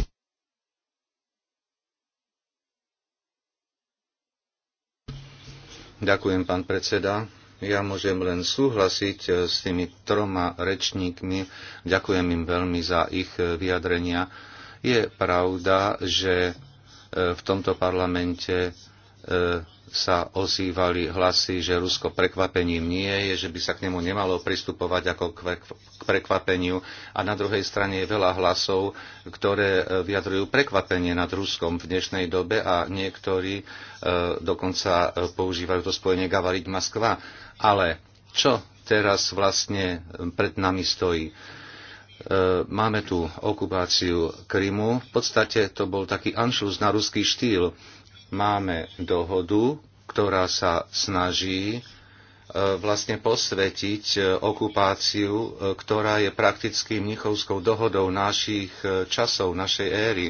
Ďakujem, pán predseda. Ja môžem len súhlasiť eh, s tými troma rečníkmi. Ďakujem im veľmi za ich eh, vyjadrenia. Je pravda, že eh, v tomto parlamente sa ozývali hlasy, že Rusko prekvapením nie je, že by sa k nemu nemalo pristupovať ako k prekvapeniu. A na druhej strane je veľa hlasov, ktoré vyjadrujú prekvapenie nad Ruskom v dnešnej dobe a niektorí dokonca používajú to spojenie Gavarit Moskva ale čo teraz vlastne pred nami stojí? E, máme tu okupáciu Krymu. V podstate to bol taký anšlus na ruský štýl. Máme dohodu, ktorá sa snaží e, vlastne posvetiť e, okupáciu, ktorá je prakticky mnichovskou dohodou našich časov, našej éry.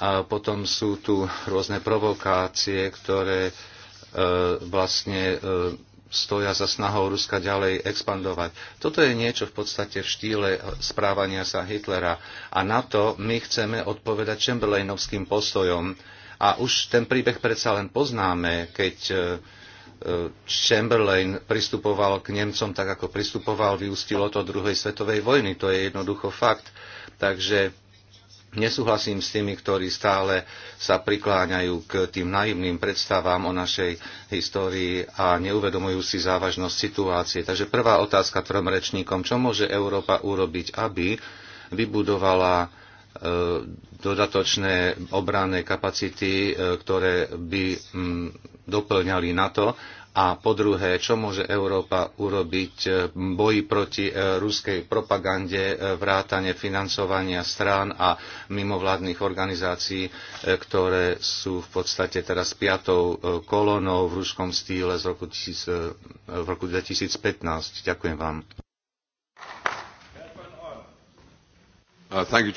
A potom sú tu rôzne provokácie, ktoré E, vlastne e, stoja za snahou Ruska ďalej expandovať. Toto je niečo v podstate v štýle správania sa Hitlera a na to my chceme odpovedať Chamberlainovským postojom. A už ten príbeh predsa len poznáme, keď e, Chamberlain pristupoval k Nemcom tak, ako pristupoval, vyústilo to druhej svetovej vojny. To je jednoducho fakt. Takže Nesúhlasím s tými, ktorí stále sa prikláňajú k tým naivným predstavám o našej histórii a neuvedomujú si závažnosť situácie. Takže prvá otázka trom rečníkom. Čo môže Európa urobiť, aby vybudovala e, dodatočné obranné kapacity, e, ktoré by mm, doplňali NATO a po druhé, čo môže Európa urobiť boji proti e, ruskej propagande, e, vrátane financovania strán a mimovládnych organizácií, e, ktoré sú v podstate teraz piatou kolónou v ruskom stýle z roku, tisíc, v roku 2015. Ďakujem vám. Uh, you,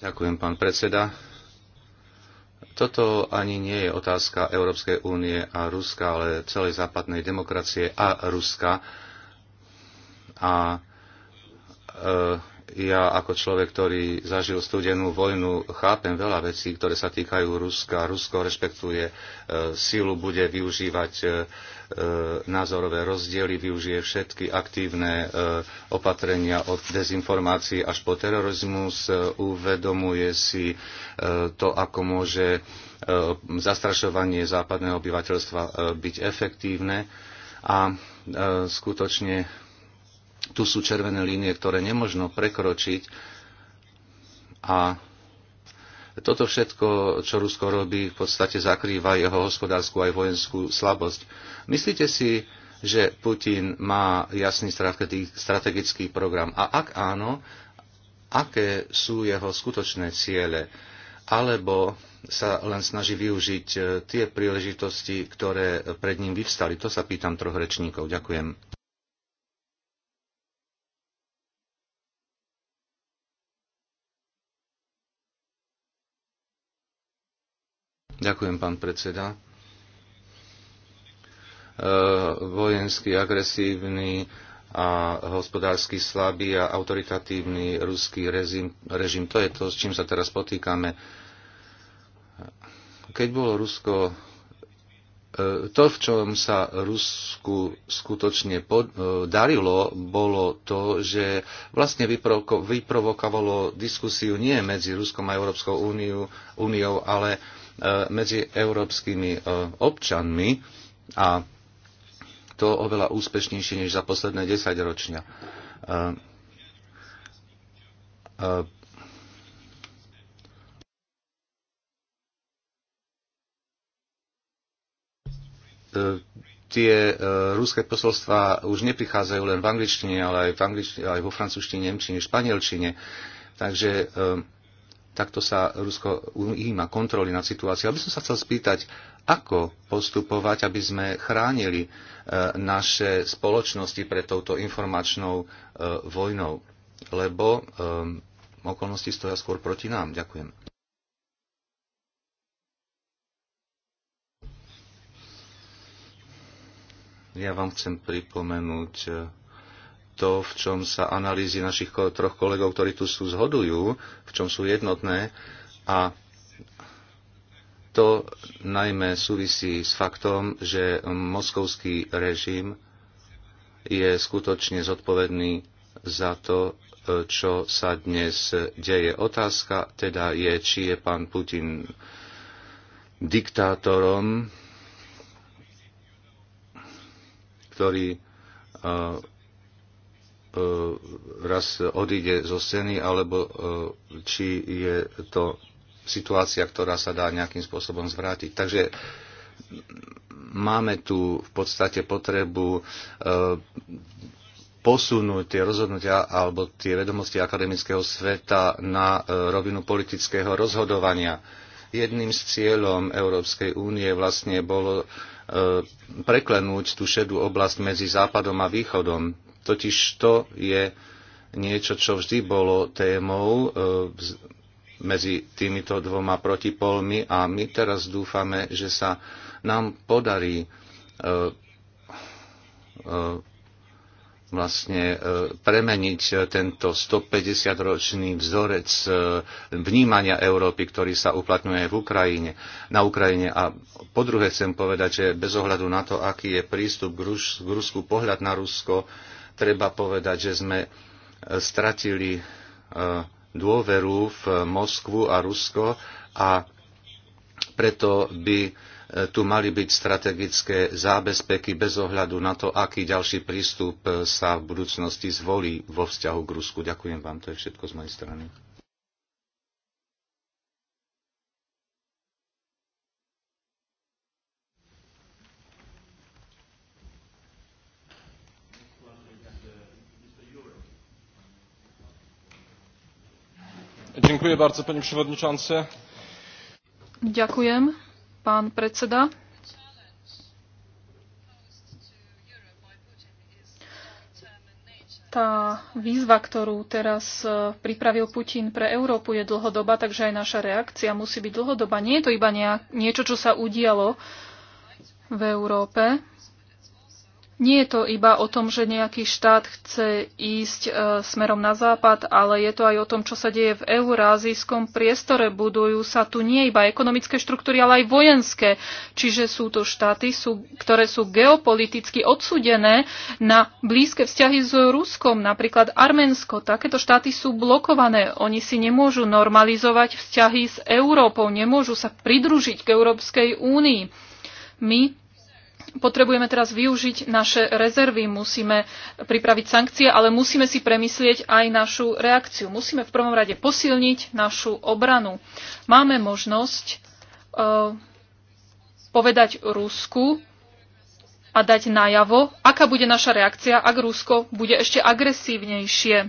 Ďakujem, pán predseda. Toto ani nie je otázka Európskej únie a Ruska, ale celej západnej demokracie a Ruska. A e, ja ako človek, ktorý zažil studenú vojnu, chápem veľa vecí, ktoré sa týkajú Ruska. Rusko rešpektuje e, sílu, bude využívať e, e, názorové rozdiely, využije všetky aktívne e, opatrenia od dezinformácií až po terorizmus, e, uvedomuje si e, to, ako môže e, zastrašovanie západného obyvateľstva e, byť efektívne a e, skutočne tu sú červené línie, ktoré nemožno prekročiť a toto všetko, čo Rusko robí, v podstate zakrýva jeho hospodárskú aj vojenskú slabosť. Myslíte si, že Putin má jasný strategický program? A ak áno, aké sú jeho skutočné ciele? Alebo sa len snaží využiť eh, tie príležitosti, ktoré pred ním vyvstali? To sa pýtam troch rečníkov. Ďakujem. Ďakujem, pán predseda. E, vojenský, agresívny a hospodársky slabý a autoritatívny ruský režim, režim. To je to, s čím sa teraz potýkame. Keď bolo Rusko e, to, v čom sa Rusku skutočne pod, e, darilo, bolo to, že vlastne vyprovokovalo diskusiu nie medzi Ruskom a Európskou úniou, ale E, medzi európskymi e, občanmi a to oveľa úspešnejšie než za posledné 10 e, tie ruské posolstva už neprichádzajú len v angličtine, ale aj, v angličtine, aj vo francúzštine, nemčine, španielčine. Takže takto sa Rusko ujíma kontroly nad situáciou. Aby som sa chcel spýtať, ako postupovať, aby sme chránili e, naše spoločnosti pred touto informačnou e, vojnou, lebo e, okolnosti stoja skôr proti nám. Ďakujem. Ja vám chcem pripomenúť to, v čom sa analýzy našich troch kolegov, ktorí tu sú, zhodujú, v čom sú jednotné a to najmä súvisí s faktom, že moskovský režim je skutočne zodpovedný za to, čo sa dnes deje. Otázka teda je, či je pán Putin diktátorom, ktorý E, raz odíde zo scény, alebo e, či je to situácia, ktorá sa dá nejakým spôsobom zvrátiť. Takže máme tu v podstate potrebu e, posunúť tie rozhodnutia alebo tie vedomosti akademického sveta na rovinu politického rozhodovania. Jedným z cieľom Európskej únie vlastne bolo preklenúť tú šedú oblasť medzi západom a východom. Totiž to je niečo, čo vždy bolo témou e, medzi týmito dvoma protipolmi a my teraz dúfame, že sa nám podarí e, e, vlastne premeniť tento 150-ročný vzorec vnímania Európy, ktorý sa uplatňuje v Ukrajine, na Ukrajine. A po druhé chcem povedať, že bez ohľadu na to, aký je prístup k Rusku, pohľad na Rusko, treba povedať, že sme e, stratili e, dôveru v Moskvu a Rusko a preto by e, tu mali byť strategické zábezpeky bez ohľadu na to, aký ďalší prístup sa v budúcnosti zvolí vo vzťahu k Rusku. Ďakujem vám, to je všetko z mojej strany. pani przewodniczący. Ďakujem, pán predseda. Tá výzva, ktorú teraz e, pripravil Putin pre Európu, je dlhodoba, takže aj naša reakcia musí byť dlhodoba. Nie je to iba niečo, čo sa udialo v Európe. Nie je to iba o tom, že nejaký štát chce ísť e, smerom na západ, ale je to aj o tom, čo sa deje v eurázijskom priestore. Budujú sa tu nie iba ekonomické štruktúry, ale aj vojenské. Čiže sú to štáty, sú, ktoré sú geopoliticky odsudené na blízke vzťahy s Ruskom, napríklad Arménsko. Takéto štáty sú blokované. Oni si nemôžu normalizovať vzťahy s Európou, nemôžu sa pridružiť k Európskej únii. My Potrebujeme teraz využiť naše rezervy, musíme pripraviť sankcie, ale musíme si premyslieť aj našu reakciu. Musíme v prvom rade posilniť našu obranu. Máme možnosť e, povedať Rusku, a dať najavo, aká bude naša reakcia, ak Rusko bude ešte agresívnejšie.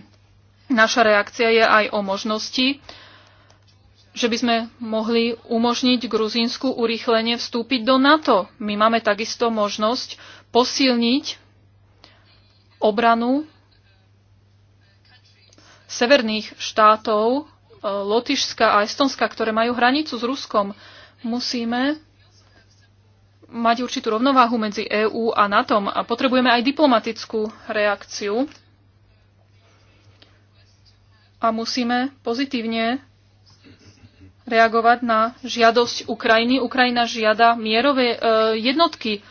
Naša reakcia je aj o možnosti že by sme mohli umožniť Gruzínsku urýchlenie vstúpiť do NATO. My máme takisto možnosť posilniť obranu severných štátov e, Lotyšska a Estonska, ktoré majú hranicu s Ruskom. Musíme mať určitú rovnováhu medzi EÚ a NATO a potrebujeme aj diplomatickú reakciu a musíme pozitívne reagovať na žiadosť Ukrajiny. Ukrajina žiada mierové e, jednotky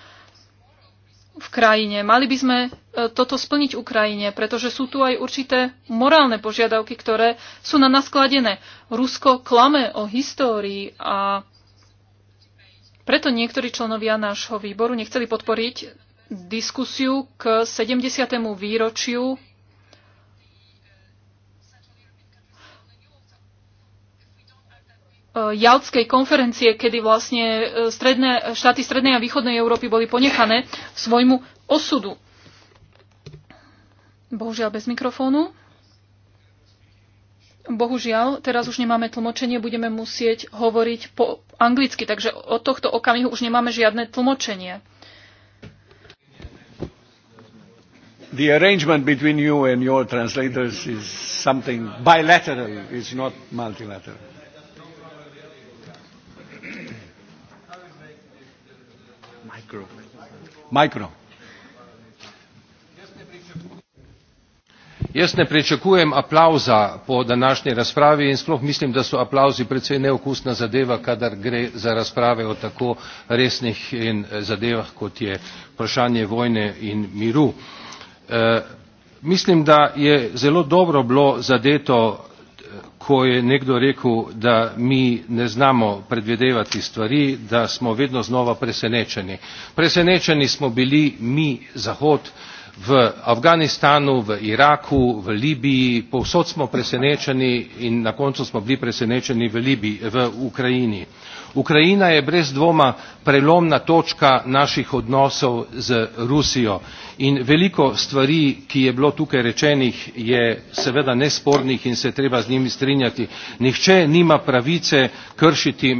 v krajine. Mali by sme e, toto splniť Ukrajine, pretože sú tu aj určité morálne požiadavky, ktoré sú na nás kladené. Rusko klame o histórii a preto niektorí členovia nášho výboru nechceli podporiť diskusiu k 70. výročiu E, Jalskej konferencie, kedy vlastne e, stredné, štáty Strednej a Východnej Európy boli ponechané svojmu osudu. Bohužiaľ bez mikrofónu. Bohužiaľ, teraz už nemáme tlmočenie, budeme musieť hovoriť po anglicky, takže od tohto okamihu už nemáme žiadne tlmočenie. The arrangement between you and your translators is something bilateral, it's not multilateral. Jaz ne pričakujem aplauza po današnji razpravi in sploh mislim, da so aplauzi predvsej neokusna zadeva, kadar gre za razprave o tako resnih eh, zadevah, kot je vprašanje vojne in miru. E, mislim, da je zelo dobro bilo zadeto ko je nekdo rekel, da mi ne znamo predvidevati stvari, da smo vedno znova presenečeni. Presenečeni smo bili mi, Zahod, v Afganistanu, v Iraku, v Libiji, povsod smo presenečeni in na koncu smo bili presenečeni v, Libiji, v Ukrajini Ukrajina je brez dvoma prelomna točka naših odnosov z Rusijo in veliko stvari, ki je bilo tukaj rečenih, je seveda nespornih in se je treba z njimi strinjati. Nihče nima pravice kršiti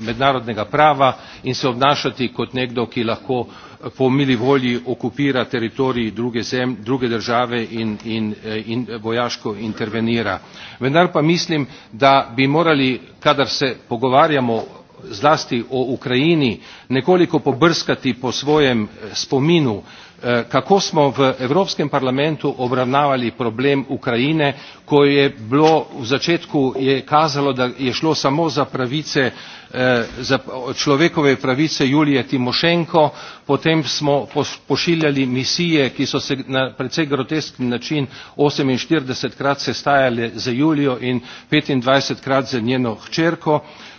mednarodnega prava in se obnašati kot nekdo, ki lahko po mili volji okupira teritorij druge, države in eh, eh, vojaško intervenira. Vendar pa mislim, da bi morali, kadar se pogovarjamo zlasti o Ukrajini, nekoliko pobrskati po svojem eh, spominu, kako smo v Evropskem parlamentu obravnavali problem Ukrajine, ko je bilo v začetku je kazalo, da je šlo samo za pravice E, za človekove pravice Julije Timošenko, potem smo pošiljali misije, ki so se na precej groteskni način 48 krat sestajale za Julijo in 25 krat za njeno hčerko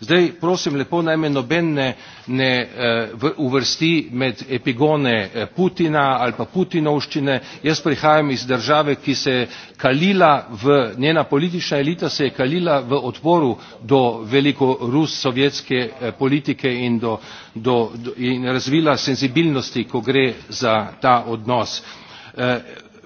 Zdaj, prosim lepo, naj me noben ne, ne eh, v, uvrsti med epigone eh, Putina ali pa Putinovščine. Jaz prihajam iz države, ki se je kalila v, njena politična elita se je kalila v odporu do velikorus sovjetske eh, politike in, do, do, do, in razvila senzibilnosti, ko gre za ta odnos. Uh,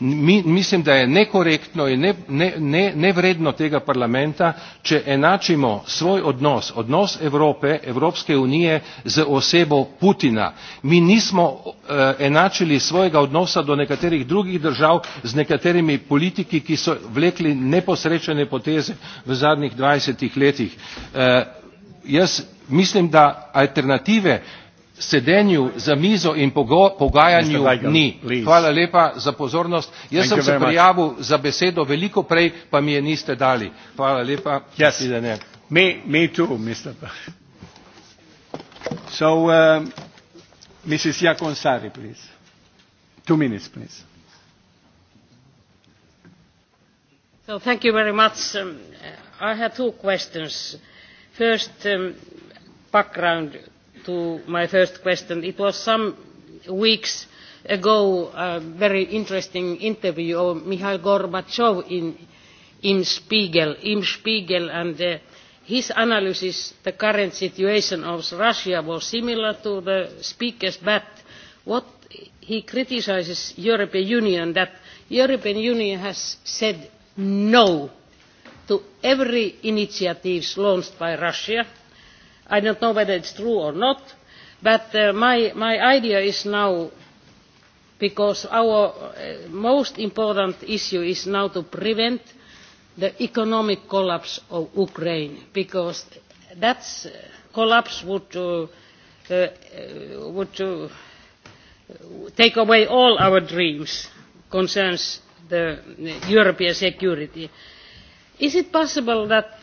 mi, mislim da je nekorektno i ne, ne, ne, nevredno tega parlamenta če enačimo svoj odnos odnos Evrope, Evropske unije z osebo Putina. Mi nismo uh, enačili svojega odnosa do nekaterih drugih držav z nekaterimi politiki, ki so vlekli neposrečene poteze v zadnjih dvajsetih letih. uh, jaz mislim, da alternative sedenju za mizo in pogajanju ni. Hvala lepa za pozornost. Jaz sem se prijavil za besedo veliko prej, pa mi je niste dali. Hvala lepa. Yes. Me, me too, Mr. So, um, Mrs. Yakonsari, please. Two minutes, please. So, thank you very much. Um, I have two questions. First, um, background to my first question. It was some weeks ago a very interesting interview of Mikhail Gorbachev in, in Spiegel, Im Spiegel, and uh, his analysis the current situation of Russia was similar to the speaker's, but what he criticises European Union that European Union has said no to every initiative launched by Russia i do not know whether it is true or not but uh, my, my idea is now because our uh, most important issue is now to prevent the economic collapse of ukraine because that uh, collapse would, uh, uh, would take away all our dreams concerning european security. is it possible that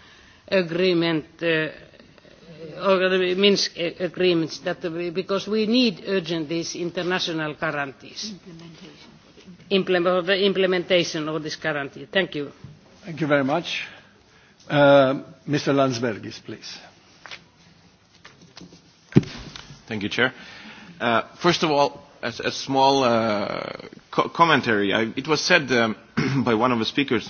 agreement, uh, or the Minsk agreements, that we, because we need urgent these international guarantees. Implementation. Imple the implementation of this guarantee. Thank you. Thank you very much. Uh, Mr. Landsbergis, please. Thank you, Chair. Uh, first of all, a, a small uh, co commentary. I, it was said um, [CLEARS THROAT] by one of the speakers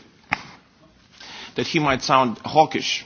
that he might sound hawkish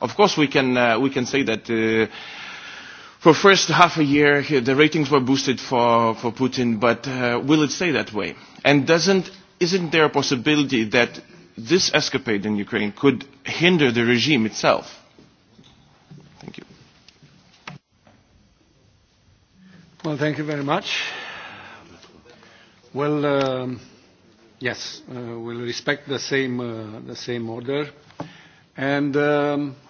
Of course, we can, uh, we can say that uh, for first half a year, the ratings were boosted for, for Putin, but uh, will it stay that way? And doesn't, isn't there a possibility that this escapade in Ukraine could hinder the regime itself? Thank you. Well, thank you very much. Well, um, yes, uh, we'll respect the same, uh, the same order. And um,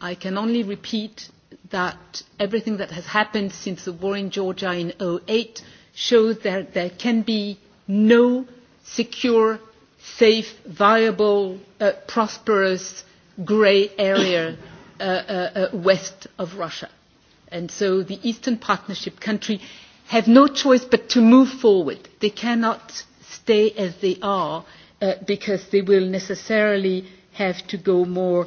i can only repeat that everything that has happened since the war in Georgia in oh eight shows that there can be no secure, safe, viable, uh, prosperous grey area uh, uh, uh, west of Russia. And so the Eastern Partnership countries have no choice but to move forward. They cannot stay as they are uh, because they will necessarily have to go more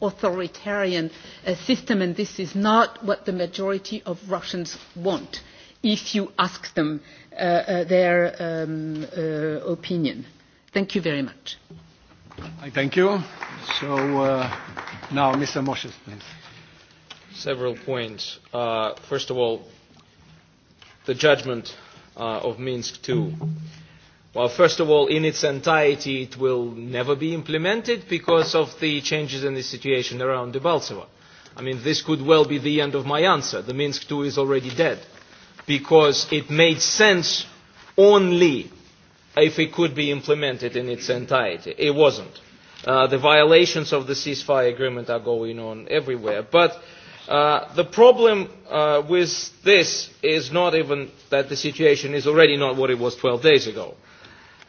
authoritarian uh, system, and this is not what the majority of Russians want if you ask them uh, uh, their um, uh, opinion. Thank you very much. I thank you. So uh, now, Mr. Moshe, please. Several points. Uh, first of all, the judgment uh, of Minsk II Well, first of all, in its entirety, it will never be implemented because of the changes in the situation around Debaltseva. I mean, this could well be the end of my answer. The Minsk II is already dead because it made sense only if it could be implemented in its entirety. It wasn't. Uh, the violations of the ceasefire agreement are going on everywhere. But uh, the problem uh, with this is not even that the situation is already not what it was 12 days ago.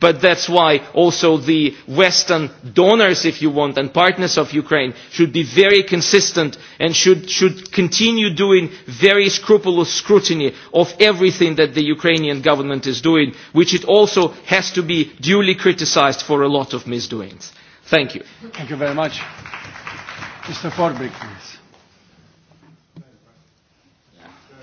But that is why also the Western donors, if you want, and partners of Ukraine should be very consistent and should, should continue doing very scrupulous scrutiny of everything that the Ukrainian government is doing, which it also has to be duly criticised for a lot of misdoings. Thank you. Thank you very much. Mr. Forbrick, please.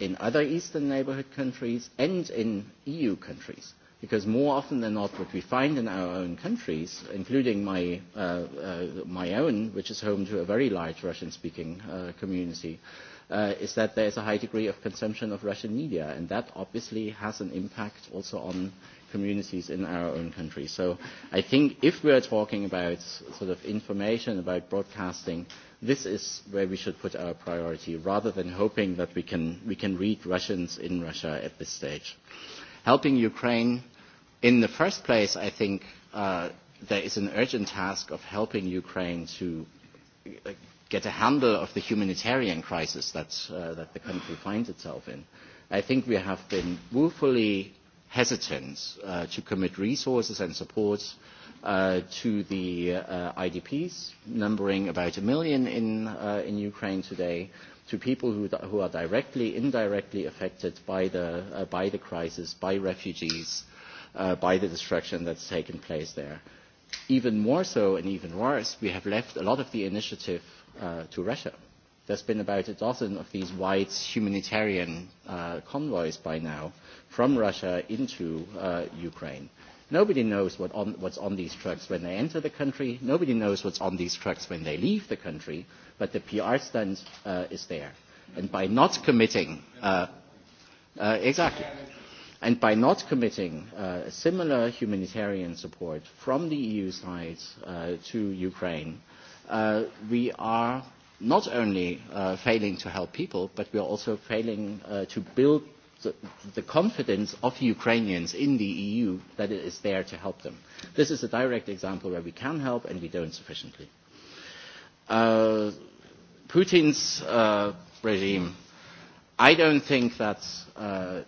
in other Eastern neighbourhood countries and in EU countries. Because more often than not, what we find in our own countries, including my, uh, uh, my own, which is home to a very large Russian-speaking uh, community, uh, is that there is a high degree of consumption of Russian media, and that obviously has an impact also on communities in our own country. So I think if we are talking about sort of information about broadcasting, this is where we should put our priority rather than hoping that we can, we can read Russians in Russia at this stage. Helping Ukraine, in the first place, I think uh, there is an urgent task of helping Ukraine to uh, get a handle of the humanitarian crisis that, uh, that the country finds itself in. I think we have been woefully hesitant uh, to commit resources and support uh, uh, to the uh, IDPs, numbering about a million in, uh, in Ukraine today, to people who, who are directly, indirectly affected by the, uh, by the crisis, by refugees, uh, by the destruction that's taken place there. Even more so and even worse, we have left a lot of the initiative uh, to Russia. There's been about a dozen of these wide humanitarian uh, convoys by now from Russia into uh, Ukraine. Nobody knows what on, what's on these trucks when they enter the country. Nobody knows what's on these trucks when they leave the country. But the PR stunt uh, is there. And by not committing, uh, uh, exactly. And by not committing uh, similar humanitarian support from the EU side uh, to Ukraine, uh, we are not only uh, failing to help people, but we are also failing uh, to build the, the confidence of Ukrainians in the EU that it is there to help them. This is a direct example where we can help and we don't sufficiently. Uh, Putin's uh, regime, I don't think that uh,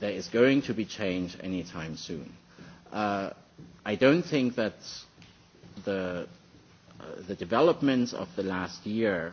there is going to be change anytime soon. Uh, I don't think that the, uh, the developments of the last year